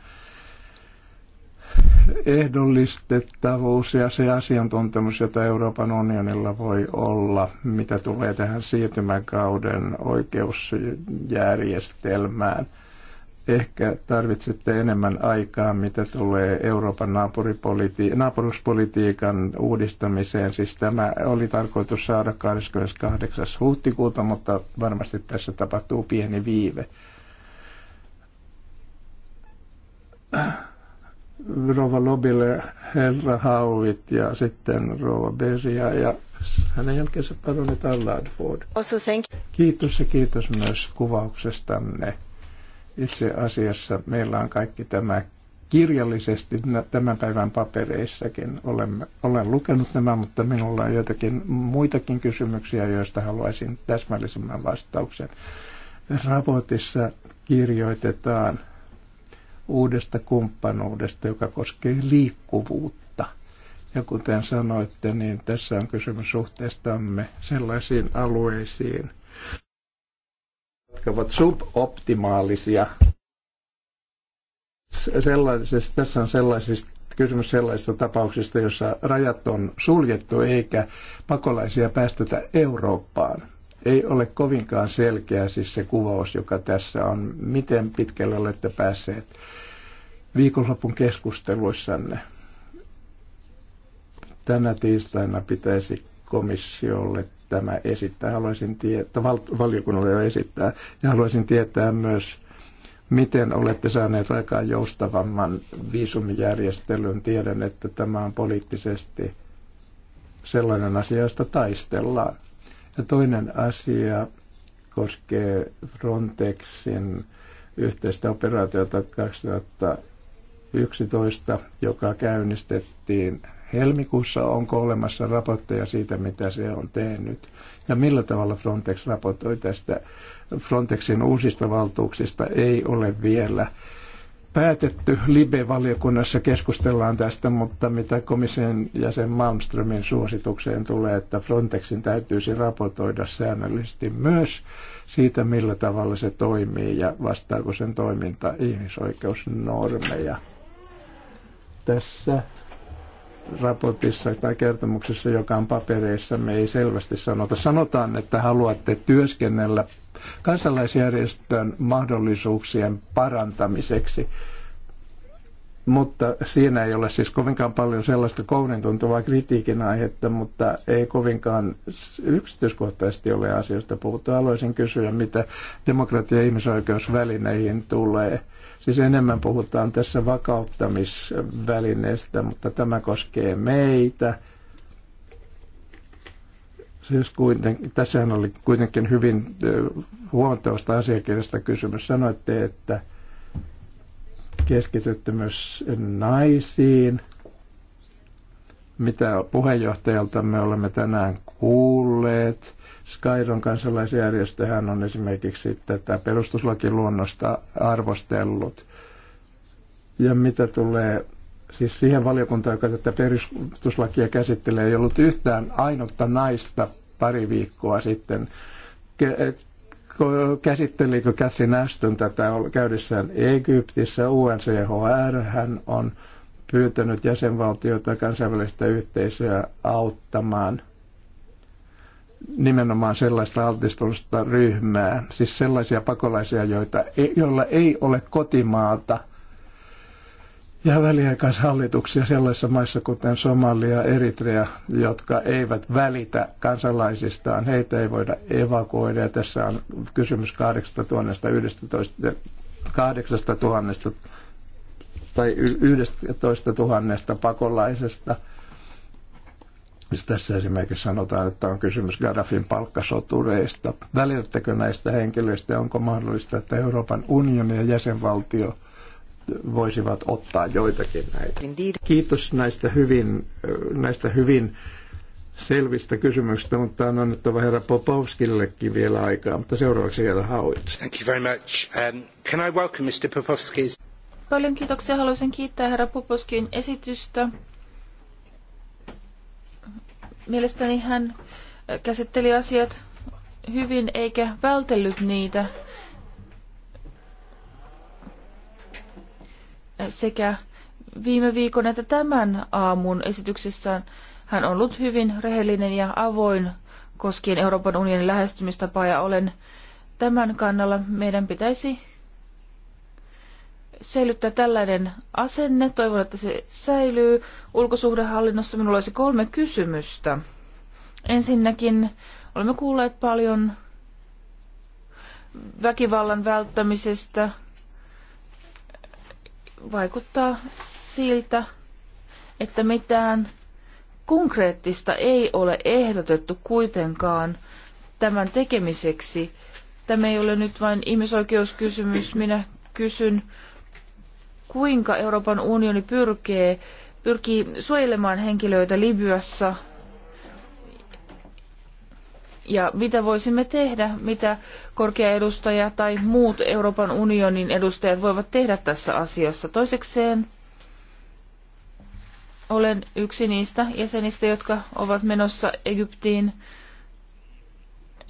ehdollistettavuus ja se asiantuntemus, jota Euroopan unionilla voi olla, mitä tulee tähän siirtymäkauden oikeusjärjestelmään. Ehkä tarvitsette enemmän aikaa, mitä tulee Euroopan naapuripoliti- naapuruspolitiikan uudistamiseen. Siis tämä oli tarkoitus saada 28. huhtikuuta, mutta varmasti tässä tapahtuu pieni viive. Rova Lobille, Herra Hauvit ja sitten Rova Beria ja hänen jälkeensä paroni Talladford. Kiitos ja kiitos myös kuvauksestanne. Itse asiassa meillä on kaikki tämä kirjallisesti tämän päivän papereissakin. Olen, olen lukenut nämä, mutta minulla on joitakin muitakin kysymyksiä, joista haluaisin täsmällisemmän vastauksen. Raportissa kirjoitetaan – uudesta kumppanuudesta, joka koskee liikkuvuutta. Ja kuten sanoitte, niin tässä on kysymys suhteestamme sellaisiin alueisiin, jotka ovat suboptimaalisia. Sellaisista, tässä on sellaisista, kysymys sellaisista tapauksista, joissa rajat on suljettu eikä pakolaisia päästetä Eurooppaan ei ole kovinkaan selkeä siis se kuvaus, joka tässä on. Miten pitkälle olette päässeet viikonlopun keskusteluissanne? Tänä tiistaina pitäisi komissiolle tämä esittää, haluaisin tietää, val, valiokunnalle jo esittää, ja haluaisin tietää myös, miten olette saaneet aikaan joustavamman viisumijärjestelyn. Tiedän, että tämä on poliittisesti sellainen asia, josta taistellaan ja toinen asia koskee Frontexin yhteistä operaatiota 2011, joka käynnistettiin helmikuussa. Onko olemassa raportteja siitä, mitä se on tehnyt ja millä tavalla Frontex raportoi tästä? Frontexin uusista valtuuksista ei ole vielä päätetty. Libe-valiokunnassa keskustellaan tästä, mutta mitä komission jäsen Malmströmin suositukseen tulee, että Frontexin täytyisi raportoida säännöllisesti myös siitä, millä tavalla se toimii ja vastaako sen toiminta ihmisoikeusnormeja. Tässä raportissa tai kertomuksessa, joka on papereissa, me ei selvästi sanota. Sanotaan, että haluatte työskennellä kansalaisjärjestön mahdollisuuksien parantamiseksi mutta siinä ei ole siis kovinkaan paljon sellaista kouden tuntuvaa kritiikin aihetta, mutta ei kovinkaan yksityiskohtaisesti ole asioista puhuttu. Haluaisin kysyä, mitä demokratia- ja ihmisoikeusvälineihin tulee. Siis enemmän puhutaan tässä vakauttamisvälineestä, mutta tämä koskee meitä. Siis kuitenkin tässähän oli kuitenkin hyvin huomattavasta asiakirjasta kysymys. Sanoitte, että keskitytte myös naisiin. Mitä puheenjohtajalta me olemme tänään kuulleet – Skyron kansalaisjärjestö, hän on esimerkiksi tätä perustuslakiluonnosta arvostellut. Ja mitä tulee siis siihen valiokuntaan, joka tätä perustuslakia käsittelee, ei ollut yhtään ainutta naista pari viikkoa sitten. Käsittelikö Catherine Ashton tätä käydessään Egyptissä, UNCHR, hän on pyytänyt jäsenvaltioita kansainvälistä yhteisöä auttamaan – nimenomaan sellaista altistusta ryhmää, siis sellaisia pakolaisia, joita, joilla ei ole kotimaata ja väliaikaishallituksia sellaisissa maissa kuten Somalia ja Eritrea, jotka eivät välitä kansalaisistaan. Heitä ei voida evakuoida ja tässä on kysymys 8 000 tai 11 000 pakolaisesta – tässä esimerkiksi sanotaan, että on kysymys Gaddafin palkkasotureista. Välitettekö näistä henkilöistä onko mahdollista, että Euroopan unioni ja jäsenvaltio voisivat ottaa joitakin näitä? Kiitos näistä hyvin, näistä hyvin selvistä kysymyksistä, mutta on annettava herra Popovskillekin vielä aikaa. Mutta seuraavaksi herra Howitz. Thank you very much. Um, can I welcome Mr. Popovski's... Paljon kiitoksia. Haluaisin kiittää herra Popovskin esitystä. Mielestäni hän käsitteli asiat hyvin eikä vältellyt niitä sekä viime viikon että tämän aamun esityksessään hän on ollut hyvin rehellinen ja avoin koskien Euroopan unionin lähestymistapaa ja olen tämän kannalla meidän pitäisi säilyttää tällainen asenne. Toivon, että se säilyy. Ulkosuhdehallinnossa minulla olisi kolme kysymystä. Ensinnäkin olemme kuulleet paljon väkivallan välttämisestä. Vaikuttaa siltä, että mitään konkreettista ei ole ehdotettu kuitenkaan tämän tekemiseksi. Tämä ei ole nyt vain ihmisoikeuskysymys. Minä kysyn, kuinka Euroopan unioni pyrkee, pyrkii suojelemaan henkilöitä Libyassa ja mitä voisimme tehdä, mitä korkea edustaja tai muut Euroopan unionin edustajat voivat tehdä tässä asiassa. Toisekseen olen yksi niistä jäsenistä, jotka ovat menossa Egyptiin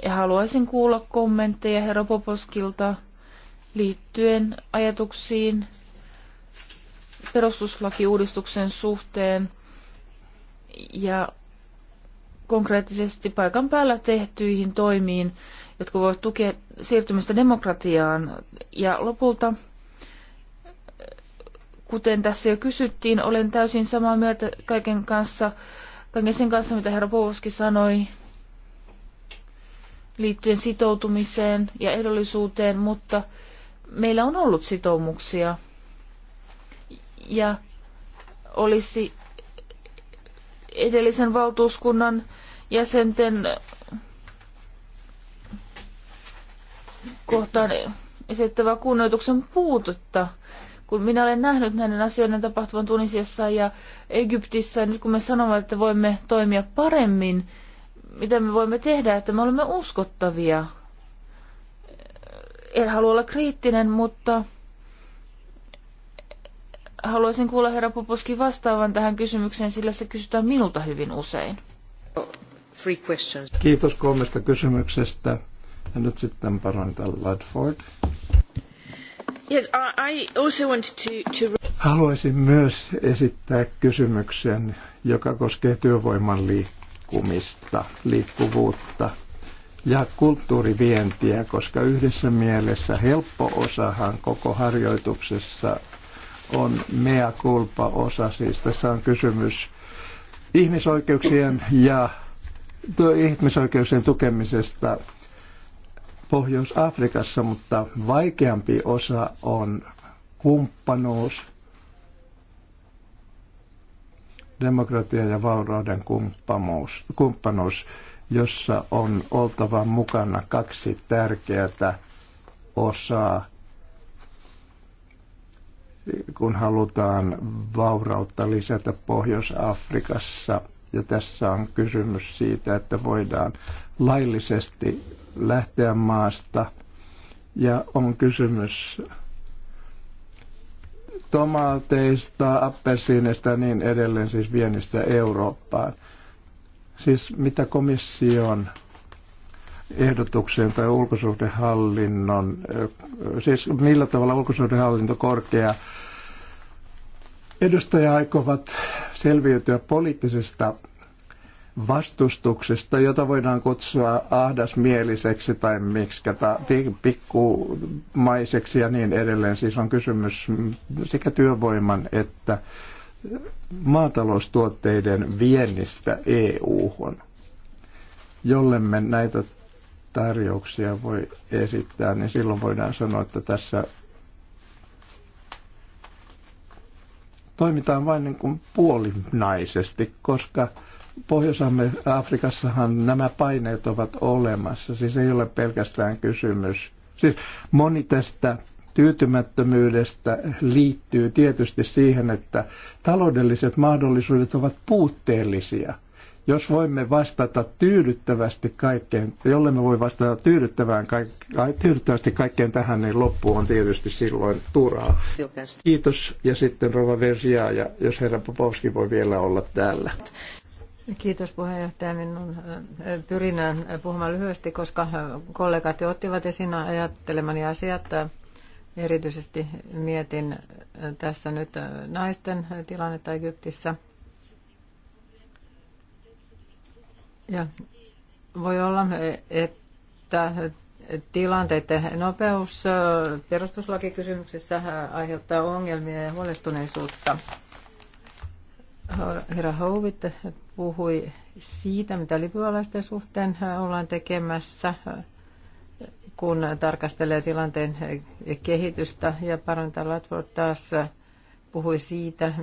ja haluaisin kuulla kommentteja herra Poposkilta liittyen ajatuksiin perustuslakiuudistuksen suhteen ja konkreettisesti paikan päällä tehtyihin toimiin, jotka voivat tukea siirtymistä demokratiaan. Ja lopulta, kuten tässä jo kysyttiin, olen täysin samaa mieltä kaiken kanssa, kaiken sen kanssa, mitä herra Povoski sanoi liittyen sitoutumiseen ja ehdollisuuteen, mutta meillä on ollut sitoumuksia ja olisi edellisen valtuuskunnan jäsenten kohtaan esittävä kunnioituksen puutetta. Kun minä olen nähnyt näiden asioiden tapahtuvan Tunisiassa ja Egyptissä, nyt kun me sanomme, että voimme toimia paremmin, mitä me voimme tehdä, että me olemme uskottavia. En halua olla kriittinen, mutta Haluaisin kuulla herra Poposkin vastaavan tähän kysymykseen, sillä se kysytään minulta hyvin usein. Kiitos kolmesta kysymyksestä. Ja nyt sitten parantaa Yes, I also wanted to, to... Haluaisin myös esittää kysymyksen, joka koskee työvoiman liikkumista, liikkuvuutta ja kulttuurivientiä, koska yhdessä mielessä helppo osahan koko harjoituksessa on mea culpa osa. Siis tässä on kysymys ihmisoikeuksien ja ihmisoikeuksien tukemisesta Pohjois-Afrikassa, mutta vaikeampi osa on kumppanuus, demokratia ja vaurauden kumppanuus, kumppanuus jossa on oltava mukana kaksi tärkeää osaa kun halutaan vaurautta lisätä Pohjois-Afrikassa. Ja tässä on kysymys siitä, että voidaan laillisesti lähteä maasta. Ja on kysymys tomaateista, appelsiineista ja niin edelleen, siis viennistä Eurooppaan. Siis mitä komission ehdotukseen tai ulkosuhdehallinnon, siis millä tavalla ulkosuhdehallinto korkea edustaja aikovat selviytyä poliittisesta vastustuksesta, jota voidaan kutsua ahdasmieliseksi tai miksi pikkumaiseksi ja niin edelleen. Siis on kysymys sekä työvoiman että maataloustuotteiden viennistä EU-hun. Jollemme näitä tarjouksia voi esittää, niin silloin voidaan sanoa, että tässä toimitaan vain niin kuin puolinaisesti, koska Pohjois-Afrikassahan nämä paineet ovat olemassa. Siis ei ole pelkästään kysymys. Siis moni tästä tyytymättömyydestä liittyy tietysti siihen, että taloudelliset mahdollisuudet ovat puutteellisia – jos voimme vastata tyydyttävästi kaikkeen, jolle me voi vastata tyydyttävään, tyydyttävästi kaikkeen tähän, niin loppu on tietysti silloin turhaa. Kiitos ja sitten Rova Versia ja jos herra Popovski voi vielä olla täällä. Kiitos puheenjohtaja. Minun pyrin puhumaan lyhyesti, koska kollegat jo ottivat esiin ajattelemani asiat. Erityisesti mietin tässä nyt naisten tilannetta Egyptissä – Ja voi olla, että tilanteiden nopeus perustuslakikysymyksessä aiheuttaa ongelmia ja huolestuneisuutta. Herra Houvit puhui siitä, mitä libyalaisten suhteen ollaan tekemässä, kun tarkastelee tilanteen kehitystä. Ja parantaa Latford taas puhui siitä,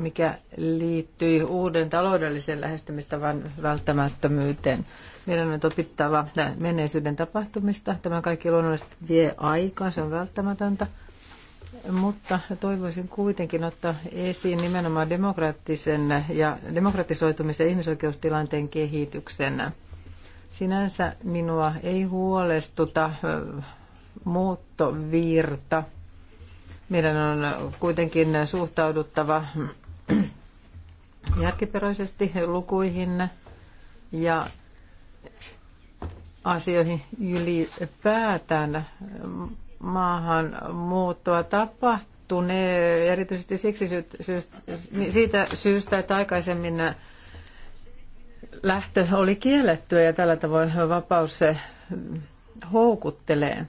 mikä liittyi uuden taloudellisen lähestymistavan välttämättömyyteen. Meidän on opittava menneisyyden tapahtumista. Tämä kaikki luonnollisesti vie aikaa, se on välttämätöntä. Mutta toivoisin kuitenkin ottaa esiin nimenomaan demokraattisen ja demokratisoitumisen ihmisoikeustilanteen kehityksen. Sinänsä minua ei huolestuta muuttovirta. Meidän on kuitenkin suhtauduttava järkiperäisesti lukuihin ja asioihin ylipäätään muuttoa tapahtunee erityisesti siksi sy- siitä syystä, että aikaisemmin lähtö oli kielletty ja tällä tavoin vapaus se houkuttelee.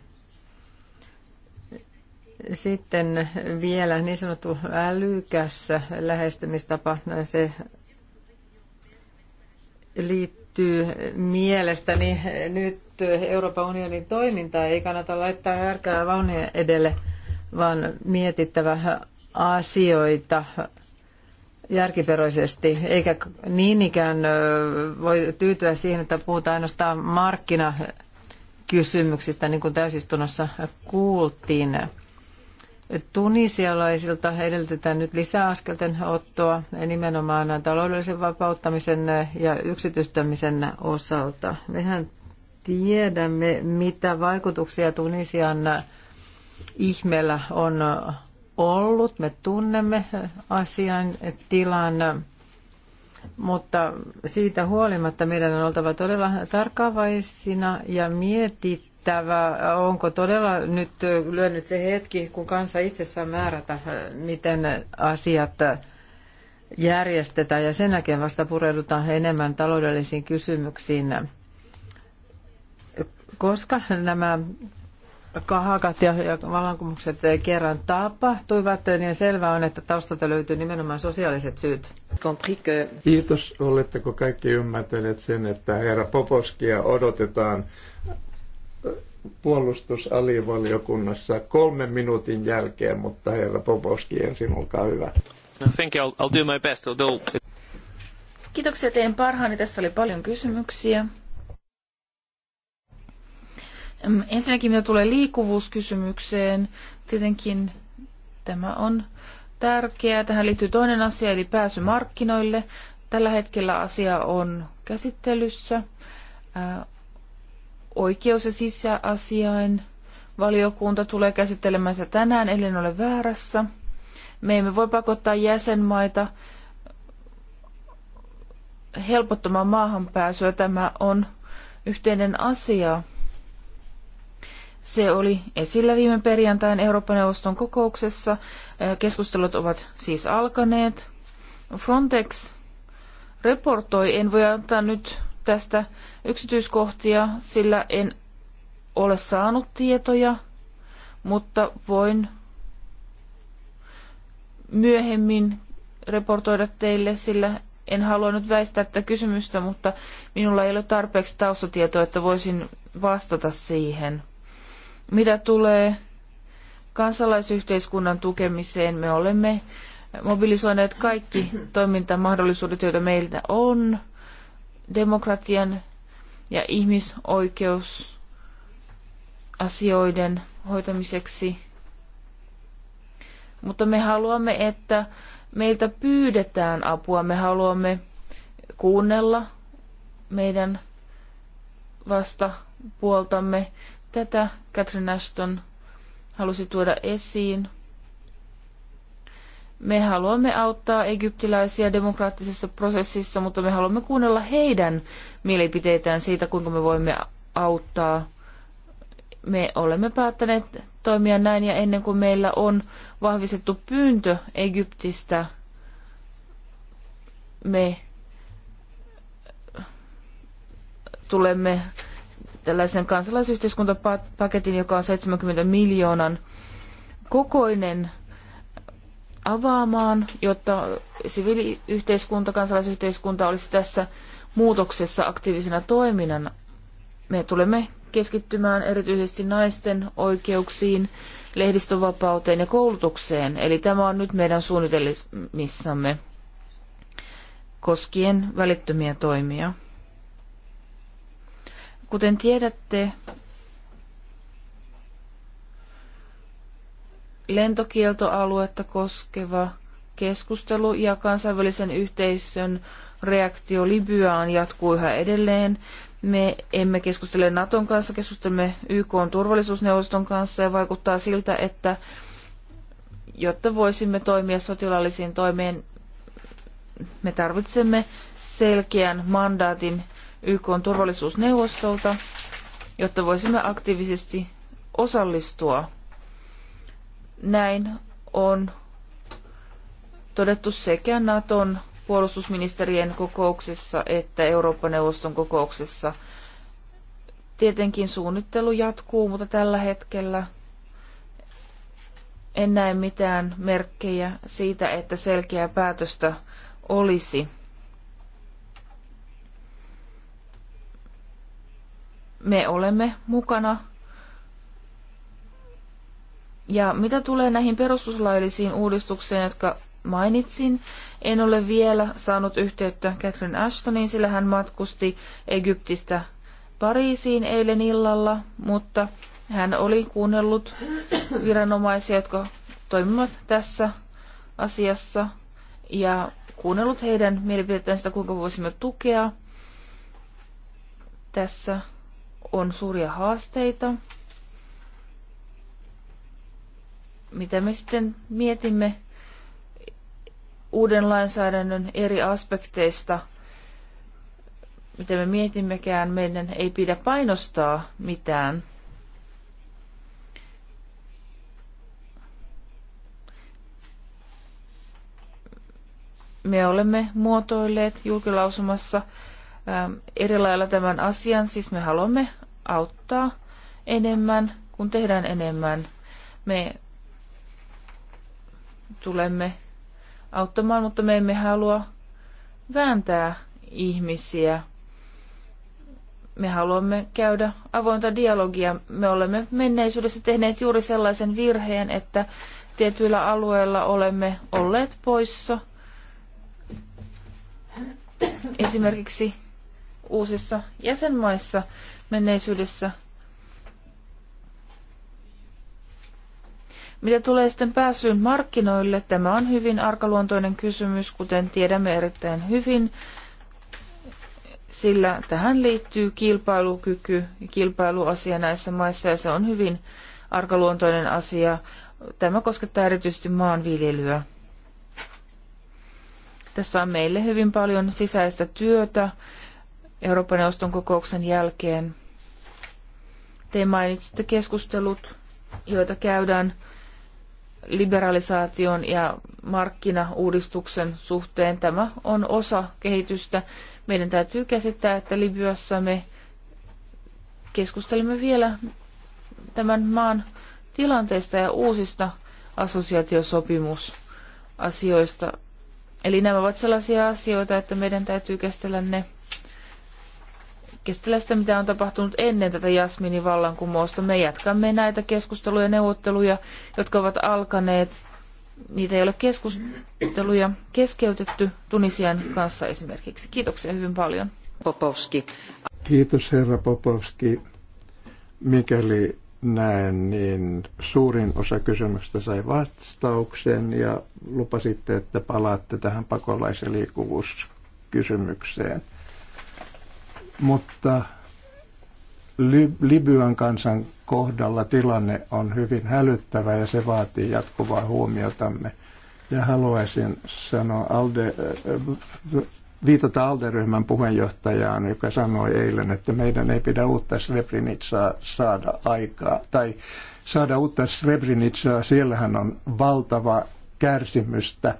Sitten vielä niin sanottu älykäs lähestymistapa, se liittyy mielestäni nyt Euroopan unionin toimintaan. Ei kannata laittaa härkää vaunia edelle, vaan mietittävä asioita järkiperoisesti, eikä niin ikään voi tyytyä siihen, että puhutaan ainoastaan markkina kysymyksistä, niin kuin täysistunnossa kuultiin. Tunisialaisilta edellytetään nyt lisäaskelten ottoa nimenomaan taloudellisen vapauttamisen ja yksityistämisen osalta. Mehän tiedämme, mitä vaikutuksia Tunisian ihmeellä on ollut. Me tunnemme asian tilan, mutta siitä huolimatta meidän on oltava todella tarkkaavaisina ja mietit mietittävä, onko todella nyt lyönyt se hetki, kun kansa itse saa määrätä, miten asiat järjestetään ja sen jälkeen vasta pureudutaan enemmän taloudellisiin kysymyksiin. Koska nämä kahakat ja, ja vallankumoukset kerran tapahtuivat, niin selvää on, että taustalta löytyy nimenomaan sosiaaliset syyt. Kiitos, oletteko kaikki ymmärtäneet sen, että herra Poposkia odotetaan puolustusalivaliokunnassa kolmen minuutin jälkeen, mutta herra Poposki ensin, olkaa hyvä. No, thank you, I'll, do my best, Kiitoksia teidän parhaani, tässä oli paljon kysymyksiä. Ensinnäkin mitä tulee liikkuvuuskysymykseen, tietenkin tämä on tärkeää. Tähän liittyy toinen asia, eli pääsy markkinoille. Tällä hetkellä asia on käsittelyssä oikeus- ja sisäasiain valiokunta tulee käsittelemään sitä tänään, ellen ole väärässä. Me emme voi pakottaa jäsenmaita helpottamaan maahanpääsyä. Tämä on yhteinen asia. Se oli esillä viime perjantain Euroopan neuvoston kokouksessa. Äh, keskustelut ovat siis alkaneet. Frontex raportoi, en voi antaa nyt tästä yksityiskohtia, sillä en ole saanut tietoja, mutta voin myöhemmin reportoida teille, sillä en halua nyt väistää tätä kysymystä, mutta minulla ei ole tarpeeksi taustatietoa, että voisin vastata siihen. Mitä tulee kansalaisyhteiskunnan tukemiseen, me olemme mobilisoineet kaikki toimintamahdollisuudet, joita meiltä on demokratian ja ihmisoikeusasioiden hoitamiseksi. Mutta me haluamme, että meiltä pyydetään apua. Me haluamme kuunnella meidän vastapuoltamme. Tätä Catherine Ashton halusi tuoda esiin. Me haluamme auttaa egyptiläisiä demokraattisessa prosessissa, mutta me haluamme kuunnella heidän mielipiteitään siitä, kuinka me voimme auttaa. Me olemme päättäneet toimia näin ja ennen kuin meillä on vahvistettu pyyntö Egyptistä, me tulemme tällaisen kansalaisyhteiskuntapaketin, joka on 70 miljoonan kokoinen avaamaan, jotta siviiliyhteiskunta, kansalaisyhteiskunta olisi tässä muutoksessa aktiivisena toiminnan. Me tulemme keskittymään erityisesti naisten oikeuksiin, lehdistövapauteen ja koulutukseen. Eli tämä on nyt meidän suunnitelmissamme koskien välittömiä toimia. Kuten tiedätte, lentokieltoaluetta koskeva keskustelu ja kansainvälisen yhteisön reaktio Libyaan jatkuu yhä edelleen. Me emme keskustele Naton kanssa, keskustelemme YK turvallisuusneuvoston kanssa ja vaikuttaa siltä, että jotta voisimme toimia sotilaallisiin toimeen, me tarvitsemme selkeän mandaatin YK turvallisuusneuvostolta, jotta voisimme aktiivisesti osallistua näin on todettu sekä Naton puolustusministerien kokouksessa että Eurooppa-neuvoston kokouksessa. Tietenkin suunnittelu jatkuu, mutta tällä hetkellä en näe mitään merkkejä siitä, että selkeää päätöstä olisi. Me olemme mukana ja mitä tulee näihin perustuslaillisiin uudistuksiin, jotka mainitsin, en ole vielä saanut yhteyttä Catherine Ashtoniin, sillä hän matkusti Egyptistä Pariisiin eilen illalla, mutta hän oli kuunnellut viranomaisia, jotka toimivat tässä asiassa ja kuunnellut heidän mielipiteitään sitä, kuinka voisimme tukea. Tässä on suuria haasteita. mitä me sitten mietimme uuden lainsäädännön eri aspekteista, mitä me mietimmekään, meidän ei pidä painostaa mitään. Me olemme muotoilleet julkilausumassa ähm, eri lailla tämän asian, siis me haluamme auttaa enemmän, kun tehdään enemmän. Me tulemme auttamaan, mutta me emme halua vääntää ihmisiä. Me haluamme käydä avointa dialogia. Me olemme menneisyydessä tehneet juuri sellaisen virheen, että tietyillä alueilla olemme olleet poissa. Esimerkiksi uusissa jäsenmaissa menneisyydessä Mitä tulee sitten pääsyyn markkinoille, tämä on hyvin arkaluontoinen kysymys, kuten tiedämme erittäin hyvin, sillä tähän liittyy kilpailukyky ja kilpailuasia näissä maissa ja se on hyvin arkaluontoinen asia. Tämä koskettaa erityisesti maanviljelyä. Tässä on meille hyvin paljon sisäistä työtä Euroopan neuvoston kokouksen jälkeen. Te mainitsitte keskustelut, joita käydään liberalisaation ja markkinauudistuksen suhteen. Tämä on osa kehitystä. Meidän täytyy käsittää, että Libyassa me keskustelimme vielä tämän maan tilanteesta ja uusista assosiaatiosopimusasioista. Eli nämä ovat sellaisia asioita, että meidän täytyy käsitellä ne käsitellä sitä, mitä on tapahtunut ennen tätä Jasminin vallankumousta. Me jatkamme näitä keskusteluja ja neuvotteluja, jotka ovat alkaneet. Niitä ei ole keskusteluja keskeytetty Tunisian kanssa esimerkiksi. Kiitoksia hyvin paljon. Popovski. Kiitos herra Popovski. Mikäli näen, niin suurin osa kysymyksistä sai vastauksen ja lupasitte, että palaatte tähän pakolaisen liikkuvuuskysymykseen. Mutta Libyan kansan kohdalla tilanne on hyvin hälyttävä ja se vaatii jatkuvaa huomiotamme. Ja haluaisin sanoa Alde, äh, viitata Alderyhmän puheenjohtajaan, joka sanoi eilen, että meidän ei pidä uutta Srebrenicaa saada aikaa. Tai saada uutta Srebrenicaa, siellähän on valtava kärsimystä.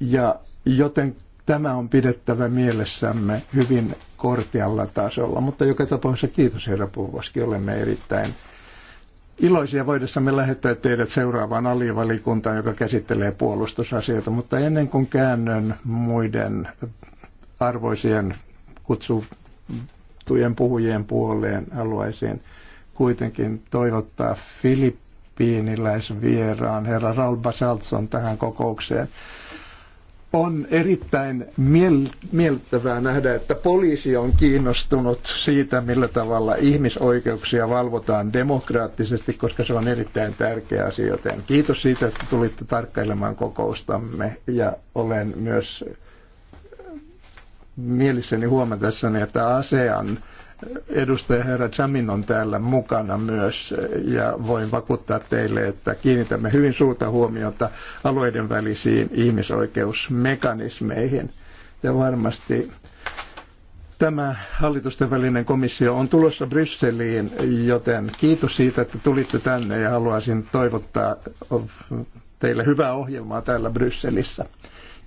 Ja joten tämä on pidettävä mielessämme hyvin korkealla tasolla. Mutta joka tapauksessa kiitos herra Puuvaski, olemme erittäin iloisia voidessamme lähettää teidät seuraavaan alivalikuntaan, joka käsittelee puolustusasioita, mutta ennen kuin käännön muiden arvoisien kutsuttujen puhujien puoleen, haluaisin kuitenkin toivottaa Filippiiniläisvieraan herra Raul Basaltson tähän kokoukseen on erittäin miellyttävää nähdä, että poliisi on kiinnostunut siitä, millä tavalla ihmisoikeuksia valvotaan demokraattisesti, koska se on erittäin tärkeä asia. Joten kiitos siitä, että tulitte tarkkailemaan kokoustamme ja olen myös mielissäni huomatessani, että ASEAN Edustaja herra Jamin on täällä mukana myös ja voin vakuuttaa teille, että kiinnitämme hyvin suurta huomiota alueiden välisiin ihmisoikeusmekanismeihin. Ja varmasti tämä hallitusten välinen komissio on tulossa Brysseliin, joten kiitos siitä, että tulitte tänne ja haluaisin toivottaa teille hyvää ohjelmaa täällä Brysselissä.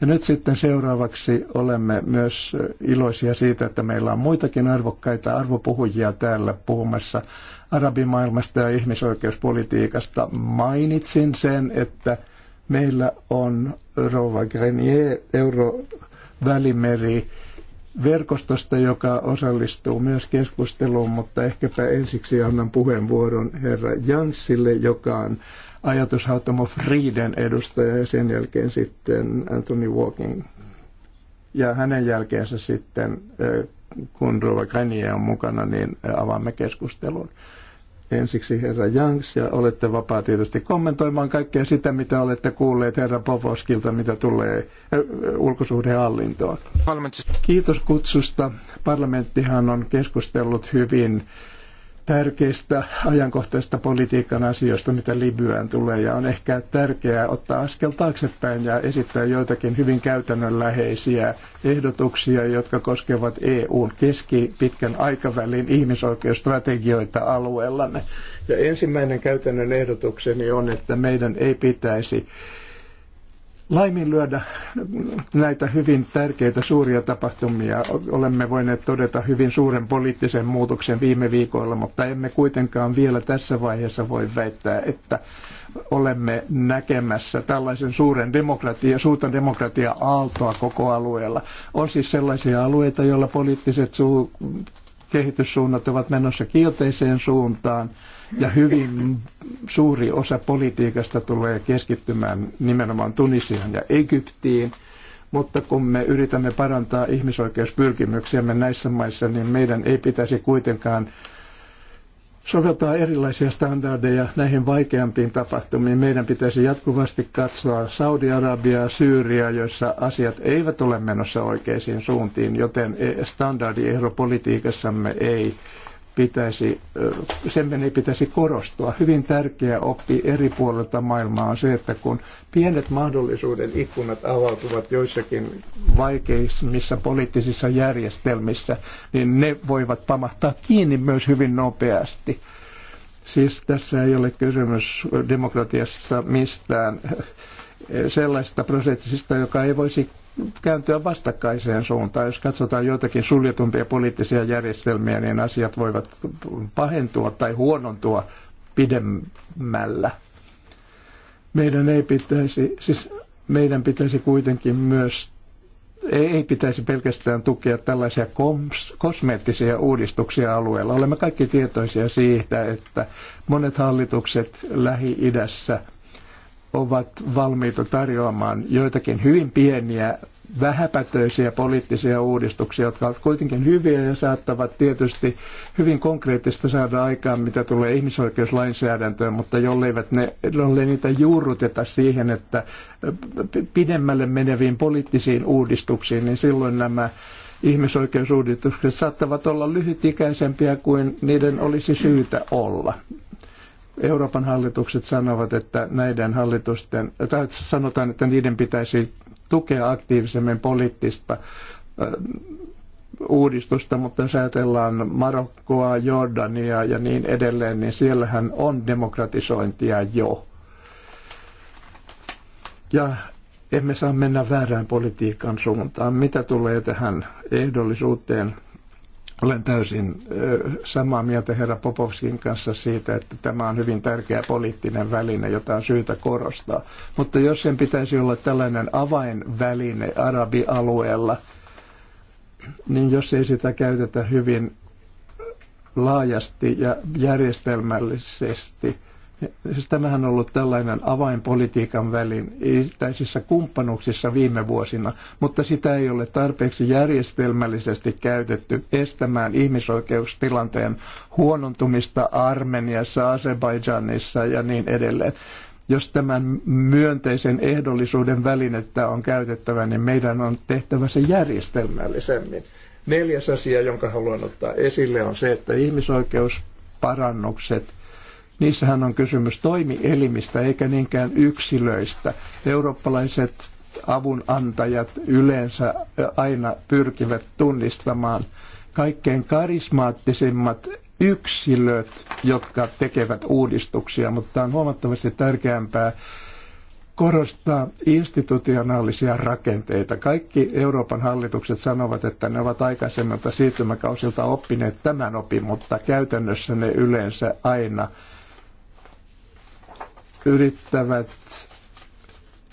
Ja nyt sitten seuraavaksi olemme myös iloisia siitä, että meillä on muitakin arvokkaita arvopuhujia täällä puhumassa arabimaailmasta ja ihmisoikeuspolitiikasta. Mainitsin sen, että meillä on Rova Grenier Eurovälimeri verkostosta, joka osallistuu myös keskusteluun, mutta ehkäpä ensiksi annan puheenvuoron herra Janssille, joka on ajatushautomo Friiden edustaja ja sen jälkeen sitten Anthony Walking. Ja hänen jälkeensä sitten, kun Rova Kanye on mukana, niin avaamme keskustelun. Ensiksi herra Jans ja olette vapaa tietysti kommentoimaan kaikkea sitä, mitä olette kuulleet herra Povoskilta, mitä tulee ulkosuhdehallintoon. Kiitos kutsusta. Parlamenttihan on keskustellut hyvin äh, tärkeistä ajankohtaisista politiikan asioista, mitä Libyään tulee, ja on ehkä tärkeää ottaa askel taaksepäin ja esittää joitakin hyvin käytännönläheisiä ehdotuksia, jotka koskevat EUn keskipitkän aikavälin ihmisoikeusstrategioita alueellanne. Ja ensimmäinen käytännön ehdotukseni on, että meidän ei pitäisi laiminlyödä näitä hyvin tärkeitä suuria tapahtumia. Olemme voineet todeta hyvin suuren poliittisen muutoksen viime viikoilla, mutta emme kuitenkaan vielä tässä vaiheessa voi väittää, että olemme näkemässä tällaisen suuren demokratia, suurta demokratia-aaltoa koko alueella. On siis sellaisia alueita, joilla poliittiset suu- kehityssuunnat ovat menossa kielteiseen suuntaan – ja hyvin suuri osa politiikasta tulee keskittymään nimenomaan Tunisiaan ja Egyptiin. Mutta kun me yritämme parantaa ihmisoikeuspyrkimyksiämme näissä maissa, niin meidän ei pitäisi kuitenkaan soveltaa erilaisia standardeja näihin vaikeampiin tapahtumiin. Meidän pitäisi jatkuvasti katsoa Saudi-Arabiaa, Syyriaa, joissa asiat eivät ole menossa oikeisiin suuntiin, joten standardi politiikassamme ei pitäisi, sen meni pitäisi korostua. Hyvin tärkeä oppi eri puolilta maailmaa on se, että kun pienet mahdollisuuden ikkunat avautuvat joissakin vaikeimmissa poliittisissa järjestelmissä, niin ne voivat pamahtaa kiinni myös hyvin nopeasti. Siis tässä ei ole kysymys demokratiassa mistään sellaisesta prosessista, joka ei voisi kääntyä vastakkaiseen suuntaan. Jos katsotaan joitakin suljetumpia poliittisia järjestelmiä, niin asiat voivat pahentua tai huonontua pidemmällä. Meidän ei pitäisi, siis meidän pitäisi kuitenkin myös, ei pitäisi pelkästään tukea tällaisia koms, kosmeettisia uudistuksia alueella. Olemme kaikki tietoisia siitä, että monet hallitukset Lähi-idässä – ovat valmiita tarjoamaan joitakin hyvin pieniä, vähäpätöisiä poliittisia uudistuksia, jotka ovat kuitenkin hyviä ja saattavat tietysti hyvin konkreettista saada aikaan, mitä tulee ihmisoikeuslainsäädäntöön, mutta jolleivät ne, jollei niitä juurruteta siihen, että pidemmälle meneviin poliittisiin uudistuksiin, niin silloin nämä ihmisoikeusuudistukset saattavat olla lyhytikäisempiä kuin niiden olisi syytä olla. Euroopan hallitukset sanovat, että näiden hallitusten, tai sanotaan, että niiden pitäisi tukea aktiivisemmin poliittista äh, uudistusta, mutta jos ajatellaan Marokkoa, Jordania ja niin edelleen, niin siellähän on demokratisointia jo. Ja emme saa mennä väärään politiikan suuntaan. Mitä tulee tähän ehdollisuuteen, olen täysin samaa mieltä herra Popovskin kanssa siitä, että tämä on hyvin tärkeä poliittinen väline, jota on syytä korostaa. Mutta jos sen pitäisi olla tällainen avainväline arabialueella, niin jos ei sitä käytetä hyvin laajasti ja järjestelmällisesti – Siis tämähän on ollut tällainen avainpolitiikan välin itäisissä kumppanuuksissa viime vuosina, mutta sitä ei ole tarpeeksi järjestelmällisesti käytetty estämään ihmisoikeustilanteen huonontumista Armeniassa, Azerbaijanissa ja niin edelleen. Jos tämän myönteisen ehdollisuuden välinettä on käytettävä, niin meidän on tehtävä se järjestelmällisemmin. Neljäs asia, jonka haluan ottaa esille, on se, että ihmisoikeusparannukset – Niissähän on kysymys toimielimistä eikä niinkään yksilöistä. Eurooppalaiset avunantajat yleensä aina pyrkivät tunnistamaan kaikkein karismaattisimmat yksilöt, jotka tekevät uudistuksia, mutta on huomattavasti tärkeämpää korostaa institutionaalisia rakenteita. Kaikki Euroopan hallitukset sanovat, että ne ovat aikaisemmilta siirtymäkausilta oppineet tämän opin, mutta käytännössä ne yleensä aina yrittävät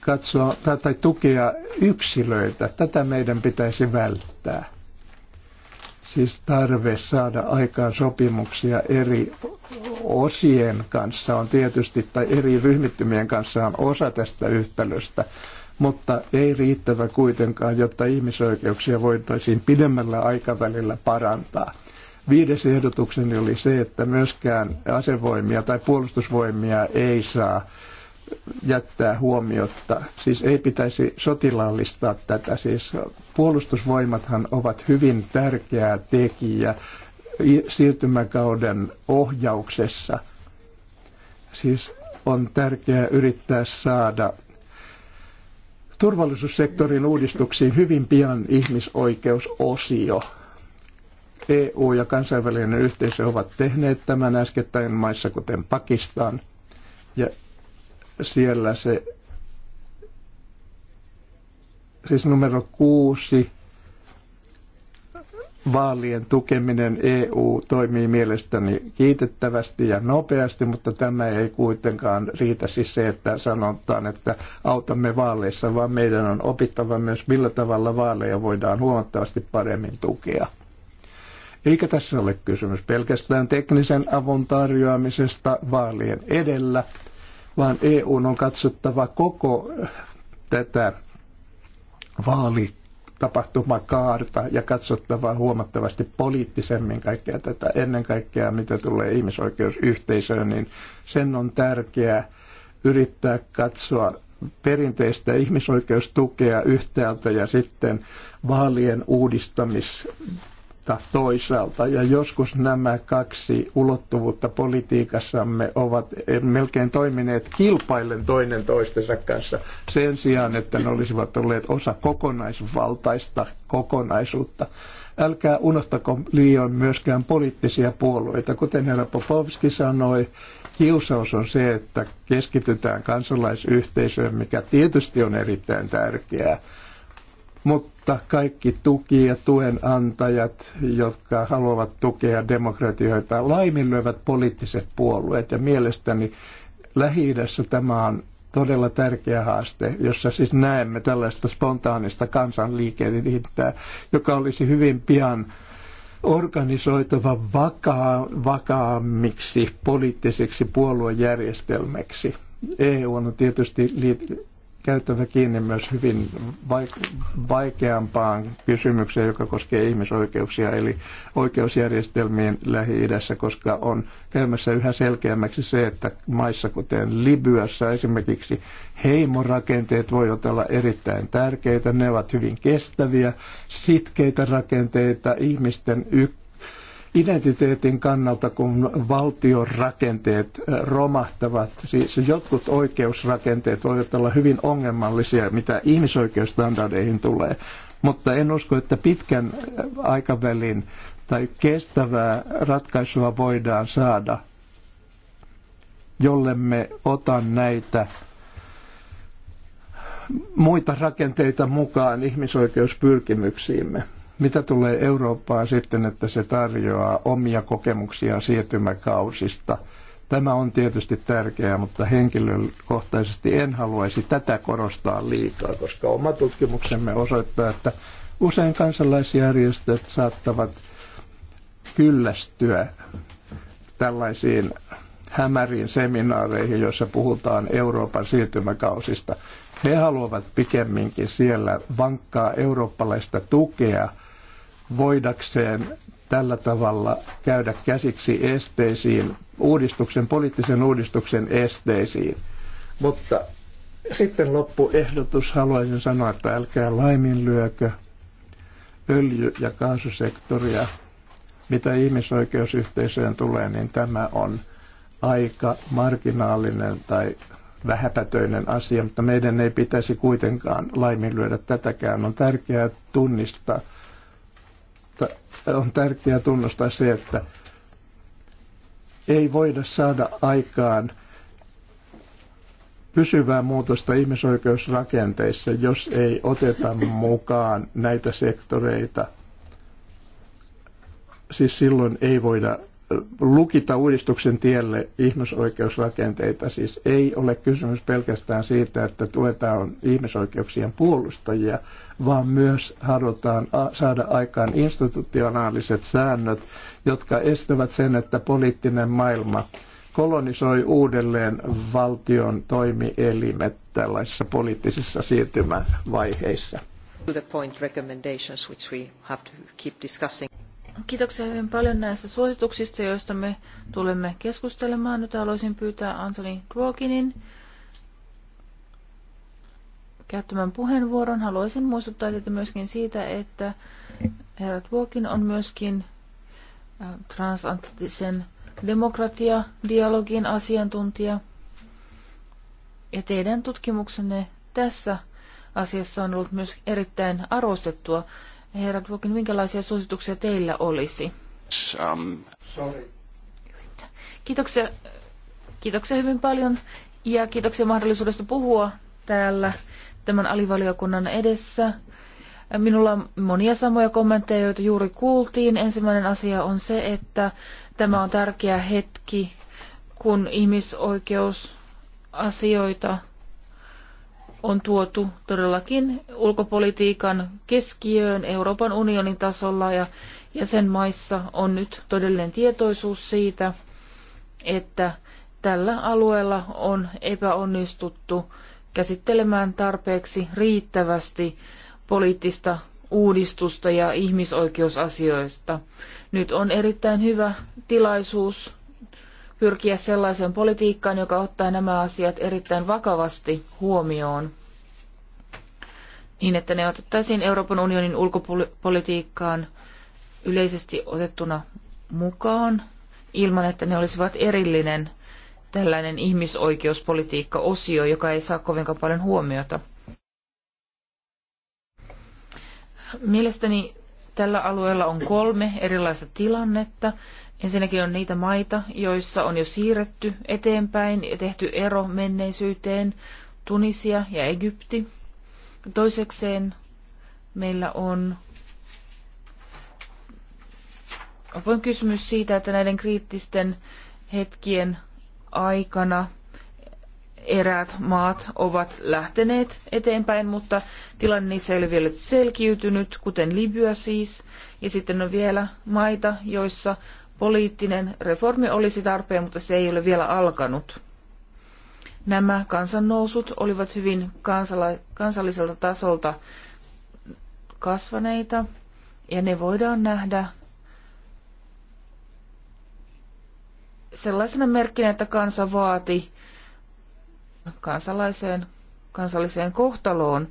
katsoa tai tukea yksilöitä. Tätä meidän pitäisi välttää. Siis tarve saada aikaan sopimuksia eri osien kanssa on tietysti, tai eri ryhmittymien kanssa on osa tästä yhtälöstä, mutta ei riittävä kuitenkaan, jotta ihmisoikeuksia voitaisiin pidemmällä aikavälillä parantaa. Viides ehdotukseni oli se, että myöskään asevoimia tai puolustusvoimia ei saa jättää huomiotta. Siis ei pitäisi sotilaallistaa tätä. Siis puolustusvoimathan ovat hyvin tärkeä tekijä siirtymäkauden ohjauksessa. Siis on tärkeää yrittää saada turvallisuussektorin uudistuksiin hyvin pian ihmisoikeusosio EU ja kansainvälinen yhteisö ovat tehneet tämän äskettäin maissa, kuten Pakistan. Ja siellä se, siis numero kuusi, vaalien tukeminen EU toimii mielestäni kiitettävästi ja nopeasti, mutta tämä ei kuitenkaan riitä siis se, että sanotaan, että autamme vaaleissa, vaan meidän on opittava myös, millä tavalla vaaleja voidaan huomattavasti paremmin tukea. Eikä tässä ole kysymys pelkästään teknisen avun tarjoamisesta vaalien edellä, vaan EU on katsottava koko tätä vaalitapahtumakaarta ja katsottava huomattavasti poliittisemmin kaikkea tätä. Ennen kaikkea mitä tulee ihmisoikeusyhteisöön, niin sen on tärkeää yrittää katsoa perinteistä ihmisoikeustukea yhtäältä ja sitten vaalien uudistamis mutta toisaalta. Ja joskus nämä kaksi ulottuvuutta politiikassamme ovat melkein toimineet kilpaillen toinen toistensa kanssa sen sijaan, että ne olisivat olleet osa kokonaisvaltaista kokonaisuutta. Älkää unohtako liian myöskään poliittisia puolueita. Kuten herra Popovski sanoi, kiusaus on se, että keskitytään kansalaisyhteisöön, mikä tietysti on erittäin tärkeää – mutta kaikki tuki- ja tuen antajat, jotka haluavat tukea demokratioita, laiminlyövät poliittiset puolueet. Ja mielestäni lähi tämä on todella tärkeä haaste, jossa siis näemme tällaista spontaanista kansanliikehdintää, joka olisi hyvin pian organisoitava vakaa, vakaammiksi poliittisiksi puoluejärjestelmäksi. EU on tietysti käyttävä kiinni myös hyvin vaikeampaan kysymykseen, joka koskee ihmisoikeuksia, eli oikeusjärjestelmiin Lähi-idässä, koska on käymässä yhä selkeämmäksi se, että maissa kuten Libyassa esimerkiksi heimorakenteet voivat olla erittäin tärkeitä, ne ovat hyvin kestäviä, sitkeitä rakenteita, ihmisten yk- identiteetin kannalta, kun valtion rakenteet romahtavat. Siis jotkut oikeusrakenteet voivat olla hyvin ongelmallisia, mitä ihmisoikeusstandardeihin tulee. Mutta en usko, että pitkän aikavälin tai kestävää ratkaisua voidaan saada, jollemme ota näitä muita rakenteita mukaan ihmisoikeuspyrkimyksiimme. Mitä tulee Eurooppaan sitten, että se tarjoaa omia kokemuksia siirtymäkausista? Tämä on tietysti tärkeää, mutta henkilökohtaisesti en haluaisi tätä korostaa liikaa, koska oma tutkimuksemme osoittaa, että usein kansalaisjärjestöt saattavat kyllästyä tällaisiin hämäriin seminaareihin, joissa puhutaan Euroopan siirtymäkausista. He haluavat pikemminkin siellä vankkaa eurooppalaista tukea voidakseen tällä tavalla käydä käsiksi esteisiin, uudistuksen, poliittisen uudistuksen esteisiin. Mutta sitten loppuehdotus haluaisin sanoa, että älkää laiminlyökö öljy- ja kaasusektoria. Mitä ihmisoikeusyhteisöön tulee, niin tämä on aika marginaalinen tai vähäpätöinen asia, mutta meidän ei pitäisi kuitenkaan laiminlyödä tätäkään. On tärkeää tunnistaa, mutta on tärkeää tunnustaa se, että ei voida saada aikaan pysyvää muutosta ihmisoikeusrakenteissa, jos ei oteta mukaan näitä sektoreita. Siis silloin ei voida lukita uudistuksen tielle ihmisoikeusrakenteita. Siis ei ole kysymys pelkästään siitä, että tuetaan ihmisoikeuksien puolustajia, vaan myös halutaan saada aikaan institutionaaliset säännöt, jotka estävät sen, että poliittinen maailma kolonisoi uudelleen valtion toimielimet tällaisissa poliittisissa siirtymävaiheissa. The point recommendations which we have to keep discussing. Kiitoksia hyvin paljon näistä suosituksista, joista me tulemme keskustelemaan. Nyt haluaisin pyytää Antoni Dworkinin käyttämään puheenvuoron. Haluaisin muistuttaa teitä myöskin siitä, että herra Dworkin on myöskin transatlanttisen demokratia-dialogin asiantuntija. Ja teidän tutkimuksenne tässä asiassa on ollut myös erittäin arvostettua. Herra Dvokin, minkälaisia suosituksia teillä olisi? Um. Kiitoksia, kiitoksia hyvin paljon ja kiitoksia mahdollisuudesta puhua täällä tämän alivaliokunnan edessä. Minulla on monia samoja kommentteja, joita juuri kuultiin. Ensimmäinen asia on se, että tämä on tärkeä hetki, kun ihmisoikeusasioita on tuotu todellakin ulkopolitiikan keskiöön Euroopan unionin tasolla ja jäsenmaissa on nyt todellinen tietoisuus siitä, että tällä alueella on epäonnistuttu käsittelemään tarpeeksi riittävästi poliittista uudistusta ja ihmisoikeusasioista. Nyt on erittäin hyvä tilaisuus pyrkiä sellaiseen politiikkaan, joka ottaa nämä asiat erittäin vakavasti huomioon, niin että ne otettaisiin Euroopan unionin ulkopolitiikkaan yleisesti otettuna mukaan, ilman että ne olisivat erillinen tällainen ihmisoikeuspolitiikka-osio, joka ei saa kovinkaan paljon huomiota. Mielestäni tällä alueella on kolme erilaista tilannetta. Ensinnäkin on niitä maita, joissa on jo siirretty eteenpäin ja tehty ero menneisyyteen, Tunisia ja Egypti. Toisekseen meillä on avoin kysymys siitä, että näiden kriittisten hetkien aikana eräät maat ovat lähteneet eteenpäin, mutta tilanne niissä ei ole vielä selkiytynyt, kuten Libya siis. Ja sitten on vielä maita, joissa Poliittinen reformi olisi tarpeen, mutta se ei ole vielä alkanut. Nämä kansannousut olivat hyvin kansala- kansalliselta tasolta kasvaneita, ja ne voidaan nähdä sellaisena merkkinä, että kansa vaati kansalaiseen, kansalliseen kohtaloon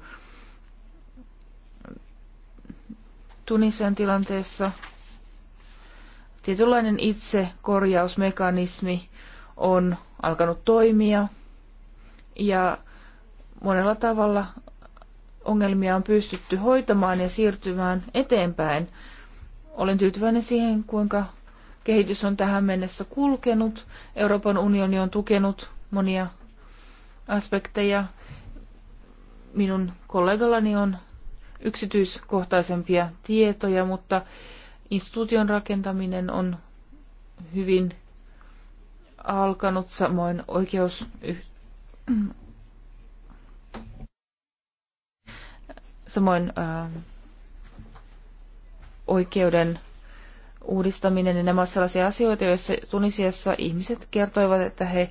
Tunisian tilanteessa – tietynlainen itsekorjausmekanismi on alkanut toimia ja monella tavalla ongelmia on pystytty hoitamaan ja siirtymään eteenpäin. Olen tyytyväinen siihen, kuinka kehitys on tähän mennessä kulkenut. Euroopan unioni on tukenut monia aspekteja. Minun kollegallani on yksityiskohtaisempia tietoja, mutta instituution rakentaminen on hyvin alkanut, samoin oikeus samoin äh, oikeuden uudistaminen, ja niin nämä ovat sellaisia asioita, joissa Tunisiassa ihmiset kertoivat, että he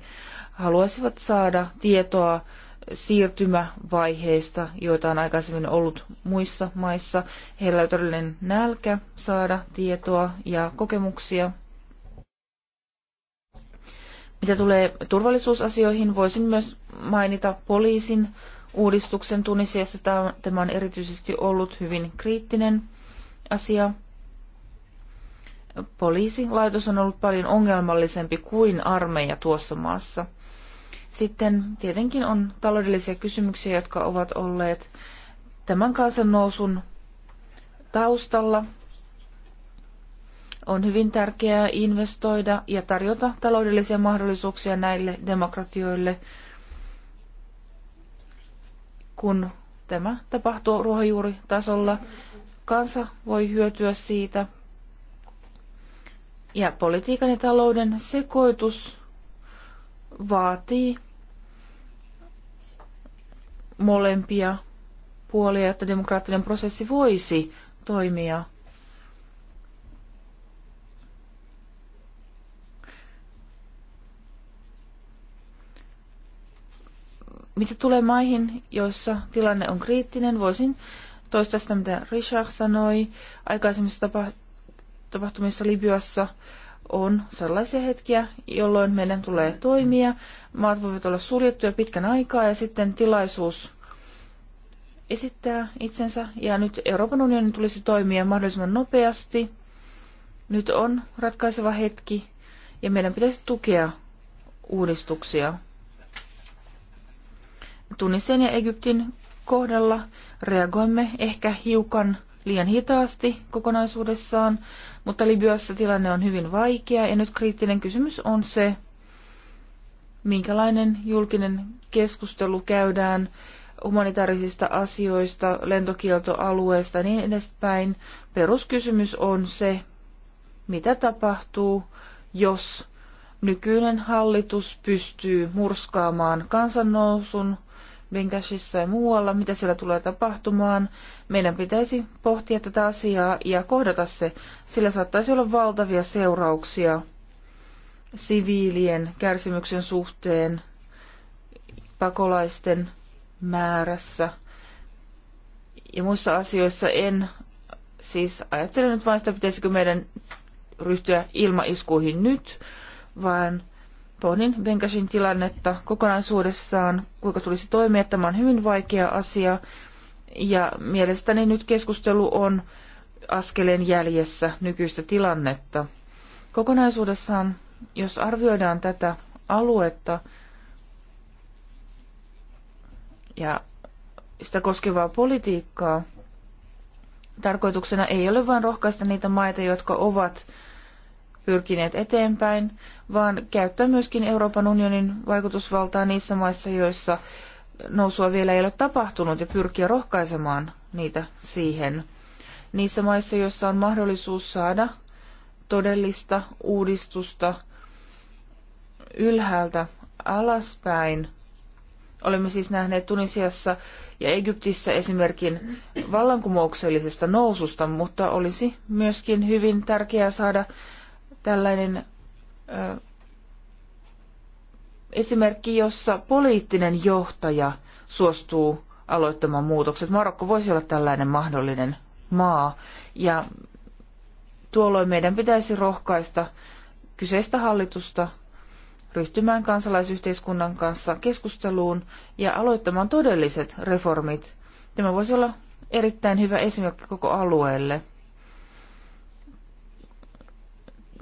haluaisivat saada tietoa siirtymävaiheista, joita on aikaisemmin ollut muissa maissa. Heillä on todellinen nälkä saada tietoa ja kokemuksia. Mitä tulee turvallisuusasioihin, voisin myös mainita poliisin uudistuksen Tunisiassa. Tämä on erityisesti ollut hyvin kriittinen asia. Poliisilaitos on ollut paljon ongelmallisempi kuin armeija tuossa maassa – sitten tietenkin on taloudellisia kysymyksiä, jotka ovat olleet tämän kansannousun taustalla. On hyvin tärkeää investoida ja tarjota taloudellisia mahdollisuuksia näille demokratioille, kun tämä tapahtuu ruohonjuuritasolla. Kansa voi hyötyä siitä. Ja politiikan ja talouden sekoitus vaatii molempia puolia, että demokraattinen prosessi voisi toimia. Mitä tulee maihin, joissa tilanne on kriittinen, voisin toistaa sitä, mitä Richard sanoi aikaisemmissa tapahtumissa Libyassa – on sellaisia hetkiä, jolloin meidän tulee toimia. Maat voivat olla suljettuja pitkän aikaa ja sitten tilaisuus esittää itsensä. Ja nyt Euroopan unionin tulisi toimia mahdollisimman nopeasti. Nyt on ratkaiseva hetki ja meidän pitäisi tukea uudistuksia. Tunisian ja Egyptin kohdalla reagoimme ehkä hiukan – liian hitaasti kokonaisuudessaan, mutta Libyassa tilanne on hyvin vaikea ja nyt kriittinen kysymys on se, minkälainen julkinen keskustelu käydään humanitaarisista asioista, lentokieltoalueesta ja niin edespäin. Peruskysymys on se, mitä tapahtuu, jos nykyinen hallitus pystyy murskaamaan kansannousun Bengashissa ja muualla, mitä siellä tulee tapahtumaan. Meidän pitäisi pohtia tätä asiaa ja kohdata se, sillä saattaisi olla valtavia seurauksia siviilien kärsimyksen suhteen, pakolaisten määrässä ja muissa asioissa en siis ajattele nyt vain sitä, pitäisikö meidän ryhtyä ilmaiskuihin nyt, vaan Pohdin Benkasin tilannetta kokonaisuudessaan, kuinka tulisi toimia. Tämä on hyvin vaikea asia ja mielestäni nyt keskustelu on askeleen jäljessä nykyistä tilannetta. Kokonaisuudessaan, jos arvioidaan tätä aluetta ja sitä koskevaa politiikkaa, tarkoituksena ei ole vain rohkaista niitä maita, jotka ovat pyrkineet eteenpäin, vaan käyttää myöskin Euroopan unionin vaikutusvaltaa niissä maissa, joissa nousua vielä ei ole tapahtunut ja pyrkiä rohkaisemaan niitä siihen. Niissä maissa, joissa on mahdollisuus saada todellista uudistusta ylhäältä alaspäin. Olemme siis nähneet Tunisiassa ja Egyptissä esimerkin vallankumouksellisesta noususta, mutta olisi myöskin hyvin tärkeää saada tällainen ö, esimerkki, jossa poliittinen johtaja suostuu aloittamaan muutokset. Marokko voisi olla tällainen mahdollinen maa ja tuolloin meidän pitäisi rohkaista kyseistä hallitusta ryhtymään kansalaisyhteiskunnan kanssa keskusteluun ja aloittamaan todelliset reformit. Tämä voisi olla erittäin hyvä esimerkki koko alueelle.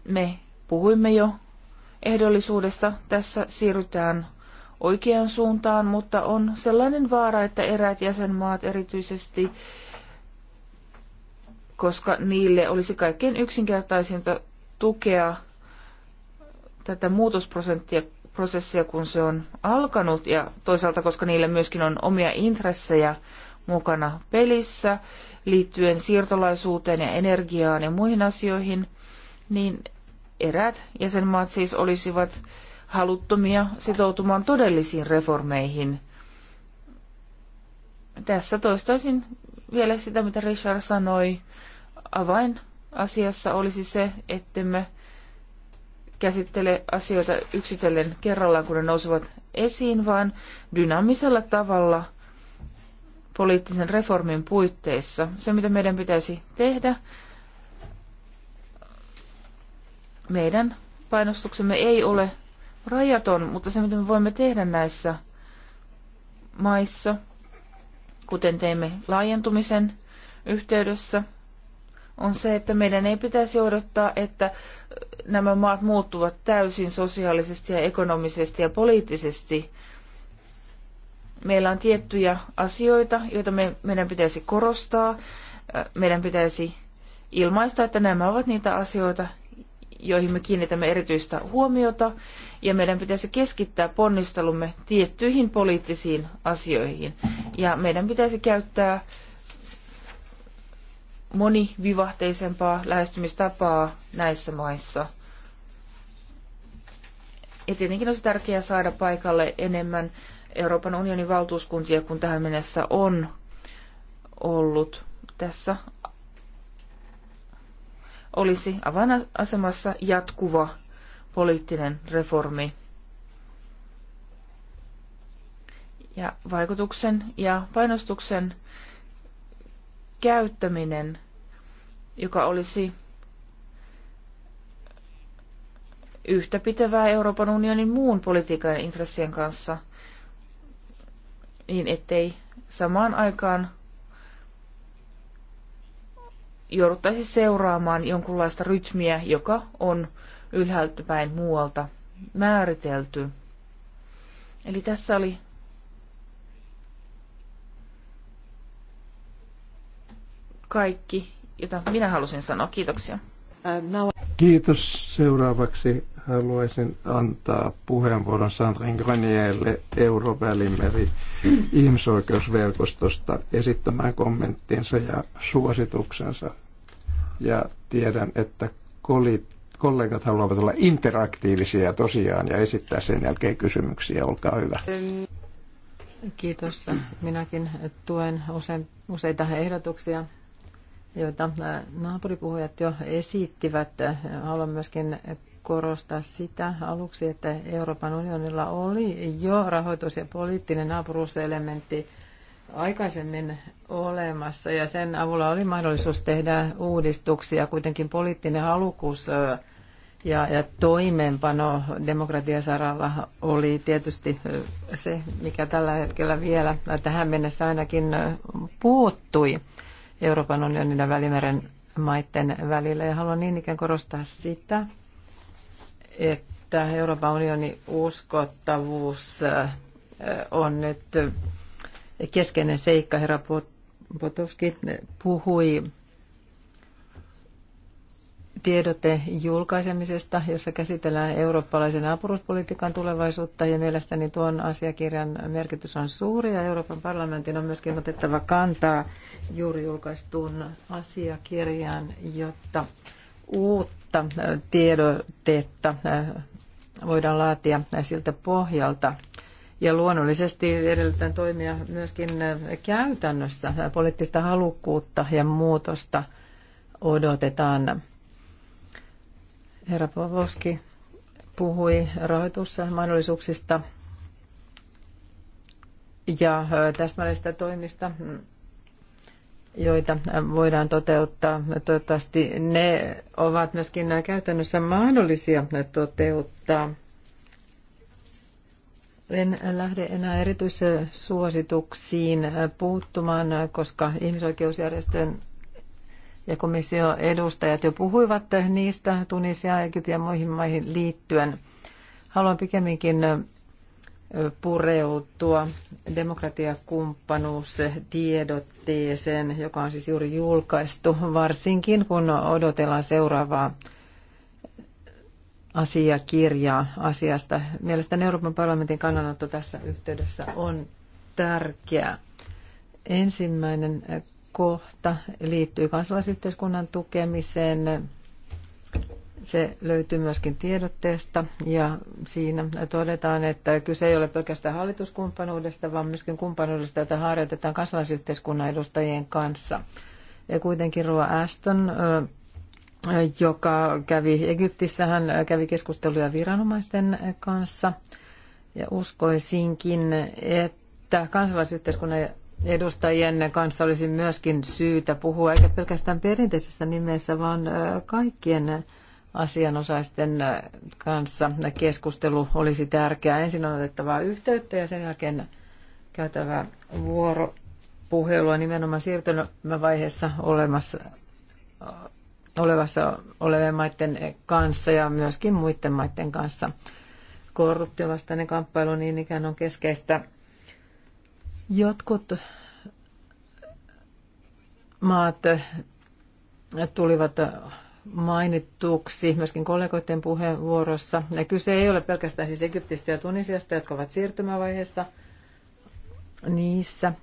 Me puhuimme jo ehdollisuudesta. Tässä siirrytään oikeaan suuntaan, mutta on sellainen vaara, että eräät jäsenmaat erityisesti, koska niille olisi kaikkein yksinkertaisinta tukea tätä muutosprosenttia prosessia, kun se on alkanut ja toisaalta, koska niillä myöskin on omia intressejä mukana pelissä liittyen siirtolaisuuteen ja energiaan ja muihin asioihin, niin eräät jäsenmaat siis olisivat haluttomia sitoutumaan todellisiin reformeihin. Tässä toistaisin vielä sitä, mitä Richard sanoi. Avain asiassa olisi se, ettemme käsittele asioita yksitellen kerrallaan, kun ne nousevat esiin, vaan dynaamisella tavalla poliittisen reformin puitteissa. Se, mitä meidän pitäisi tehdä, meidän painostuksemme ei ole rajaton, mutta se mitä me voimme tehdä näissä maissa, kuten teimme laajentumisen yhteydessä, on se, että meidän ei pitäisi odottaa, että nämä maat muuttuvat täysin sosiaalisesti ja ekonomisesti ja poliittisesti. Meillä on tiettyjä asioita, joita me, meidän pitäisi korostaa. Meidän pitäisi ilmaista, että nämä ovat niitä asioita, joihin me kiinnitämme erityistä huomiota, ja meidän pitäisi keskittää ponnistelumme tiettyihin poliittisiin asioihin. Ja meidän pitäisi käyttää monivivahteisempaa lähestymistapaa näissä maissa. Ja tietenkin olisi tärkeää saada paikalle enemmän Euroopan unionin valtuuskuntia kuin tähän mennessä on ollut. Tässä olisi avainasemassa jatkuva poliittinen reformi ja vaikutuksen ja painostuksen käyttäminen, joka olisi yhtäpitävää Euroopan unionin muun politiikan intressien kanssa, niin ettei samaan aikaan jouduttaisi seuraamaan jonkunlaista rytmiä, joka on ylhäältä päin muualta määritelty. Eli tässä oli kaikki, jota minä halusin sanoa. Kiitoksia. Kiitos. Seuraavaksi haluaisin antaa puheenvuoron Sandrin Grenierille Eurovälimeri ihmisoikeusverkostosta esittämään kommenttinsa ja suosituksensa. Ja tiedän, että kolit, kollegat haluavat olla interaktiivisia tosiaan ja esittää sen jälkeen kysymyksiä. Olkaa hyvä. Kiitos. Minäkin tuen useita ehdotuksia joita naapuripuhujat jo esittivät. Haluan myöskin korostaa sitä aluksi, että Euroopan unionilla oli jo rahoitus- ja poliittinen naapuruuselementti aikaisemmin olemassa ja sen avulla oli mahdollisuus tehdä uudistuksia. Kuitenkin poliittinen halukkuus ja, ja toimeenpano demokratiasaralla oli tietysti se, mikä tällä hetkellä vielä tähän mennessä ainakin puuttui Euroopan unionin ja Välimeren maiden välillä. Ja haluan niin ikään korostaa sitä, että Euroopan unionin uskottavuus on nyt keskeinen seikka. Herra Potovski puhui tiedote julkaisemisesta, jossa käsitellään eurooppalaisen apuruspolitiikan tulevaisuutta ja mielestäni tuon asiakirjan merkitys on suuri ja Euroopan parlamentin on myöskin otettava kantaa juuri julkaistuun asiakirjaan, jotta uutta uutta tiedotetta voidaan laatia siltä pohjalta. Ja luonnollisesti edellytetään toimia myöskin käytännössä. Poliittista halukkuutta ja muutosta odotetaan. Herra Povoski puhui rahoitusmahdollisuuksista ja täsmällisistä toimista joita voidaan toteuttaa. Toivottavasti ne ovat myöskin käytännössä mahdollisia toteuttaa. En lähde enää erityissuosituksiin puuttumaan, koska ihmisoikeusjärjestön ja komission edustajat jo puhuivat niistä Tunisia, Egyptin ja muihin maihin liittyen. Haluan pikemminkin pureutua demokratiakumppanuustiedotteeseen, joka on siis juuri julkaistu, varsinkin kun odotellaan seuraavaa asiakirjaa asiasta. Mielestäni Euroopan parlamentin kannanotto tässä yhteydessä on tärkeä. Ensimmäinen kohta liittyy kansalaisyhteiskunnan tukemiseen se löytyy myöskin tiedotteesta ja siinä todetaan, että kyse ei ole pelkästään hallituskumppanuudesta, vaan myöskin kumppanuudesta, jota harjoitetaan kansalaisyhteiskunnan edustajien kanssa. Ja kuitenkin Rua Aston, joka kävi Egyptissä, hän kävi keskusteluja viranomaisten kanssa ja uskoisinkin, että kansalaisyhteiskunnan edustajien kanssa olisi myöskin syytä puhua, eikä pelkästään perinteisessä nimessä, vaan kaikkien asianosaisten äh, kanssa keskustelu olisi tärkeää. Ensin on otettava yhteyttä ja sen jälkeen käytävä vuoropuhelua nimenomaan siirtymävaiheessa olemassa, olevassa olevien maiden kanssa ja myöskin muiden maiden kanssa. Korruptiovastainen kamppailu niin ikään on keskeistä. Jotkut maat tulivat mainituksi myöskin kollegoiden puheenvuorossa. Ja kyse ei ole pelkästään siis Egyptistä ja Tunisiasta, jotka ovat siirtymävaiheessa. Niissä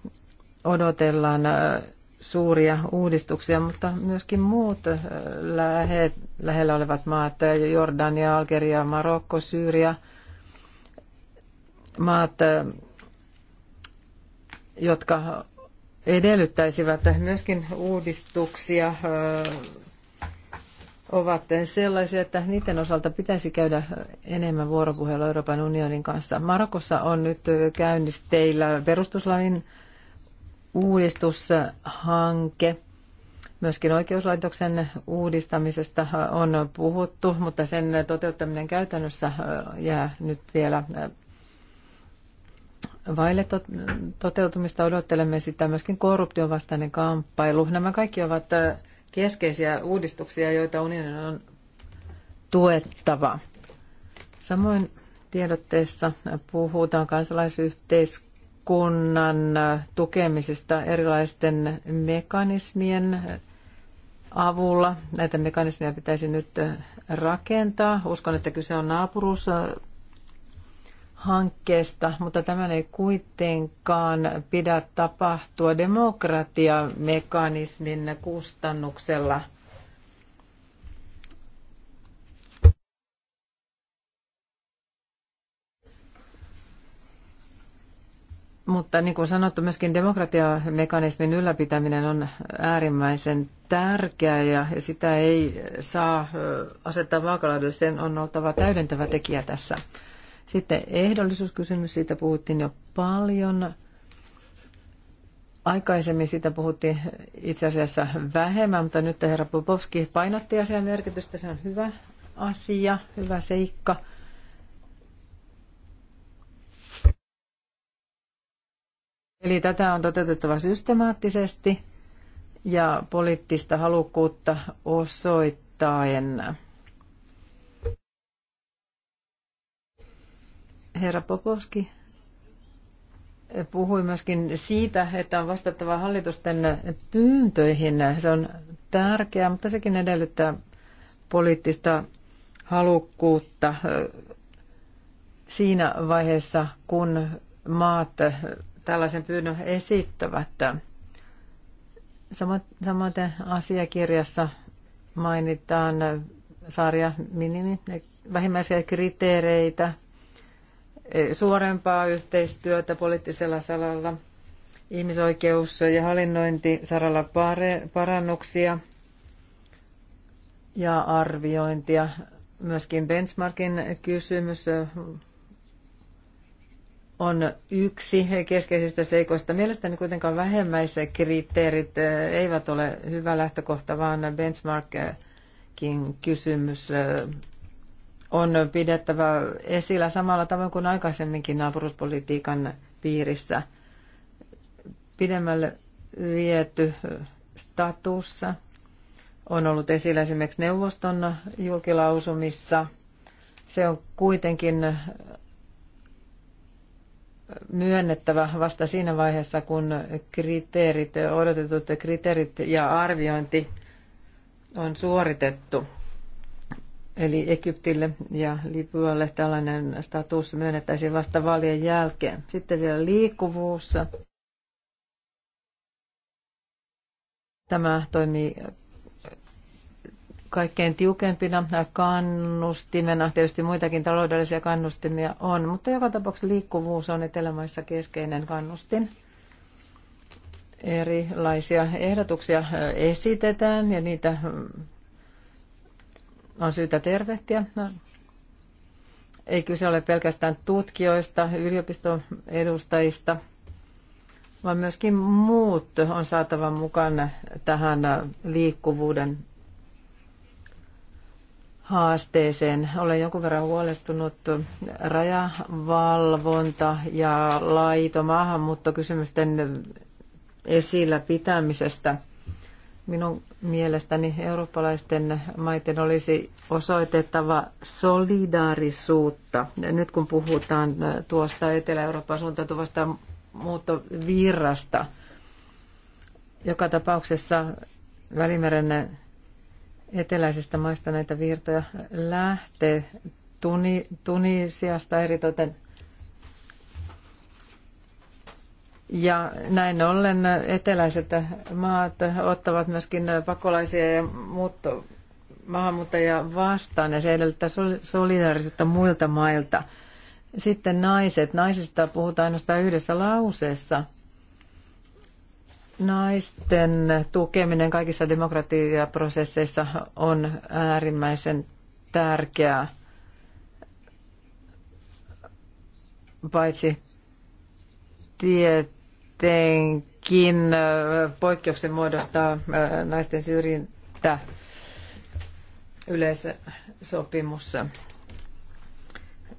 odotellaan äh, suuria uudistuksia, mutta myöskin muut äh, lähe, lähellä olevat maat, äh, Jordania, Algeria, Marokko, Syyria, maat, jotka edellyttäisivät myöskin uudistuksia ovat sellaisia, että niiden osalta pitäisi käydä enemmän vuoropuhelua Euroopan unionin kanssa. Marokossa on nyt käynnisteillä perustuslain uudistushanke. Myöskin oikeuslaitoksen uudistamisesta on puhuttu, mutta sen toteuttaminen käytännössä jää nyt vielä vaille toteutumista. Odottelemme sitä myöskin korruption vastainen kamppailu. Nämä kaikki ovat keskeisiä uudistuksia, joita unionin on tuettava. Samoin tiedotteessa puhutaan kansalaisyhteiskunnan tukemisesta erilaisten mekanismien avulla. Näitä mekanismeja pitäisi nyt rakentaa. Uskon, että kyse on naapuruus hankkeesta, mutta tämän ei kuitenkaan pidä tapahtua demokratiamekanismin kustannuksella. Mutta niin kuin sanottu, myöskin demokratiamekanismin ylläpitäminen on äärimmäisen tärkeää ja sitä ei saa asettaa vaakalaudelle. Sen on oltava täydentävä tekijä tässä sitten ehdollisuuskysymys, siitä puhuttiin jo paljon. Aikaisemmin siitä puhuttiin itse asiassa vähemmän, mutta nyt herra Popovski painotti asian merkitystä. Se on hyvä asia, hyvä seikka. Eli tätä on toteutettava systemaattisesti ja poliittista halukkuutta osoittaen. Herra Popovski puhui myöskin siitä, että on vastattava hallitusten pyyntöihin. Se on tärkeää, mutta sekin edellyttää poliittista halukkuutta siinä vaiheessa, kun maat tällaisen pyynnön esittävät. Samaten asiakirjassa mainitaan sarja minimi, vähimmäisiä kriteereitä, suorempaa yhteistyötä poliittisella salalla, ihmisoikeus- ja hallinnointisaralla parannuksia ja arviointia. Myöskin benchmarkin kysymys on yksi keskeisistä seikoista. Mielestäni kuitenkaan vähemmäiset kriteerit eivät ole hyvä lähtökohta, vaan benchmarkin kysymys on pidettävä esillä samalla tavoin kuin aikaisemminkin naapuruspolitiikan piirissä. Pidemmälle viety status on ollut esillä esimerkiksi neuvoston julkilausumissa. Se on kuitenkin myönnettävä vasta siinä vaiheessa, kun kriteerit, odotetut kriteerit ja arviointi on suoritettu. Eli Egyptille ja Libyalle tällainen status myönnettäisiin vasta vaalien jälkeen. Sitten vielä liikkuvuus. Tämä toimii kaikkein tiukempina kannustimena. Tietysti muitakin taloudellisia kannustimia on, mutta joka tapauksessa liikkuvuus on etelämaissa keskeinen kannustin. Erilaisia ehdotuksia esitetään ja niitä on syytä tervehtiä. No, ei kyse ole pelkästään tutkijoista, yliopiston edustajista, vaan myöskin muut on saatava mukana tähän liikkuvuuden haasteeseen. Olen jonkun verran huolestunut rajavalvonta ja laito maahanmuuttokysymysten esillä pitämisestä – Minun mielestäni eurooppalaisten maiden olisi osoitettava solidaarisuutta. Nyt kun puhutaan tuosta Etelä-Euroopan suuntautuvasta muuttovirrasta, joka tapauksessa Välimeren eteläisistä maista näitä virtoja lähtee Tunisiasta eritoten – Ja näin ollen eteläiset maat ottavat myöskin pakolaisia ja muutto, maahanmuuttajia vastaan ja se edellyttää solidaarisuutta muilta mailta. Sitten naiset. Naisista puhutaan ainoastaan yhdessä lauseessa. Naisten tukeminen kaikissa demokratiaprosesseissa on äärimmäisen tärkeää, paitsi tiet kuitenkin poikkeuksen muodostaa naisten syrjintä yleissopimus.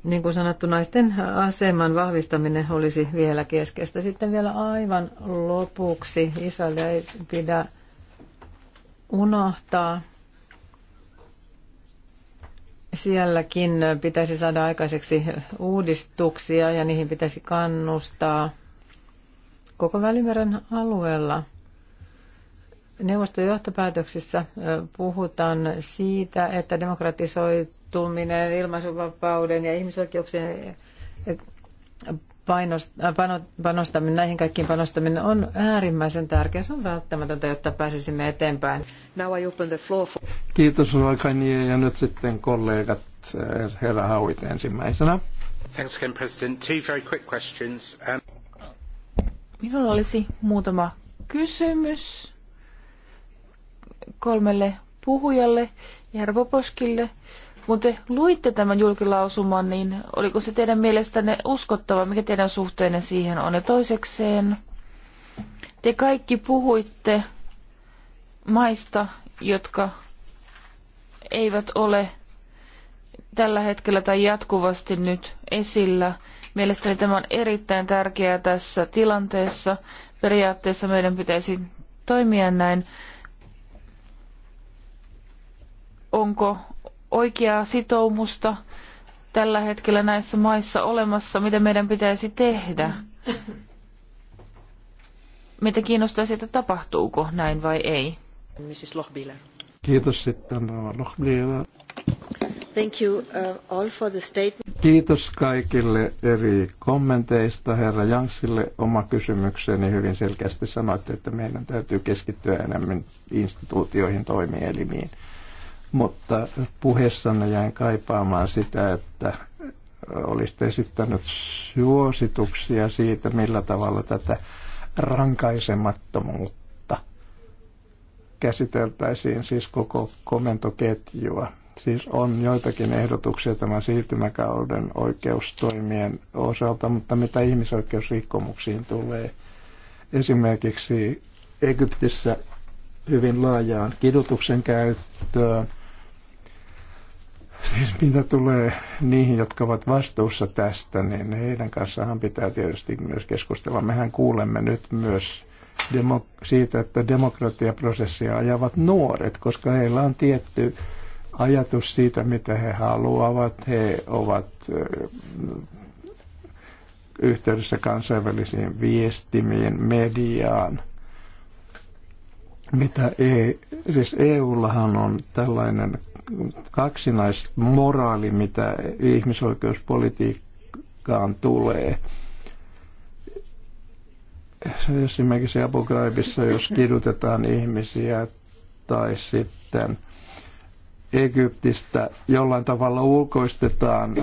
Niin kuin sanottu, naisten aseman vahvistaminen olisi vielä keskeistä. Sitten vielä aivan lopuksi. Israel ei pidä unohtaa. Sielläkin pitäisi saada aikaiseksi uudistuksia ja niihin pitäisi kannustaa – koko Välimeren alueella. neuvostojohtopäätöksissä johtopäätöksissä puhutaan siitä, että demokratisoituminen, ilmaisuvapauden ja ihmisoikeuksien panostaminen, näihin kaikkiin panostaminen on äärimmäisen tärkeä. Se on välttämätöntä, jotta pääsisimme eteenpäin. Now I open the floor for... Kiitos Ruokanie ja nyt sitten kollegat herra Hauit ensimmäisenä. Thanks again, President. Two very quick questions. Um... Minulla olisi muutama kysymys kolmelle puhujalle, Jarvo Poskille. Kun te luitte tämän julkilausuman, niin oliko se teidän mielestänne uskottava, mikä teidän suhteenne siihen on? Ja toisekseen, te kaikki puhuitte maista, jotka eivät ole tällä hetkellä tai jatkuvasti nyt esillä – Mielestäni tämä on erittäin tärkeää tässä tilanteessa. Periaatteessa meidän pitäisi toimia näin. Onko oikeaa sitoumusta tällä hetkellä näissä maissa olemassa, mitä meidän pitäisi tehdä? Mitä kiinnostaisi, että tapahtuuko näin vai ei. Mrs. Lohbiller. Kiitos sitten Lohbiller. Thank you uh, all for the statement. Kiitos kaikille eri kommenteista. Herra Jansille oma kysymykseni hyvin selkeästi sanoitte, että meidän täytyy keskittyä enemmän instituutioihin, toimielimiin. Mutta puheessanne jäin kaipaamaan sitä, että olisitte esittänyt suosituksia siitä, millä tavalla tätä rankaisemattomuutta käsiteltäisiin, siis koko komentoketjua Siis on joitakin ehdotuksia tämän siirtymäkauden oikeustoimien osalta, mutta mitä ihmisoikeusrikkomuksiin tulee, esimerkiksi Egyptissä hyvin laajaan kidutuksen käyttöön, siis mitä tulee niihin, jotka ovat vastuussa tästä, niin heidän kanssaan pitää tietysti myös keskustella. Mehän kuulemme nyt myös demo- siitä, että demokratiaprosessia ajavat nuoret, koska heillä on tietty ajatus siitä, mitä he haluavat. He ovat yhteydessä kansainvälisiin viestimiin, mediaan. Mitä ei, siis EUllahan on tällainen kaksinaismoraali, mitä ihmisoikeuspolitiikkaan tulee. Esimerkiksi Abu Ghraibissa, jos kidutetaan ihmisiä tai sitten Egyptistä jollain tavalla ulkoistetaan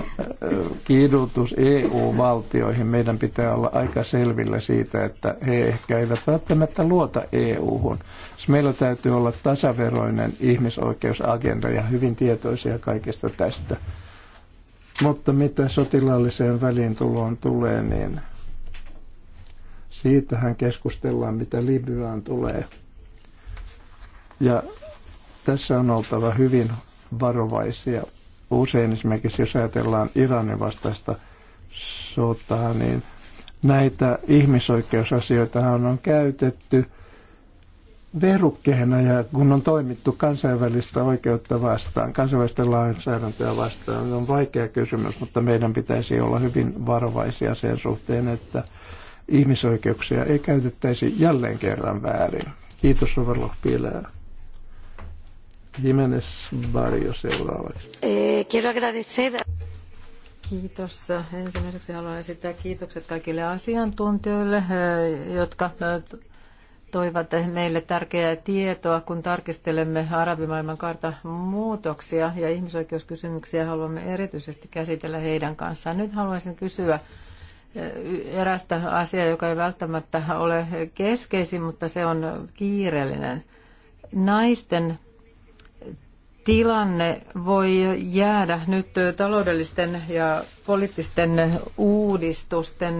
kiidutus EU-valtioihin, meidän pitää olla aika selvillä siitä, että he ehkä eivät välttämättä luota EU-hun. Siis meillä täytyy olla tasaveroinen ihmisoikeusagenda ja hyvin tietoisia kaikesta tästä. Mutta mitä sotilaalliseen väliintuloon tulee, niin siitähän keskustellaan, mitä Libyaan tulee. Ja tässä on oltava hyvin varovaisia. Usein esimerkiksi, jos ajatellaan Iranin vastaista sotaa, niin näitä ihmisoikeusasioita on käytetty verukkeena ja kun on toimittu kansainvälistä oikeutta vastaan, kansainvälistä lainsäädäntöä vastaan, niin on vaikea kysymys, mutta meidän pitäisi olla hyvin varovaisia sen suhteen, että ihmisoikeuksia ei käytettäisi jälleen kerran väärin. Kiitos Suvarlohpiilää. Jimenez Barrio seuraavaksi. Eh, quiero agradecer. Kiitos. Ensimmäiseksi haluan esittää kiitokset kaikille asiantuntijoille, eh, jotka eh, toivat meille tärkeää tietoa, kun tarkistelemme arabimaailman karta muutoksia ja ihmisoikeuskysymyksiä haluamme erityisesti käsitellä heidän kanssaan. Nyt haluaisin kysyä erästä asiaa, joka ei välttämättä ole keskeisin, mutta se on kiireellinen. Naisten tilanne voi jäädä nyt taloudellisten ja poliittisten uudistusten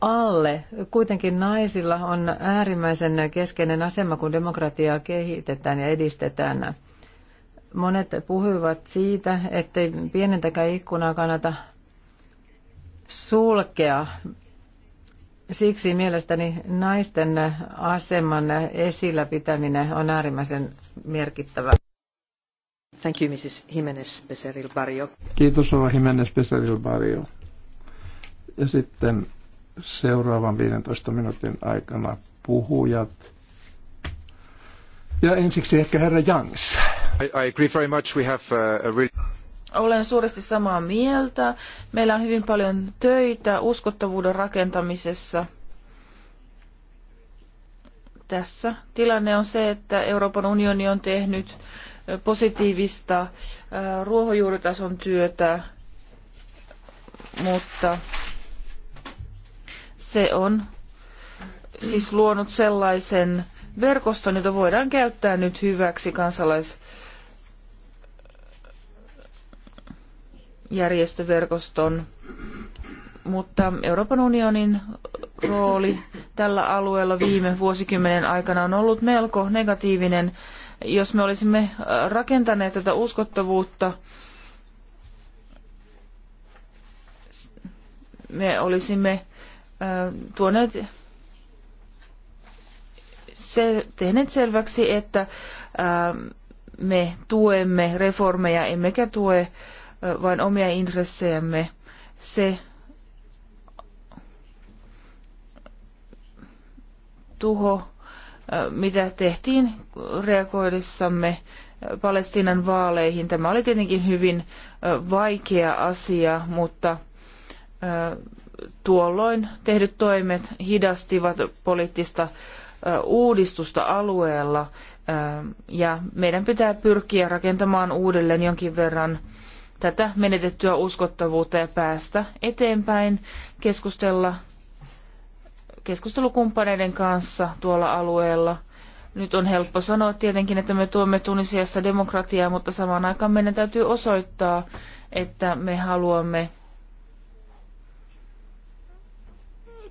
alle. Kuitenkin naisilla on äärimmäisen keskeinen asema, kun demokratiaa kehitetään ja edistetään. Monet puhuvat siitä, ettei pienentäkään ikkunaa kannata sulkea. Siksi mielestäni naisten aseman esillä pitäminen on äärimmäisen merkittävä. Thank you, Mrs. Jimenez Becerril Barrio. Kiitos, Ova Jimenez Becerril Barrio. Ja sitten seuraavan 15 minuutin aikana puhujat. Ja ensiksi ehkä herra I, I agree very much. We have a, uh, a really... Olen suuresti samaa mieltä. Meillä on hyvin paljon töitä uskottavuuden rakentamisessa. Tässä tilanne on se, että Euroopan unioni on tehnyt positiivista ruohonjuuritason työtä, mutta se on siis luonut sellaisen verkoston, jota voidaan käyttää nyt hyväksi kansalaisjärjestöverkoston. Mutta Euroopan unionin rooli tällä alueella viime vuosikymmenen aikana on ollut melko negatiivinen jos me olisimme äh, rakentaneet tätä uskottavuutta, me olisimme äh, tuoneet se, tehneet selväksi, että äh, me tuemme reformeja, emmekä tue vain omia intressejämme. Se tuho mitä tehtiin reagoidessamme Palestiinan vaaleihin. Tämä oli tietenkin hyvin vaikea asia, mutta tuolloin tehdyt toimet hidastivat poliittista uudistusta alueella ja meidän pitää pyrkiä rakentamaan uudelleen jonkin verran tätä menetettyä uskottavuutta ja päästä eteenpäin, keskustella keskustelukumppaneiden kanssa tuolla alueella. Nyt on helppo sanoa tietenkin, että me tuomme Tunisiassa demokratiaa, mutta samaan aikaan meidän täytyy osoittaa, että me haluamme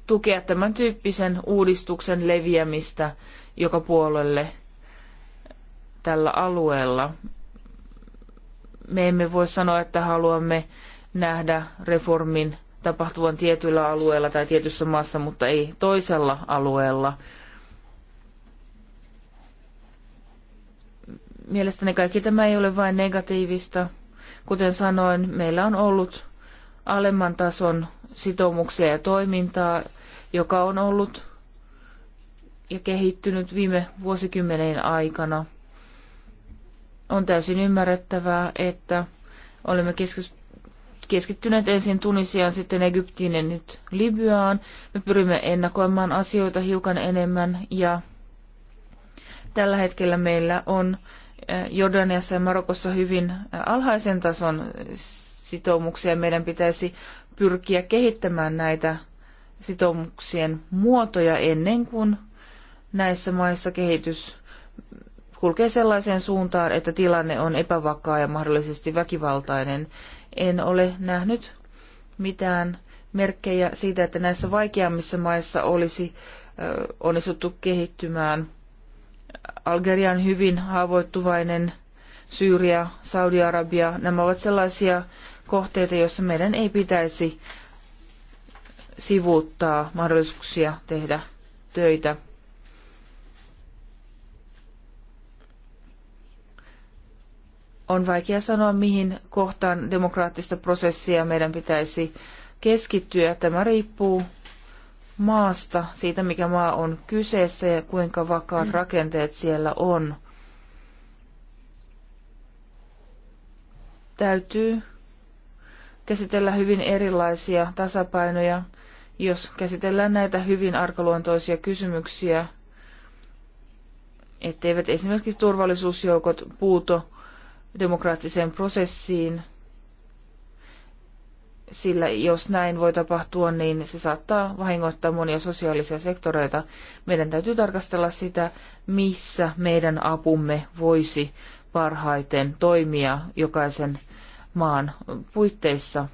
tukea tämän tyyppisen uudistuksen leviämistä joka puolelle tällä alueella. Me emme voi sanoa, että haluamme nähdä reformin tapahtuvan tietyllä alueella tai tietyssä maassa, mutta ei toisella alueella. Mielestäni kaikki tämä ei ole vain negatiivista. Kuten sanoin, meillä on ollut alemman tason sitoumuksia ja toimintaa, joka on ollut ja kehittynyt viime vuosikymmenen aikana. On täysin ymmärrettävää, että olemme keskittyneet keskittyneet ensin Tunisiaan, sitten Egyptiin ja nyt Libyaan. Me pyrimme ennakoimaan asioita hiukan enemmän ja tällä hetkellä meillä on eh, Jordaniassa ja Marokossa hyvin eh, alhaisen tason sitoumuksia. Meidän pitäisi pyrkiä kehittämään näitä sitoumuksien muotoja ennen kuin näissä maissa kehitys kulkee sellaiseen suuntaan, että tilanne on epävakaa ja mahdollisesti väkivaltainen en ole nähnyt mitään merkkejä siitä, että näissä vaikeammissa maissa olisi onnistuttu kehittymään. Algeria on hyvin haavoittuvainen, Syyria, Saudi-Arabia, nämä ovat sellaisia kohteita, joissa meidän ei pitäisi sivuuttaa mahdollisuuksia tehdä töitä. on vaikea sanoa, mihin kohtaan demokraattista prosessia meidän pitäisi keskittyä. Tämä riippuu maasta, siitä mikä maa on kyseessä ja kuinka vakaat mm. rakenteet siellä on. Täytyy käsitellä hyvin erilaisia tasapainoja, jos käsitellään näitä hyvin arkaluontoisia kysymyksiä, etteivät esimerkiksi turvallisuusjoukot puuto demokraattiseen prosessiin, sillä jos näin voi tapahtua, niin se saattaa vahingoittaa monia sosiaalisia sektoreita. Meidän täytyy tarkastella sitä, missä meidän apumme voisi parhaiten toimia jokaisen maan puitteissa.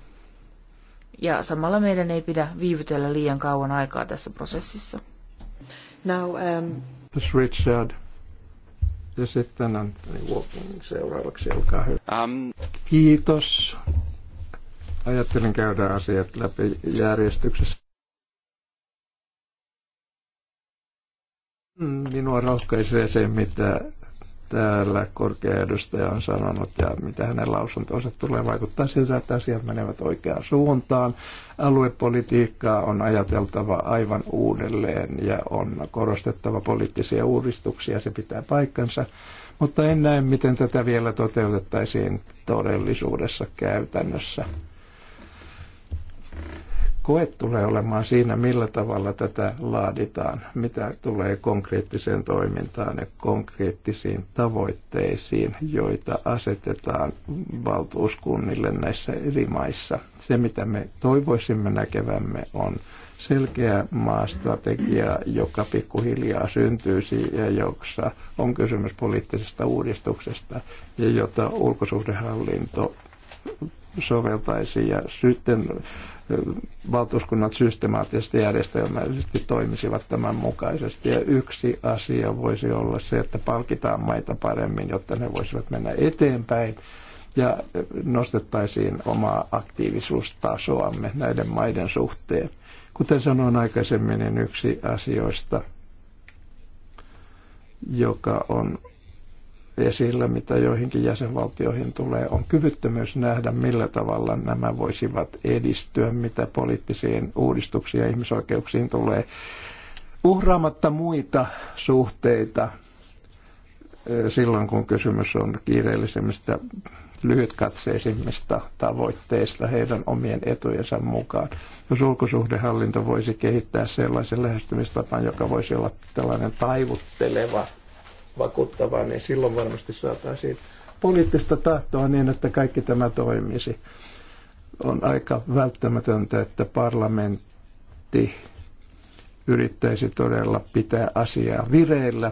Ja samalla meidän ei pidä viivytellä liian kauan aikaa tässä prosessissa. Now, um... This ja sitten Anthony Walking seuraavaksi, olkaa hyvä. Um. Kiitos. Ajattelin käydä asiat läpi järjestyksessä. Minua rohkaisee se, mitä täällä korkea edustaja on sanonut ja mitä hänen lausuntonsa tulee. Vaikuttaa siltä, että asiat menevät oikeaan suuntaan. Aluepolitiikkaa on ajateltava aivan uudelleen ja on korostettava poliittisia uudistuksia, se pitää paikkansa. Mutta en näe, miten tätä vielä toteutettaisiin todellisuudessa käytännössä koe tulee olemaan siinä, millä tavalla tätä laaditaan, mitä tulee konkreettiseen toimintaan ja konkreettisiin tavoitteisiin, joita asetetaan valtuuskunnille näissä eri maissa. Se, mitä me toivoisimme näkevämme, on selkeä maastrategia, joka pikkuhiljaa syntyy ja jossa on kysymys poliittisesta uudistuksesta ja jota ulkosuhdehallinto soveltaisi ja sitten valtuuskunnat systemaattisesti järjestelmällisesti toimisivat tämän mukaisesti. Ja yksi asia voisi olla se, että palkitaan maita paremmin, jotta ne voisivat mennä eteenpäin ja nostettaisiin omaa aktiivisuustasoamme näiden maiden suhteen. Kuten sanoin aikaisemmin, niin yksi asioista, joka on esillä, mitä joihinkin jäsenvaltioihin tulee, on kyvyttömyys nähdä, millä tavalla nämä voisivat edistyä, mitä poliittisiin uudistuksiin ja ihmisoikeuksiin tulee, uhraamatta muita suhteita silloin, kun kysymys on kiireellisemmistä, lyhytkatseisimmista tavoitteista heidän omien etujensa mukaan. Jos ulkosuhdehallinto voisi kehittää sellaisen lähestymistapaan, joka voisi olla tällainen taivutteleva vakuuttavaa, niin silloin varmasti saataisiin poliittista tahtoa niin, että kaikki tämä toimisi. On aika välttämätöntä, että parlamentti yrittäisi todella pitää asiaa vireillä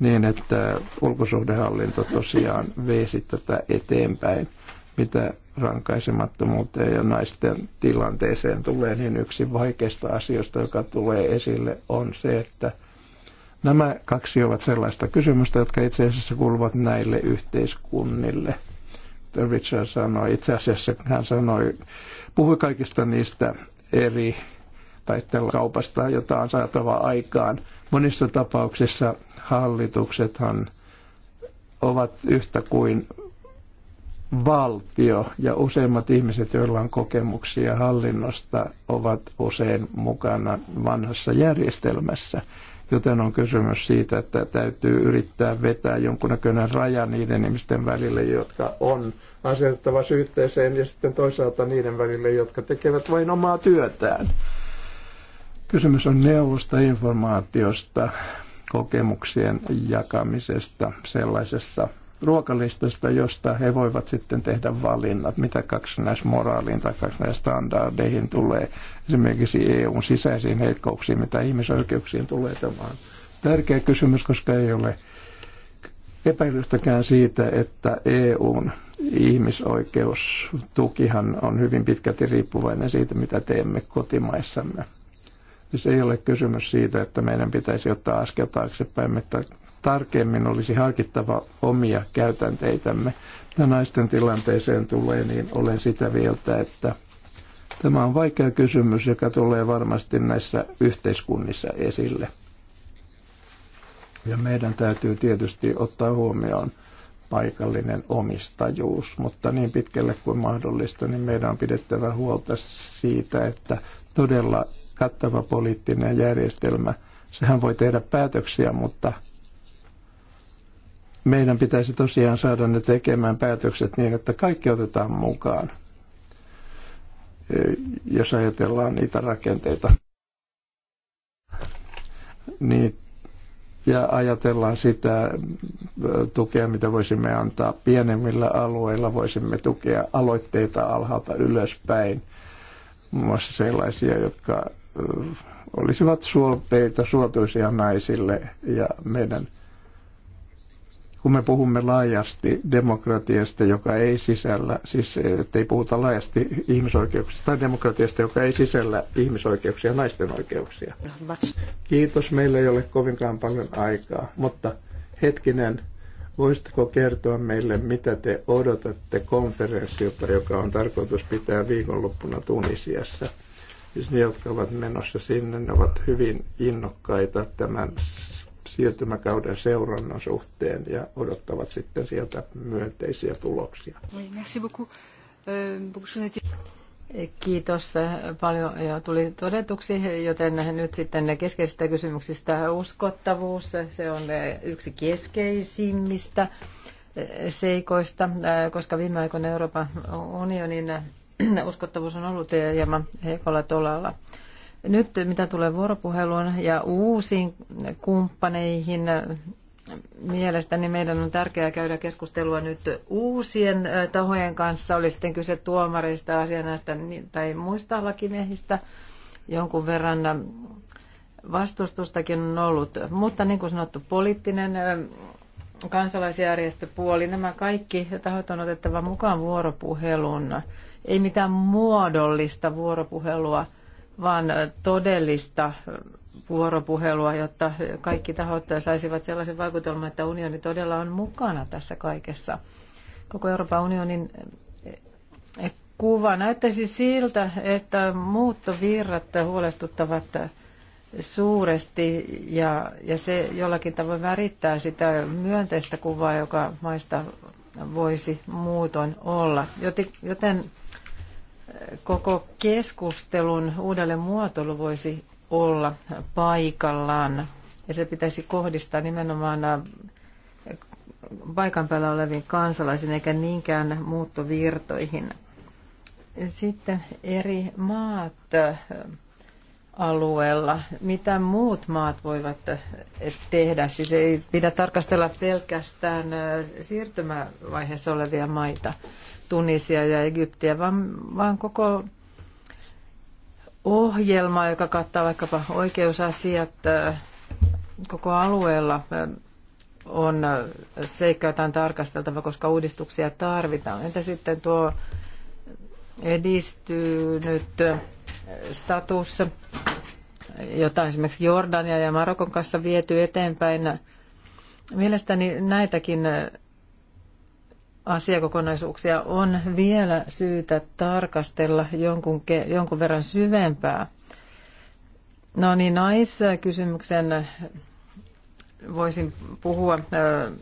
niin, että ulkosuhdehallinto tosiaan veisi tätä eteenpäin, mitä rankaisemattomuuteen ja naisten tilanteeseen tulee, niin yksi vaikeista asioista, joka tulee esille, on se, että – Nämä kaksi ovat sellaista kysymystä, jotka itse asiassa kuuluvat näille yhteiskunnille. Richard sanoi, itse asiassa hän sanoi, puhui kaikista niistä eri tai kaupasta, jota on saatava aikaan. Monissa tapauksissa hallituksethan ovat yhtä kuin valtio ja useimmat ihmiset, joilla on kokemuksia hallinnosta, ovat usein mukana vanhassa järjestelmässä. Joten on kysymys siitä, että täytyy yrittää vetää jonkunnäköinen raja niiden ihmisten välille, jotka on asetettava syytteeseen ja sitten toisaalta niiden välille, jotka tekevät vain omaa työtään. Kysymys on neuvosta, informaatiosta, kokemuksien jakamisesta sellaisessa ruokalistasta, josta he voivat sitten tehdä valinnat, mitä moraaliin tai standardeihin tulee, esimerkiksi EUn sisäisiin heikkouksiin, mitä ihmisoikeuksiin tulee. Tämä on tärkeä kysymys, koska ei ole epäilystäkään siitä, että EUn ihmisoikeustukihan on hyvin pitkälti riippuvainen siitä, mitä teemme kotimaissamme. Siis ei ole kysymys siitä, että meidän pitäisi ottaa askel taaksepäin, että tarkemmin olisi harkittava omia käytänteitämme. Ja naisten tilanteeseen tulee, niin olen sitä mieltä, että tämä on vaikea kysymys, joka tulee varmasti näissä yhteiskunnissa esille. Ja meidän täytyy tietysti ottaa huomioon paikallinen omistajuus, mutta niin pitkälle kuin mahdollista, niin meidän on pidettävä huolta siitä, että todella kattava poliittinen järjestelmä, sehän voi tehdä päätöksiä, mutta meidän pitäisi tosiaan saada ne tekemään päätökset niin, että kaikki otetaan mukaan, e, jos ajatellaan niitä rakenteita. Niin, ja ajatellaan sitä e, tukea, mitä voisimme antaa pienemmillä alueilla, voisimme tukea aloitteita alhaalta ylöspäin, muun muassa sellaisia, jotka e, olisivat suopeita, suotuisia naisille ja meidän – kun me puhumme laajasti demokratiasta, joka ei sisällä, siis eh, ei puhuta laajasti ihmisoikeuksista tai demokratiasta, joka ei sisällä ihmisoikeuksia ja naisten oikeuksia. Kiitos, meillä ei ole kovinkaan paljon aikaa, mutta hetkinen, voisitko kertoa meille, mitä te odotatte konferenssilta, joka on tarkoitus pitää viikonloppuna Tunisiassa? Siis ne, jotka ovat menossa sinne, ne ovat hyvin innokkaita tämän siirtymäkauden seurannan suhteen ja odottavat sitten sieltä myönteisiä tuloksia. Euh, Kiitos paljon ja tuli todetuksi, joten nyt sitten keskeisistä kysymyksistä uskottavuus, se on yksi keskeisimmistä seikoista, koska viime aikoina Euroopan unionin uskottavuus on ollut hieman heikolla tolalla. Nyt mitä tulee vuoropuheluun ja uusiin kumppaneihin, mielestäni meidän on tärkeää käydä keskustelua nyt uusien tahojen kanssa, oli sitten kyse tuomareista, asianaista tai muista lakimiehistä. Jonkun verran vastustustakin on ollut, mutta niin kuin sanottu, poliittinen kansalaisjärjestöpuoli, nämä kaikki tahot on otettava mukaan vuoropuheluun. Ei mitään muodollista vuoropuhelua – vaan todellista vuoropuhelua, jotta kaikki tahot saisivat sellaisen vaikutelman, että unioni todella on mukana tässä kaikessa. Koko Euroopan unionin eh, kuva näyttäisi siltä, että muuttovirrat huolestuttavat suuresti ja, ja se jollakin tavoin värittää sitä myönteistä kuvaa, joka maista voisi muutoin olla. Joten koko keskustelun uudelle muotoilu voisi olla paikallaan. Ja se pitäisi kohdistaa nimenomaan äh, paikan päällä oleviin kansalaisiin eikä niinkään muuttovirtoihin. Sitten eri maat äh, alueella, mitä muut maat voivat äh, tehdä. Siis ei pidä tarkastella pelkästään siirtymävaiheessa olevia maita. Tunisia ja Egyptiä, vaan, vaan koko ohjelma, joka kattaa vaikkapa oikeusasiat koko alueella, on seikka, jota on tarkasteltava, koska uudistuksia tarvitaan. Entä sitten tuo edistynyt status, jota esimerkiksi Jordania ja Marokon kanssa viety eteenpäin. Mielestäni näitäkin asiakokonaisuuksia on vielä syytä tarkastella jonkun, jonkun verran syvempää. No niin, naiskysymyksen voisin puhua äh,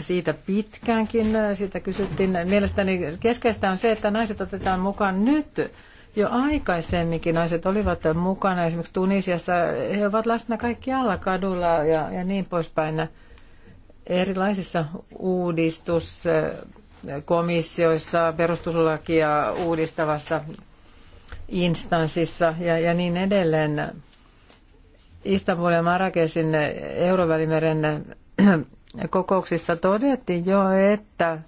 siitä pitkäänkin. Siitä kysyttiin. Mielestäni keskeistä on se, että naiset otetaan mukaan nyt. Jo aikaisemminkin naiset olivat mukana. Esimerkiksi Tunisiassa he ovat läsnä alla kadulla ja, ja niin poispäin. Erilaisissa uudistus komissioissa, perustuslakia uudistavassa instanssissa ja, ja niin edelleen. Istanbulin ja Marrakesin Eurovälimeren kokouksissa todettiin jo, että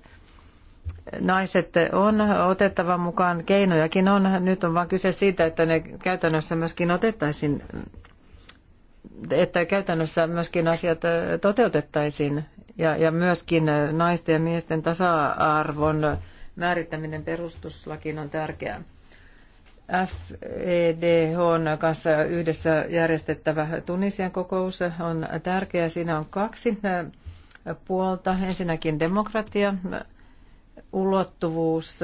naiset on otettava mukaan, keinojakin on. Nyt on vain kyse siitä, että ne käytännössä myöskin otettaisiin, että käytännössä myöskin asiat toteutettaisiin ja, ja myöskin naisten ja miesten tasa-arvon määrittäminen perustuslakiin on tärkeää. FEDH kanssa yhdessä järjestettävä Tunisian kokous on tärkeä. Siinä on kaksi puolta. Ensinnäkin demokratia, ulottuvuus,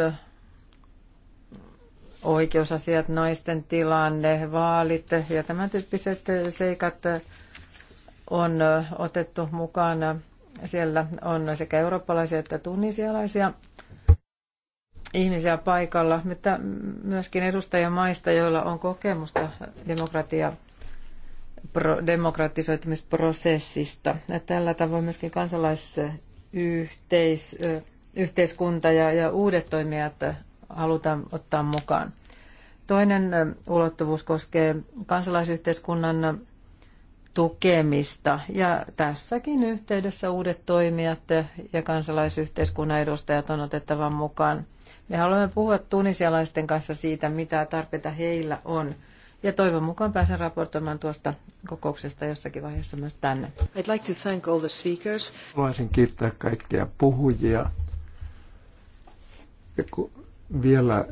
oikeusasiat, naisten tilanne, vaalit ja tämän tyyppiset seikat on otettu mukaan siellä on sekä eurooppalaisia että tunisialaisia ihmisiä paikalla, mutta myöskin edustajamaista, maista, joilla on kokemusta demokratia demokratisoitumisprosessista. tällä tavoin myöskin kansalaisyhteiskunta ja, ja uudet toimijat halutaan ottaa mukaan. Toinen ulottuvuus koskee kansalaisyhteiskunnan tukemista. Ja tässäkin yhteydessä uudet toimijat ja kansalaisyhteiskunnan edustajat on otettava mukaan. Me haluamme puhua tunisialaisten kanssa siitä, mitä tarpeita heillä on. Ja toivon mukaan pääsen raportoimaan tuosta kokouksesta jossakin vaiheessa myös tänne. I'd like to thank all the speakers. Haluaisin kiittää kaikkia puhujia. Ja vielä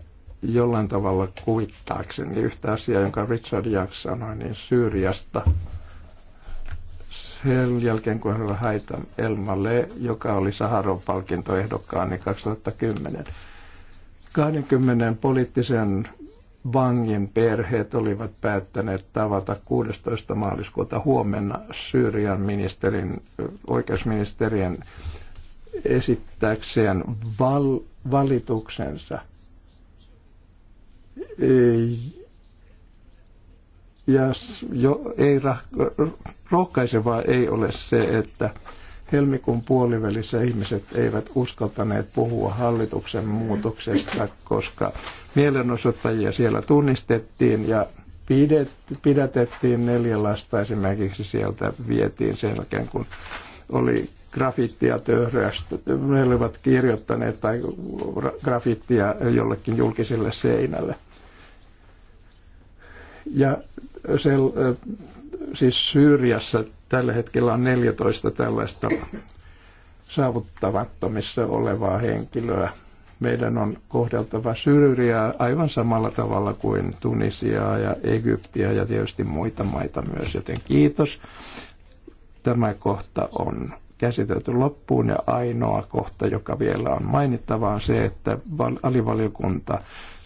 jollain tavalla kuvittaakseni yhtä asiaa, jonka Richard Jack sanoi, niin Syyriasta – sen jälkeen, kun hän haita Elmalle, joka oli Saharon palkintoehdokkaani niin 2010. 20 poliittisen vangin perheet olivat päättäneet tavata 16. maaliskuuta huomenna Syyrian ministerin, oikeusministerien esittääkseen val, valituksensa ja jo ei rohkaisevaa ei ole se, että helmikuun puolivälissä ihmiset eivät uskaltaneet puhua hallituksen muutoksesta, koska mielenosoittajia siellä tunnistettiin ja pidet, pidätettiin neljä lasta esimerkiksi sieltä vietiin sen jälkeen, kun oli grafittia töhröästä. Ne olivat kirjoittaneet tai grafittia jollekin julkiselle seinälle. Ja sel, äh, siis Syyriassa tällä hetkellä on 14 tällaista saavuttavattomissa olevaa henkilöä. Meidän on kohdeltava Syyriaa aivan samalla tavalla kuin Tunisiaa ja Egyptiä ja tietysti muita maita myös, joten kiitos. Tämä kohta on käsitelty loppuun ja ainoa kohta, joka vielä on mainittava, on se, että alivaliokunta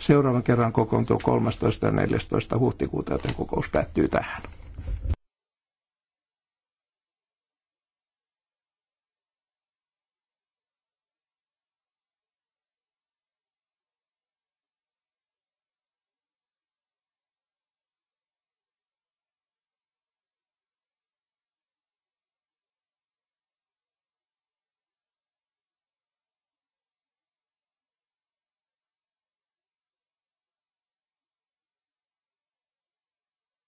Seuraavan kerran kokoontuu 13. ja 14. huhtikuuta, joten kokous päättyy tähän.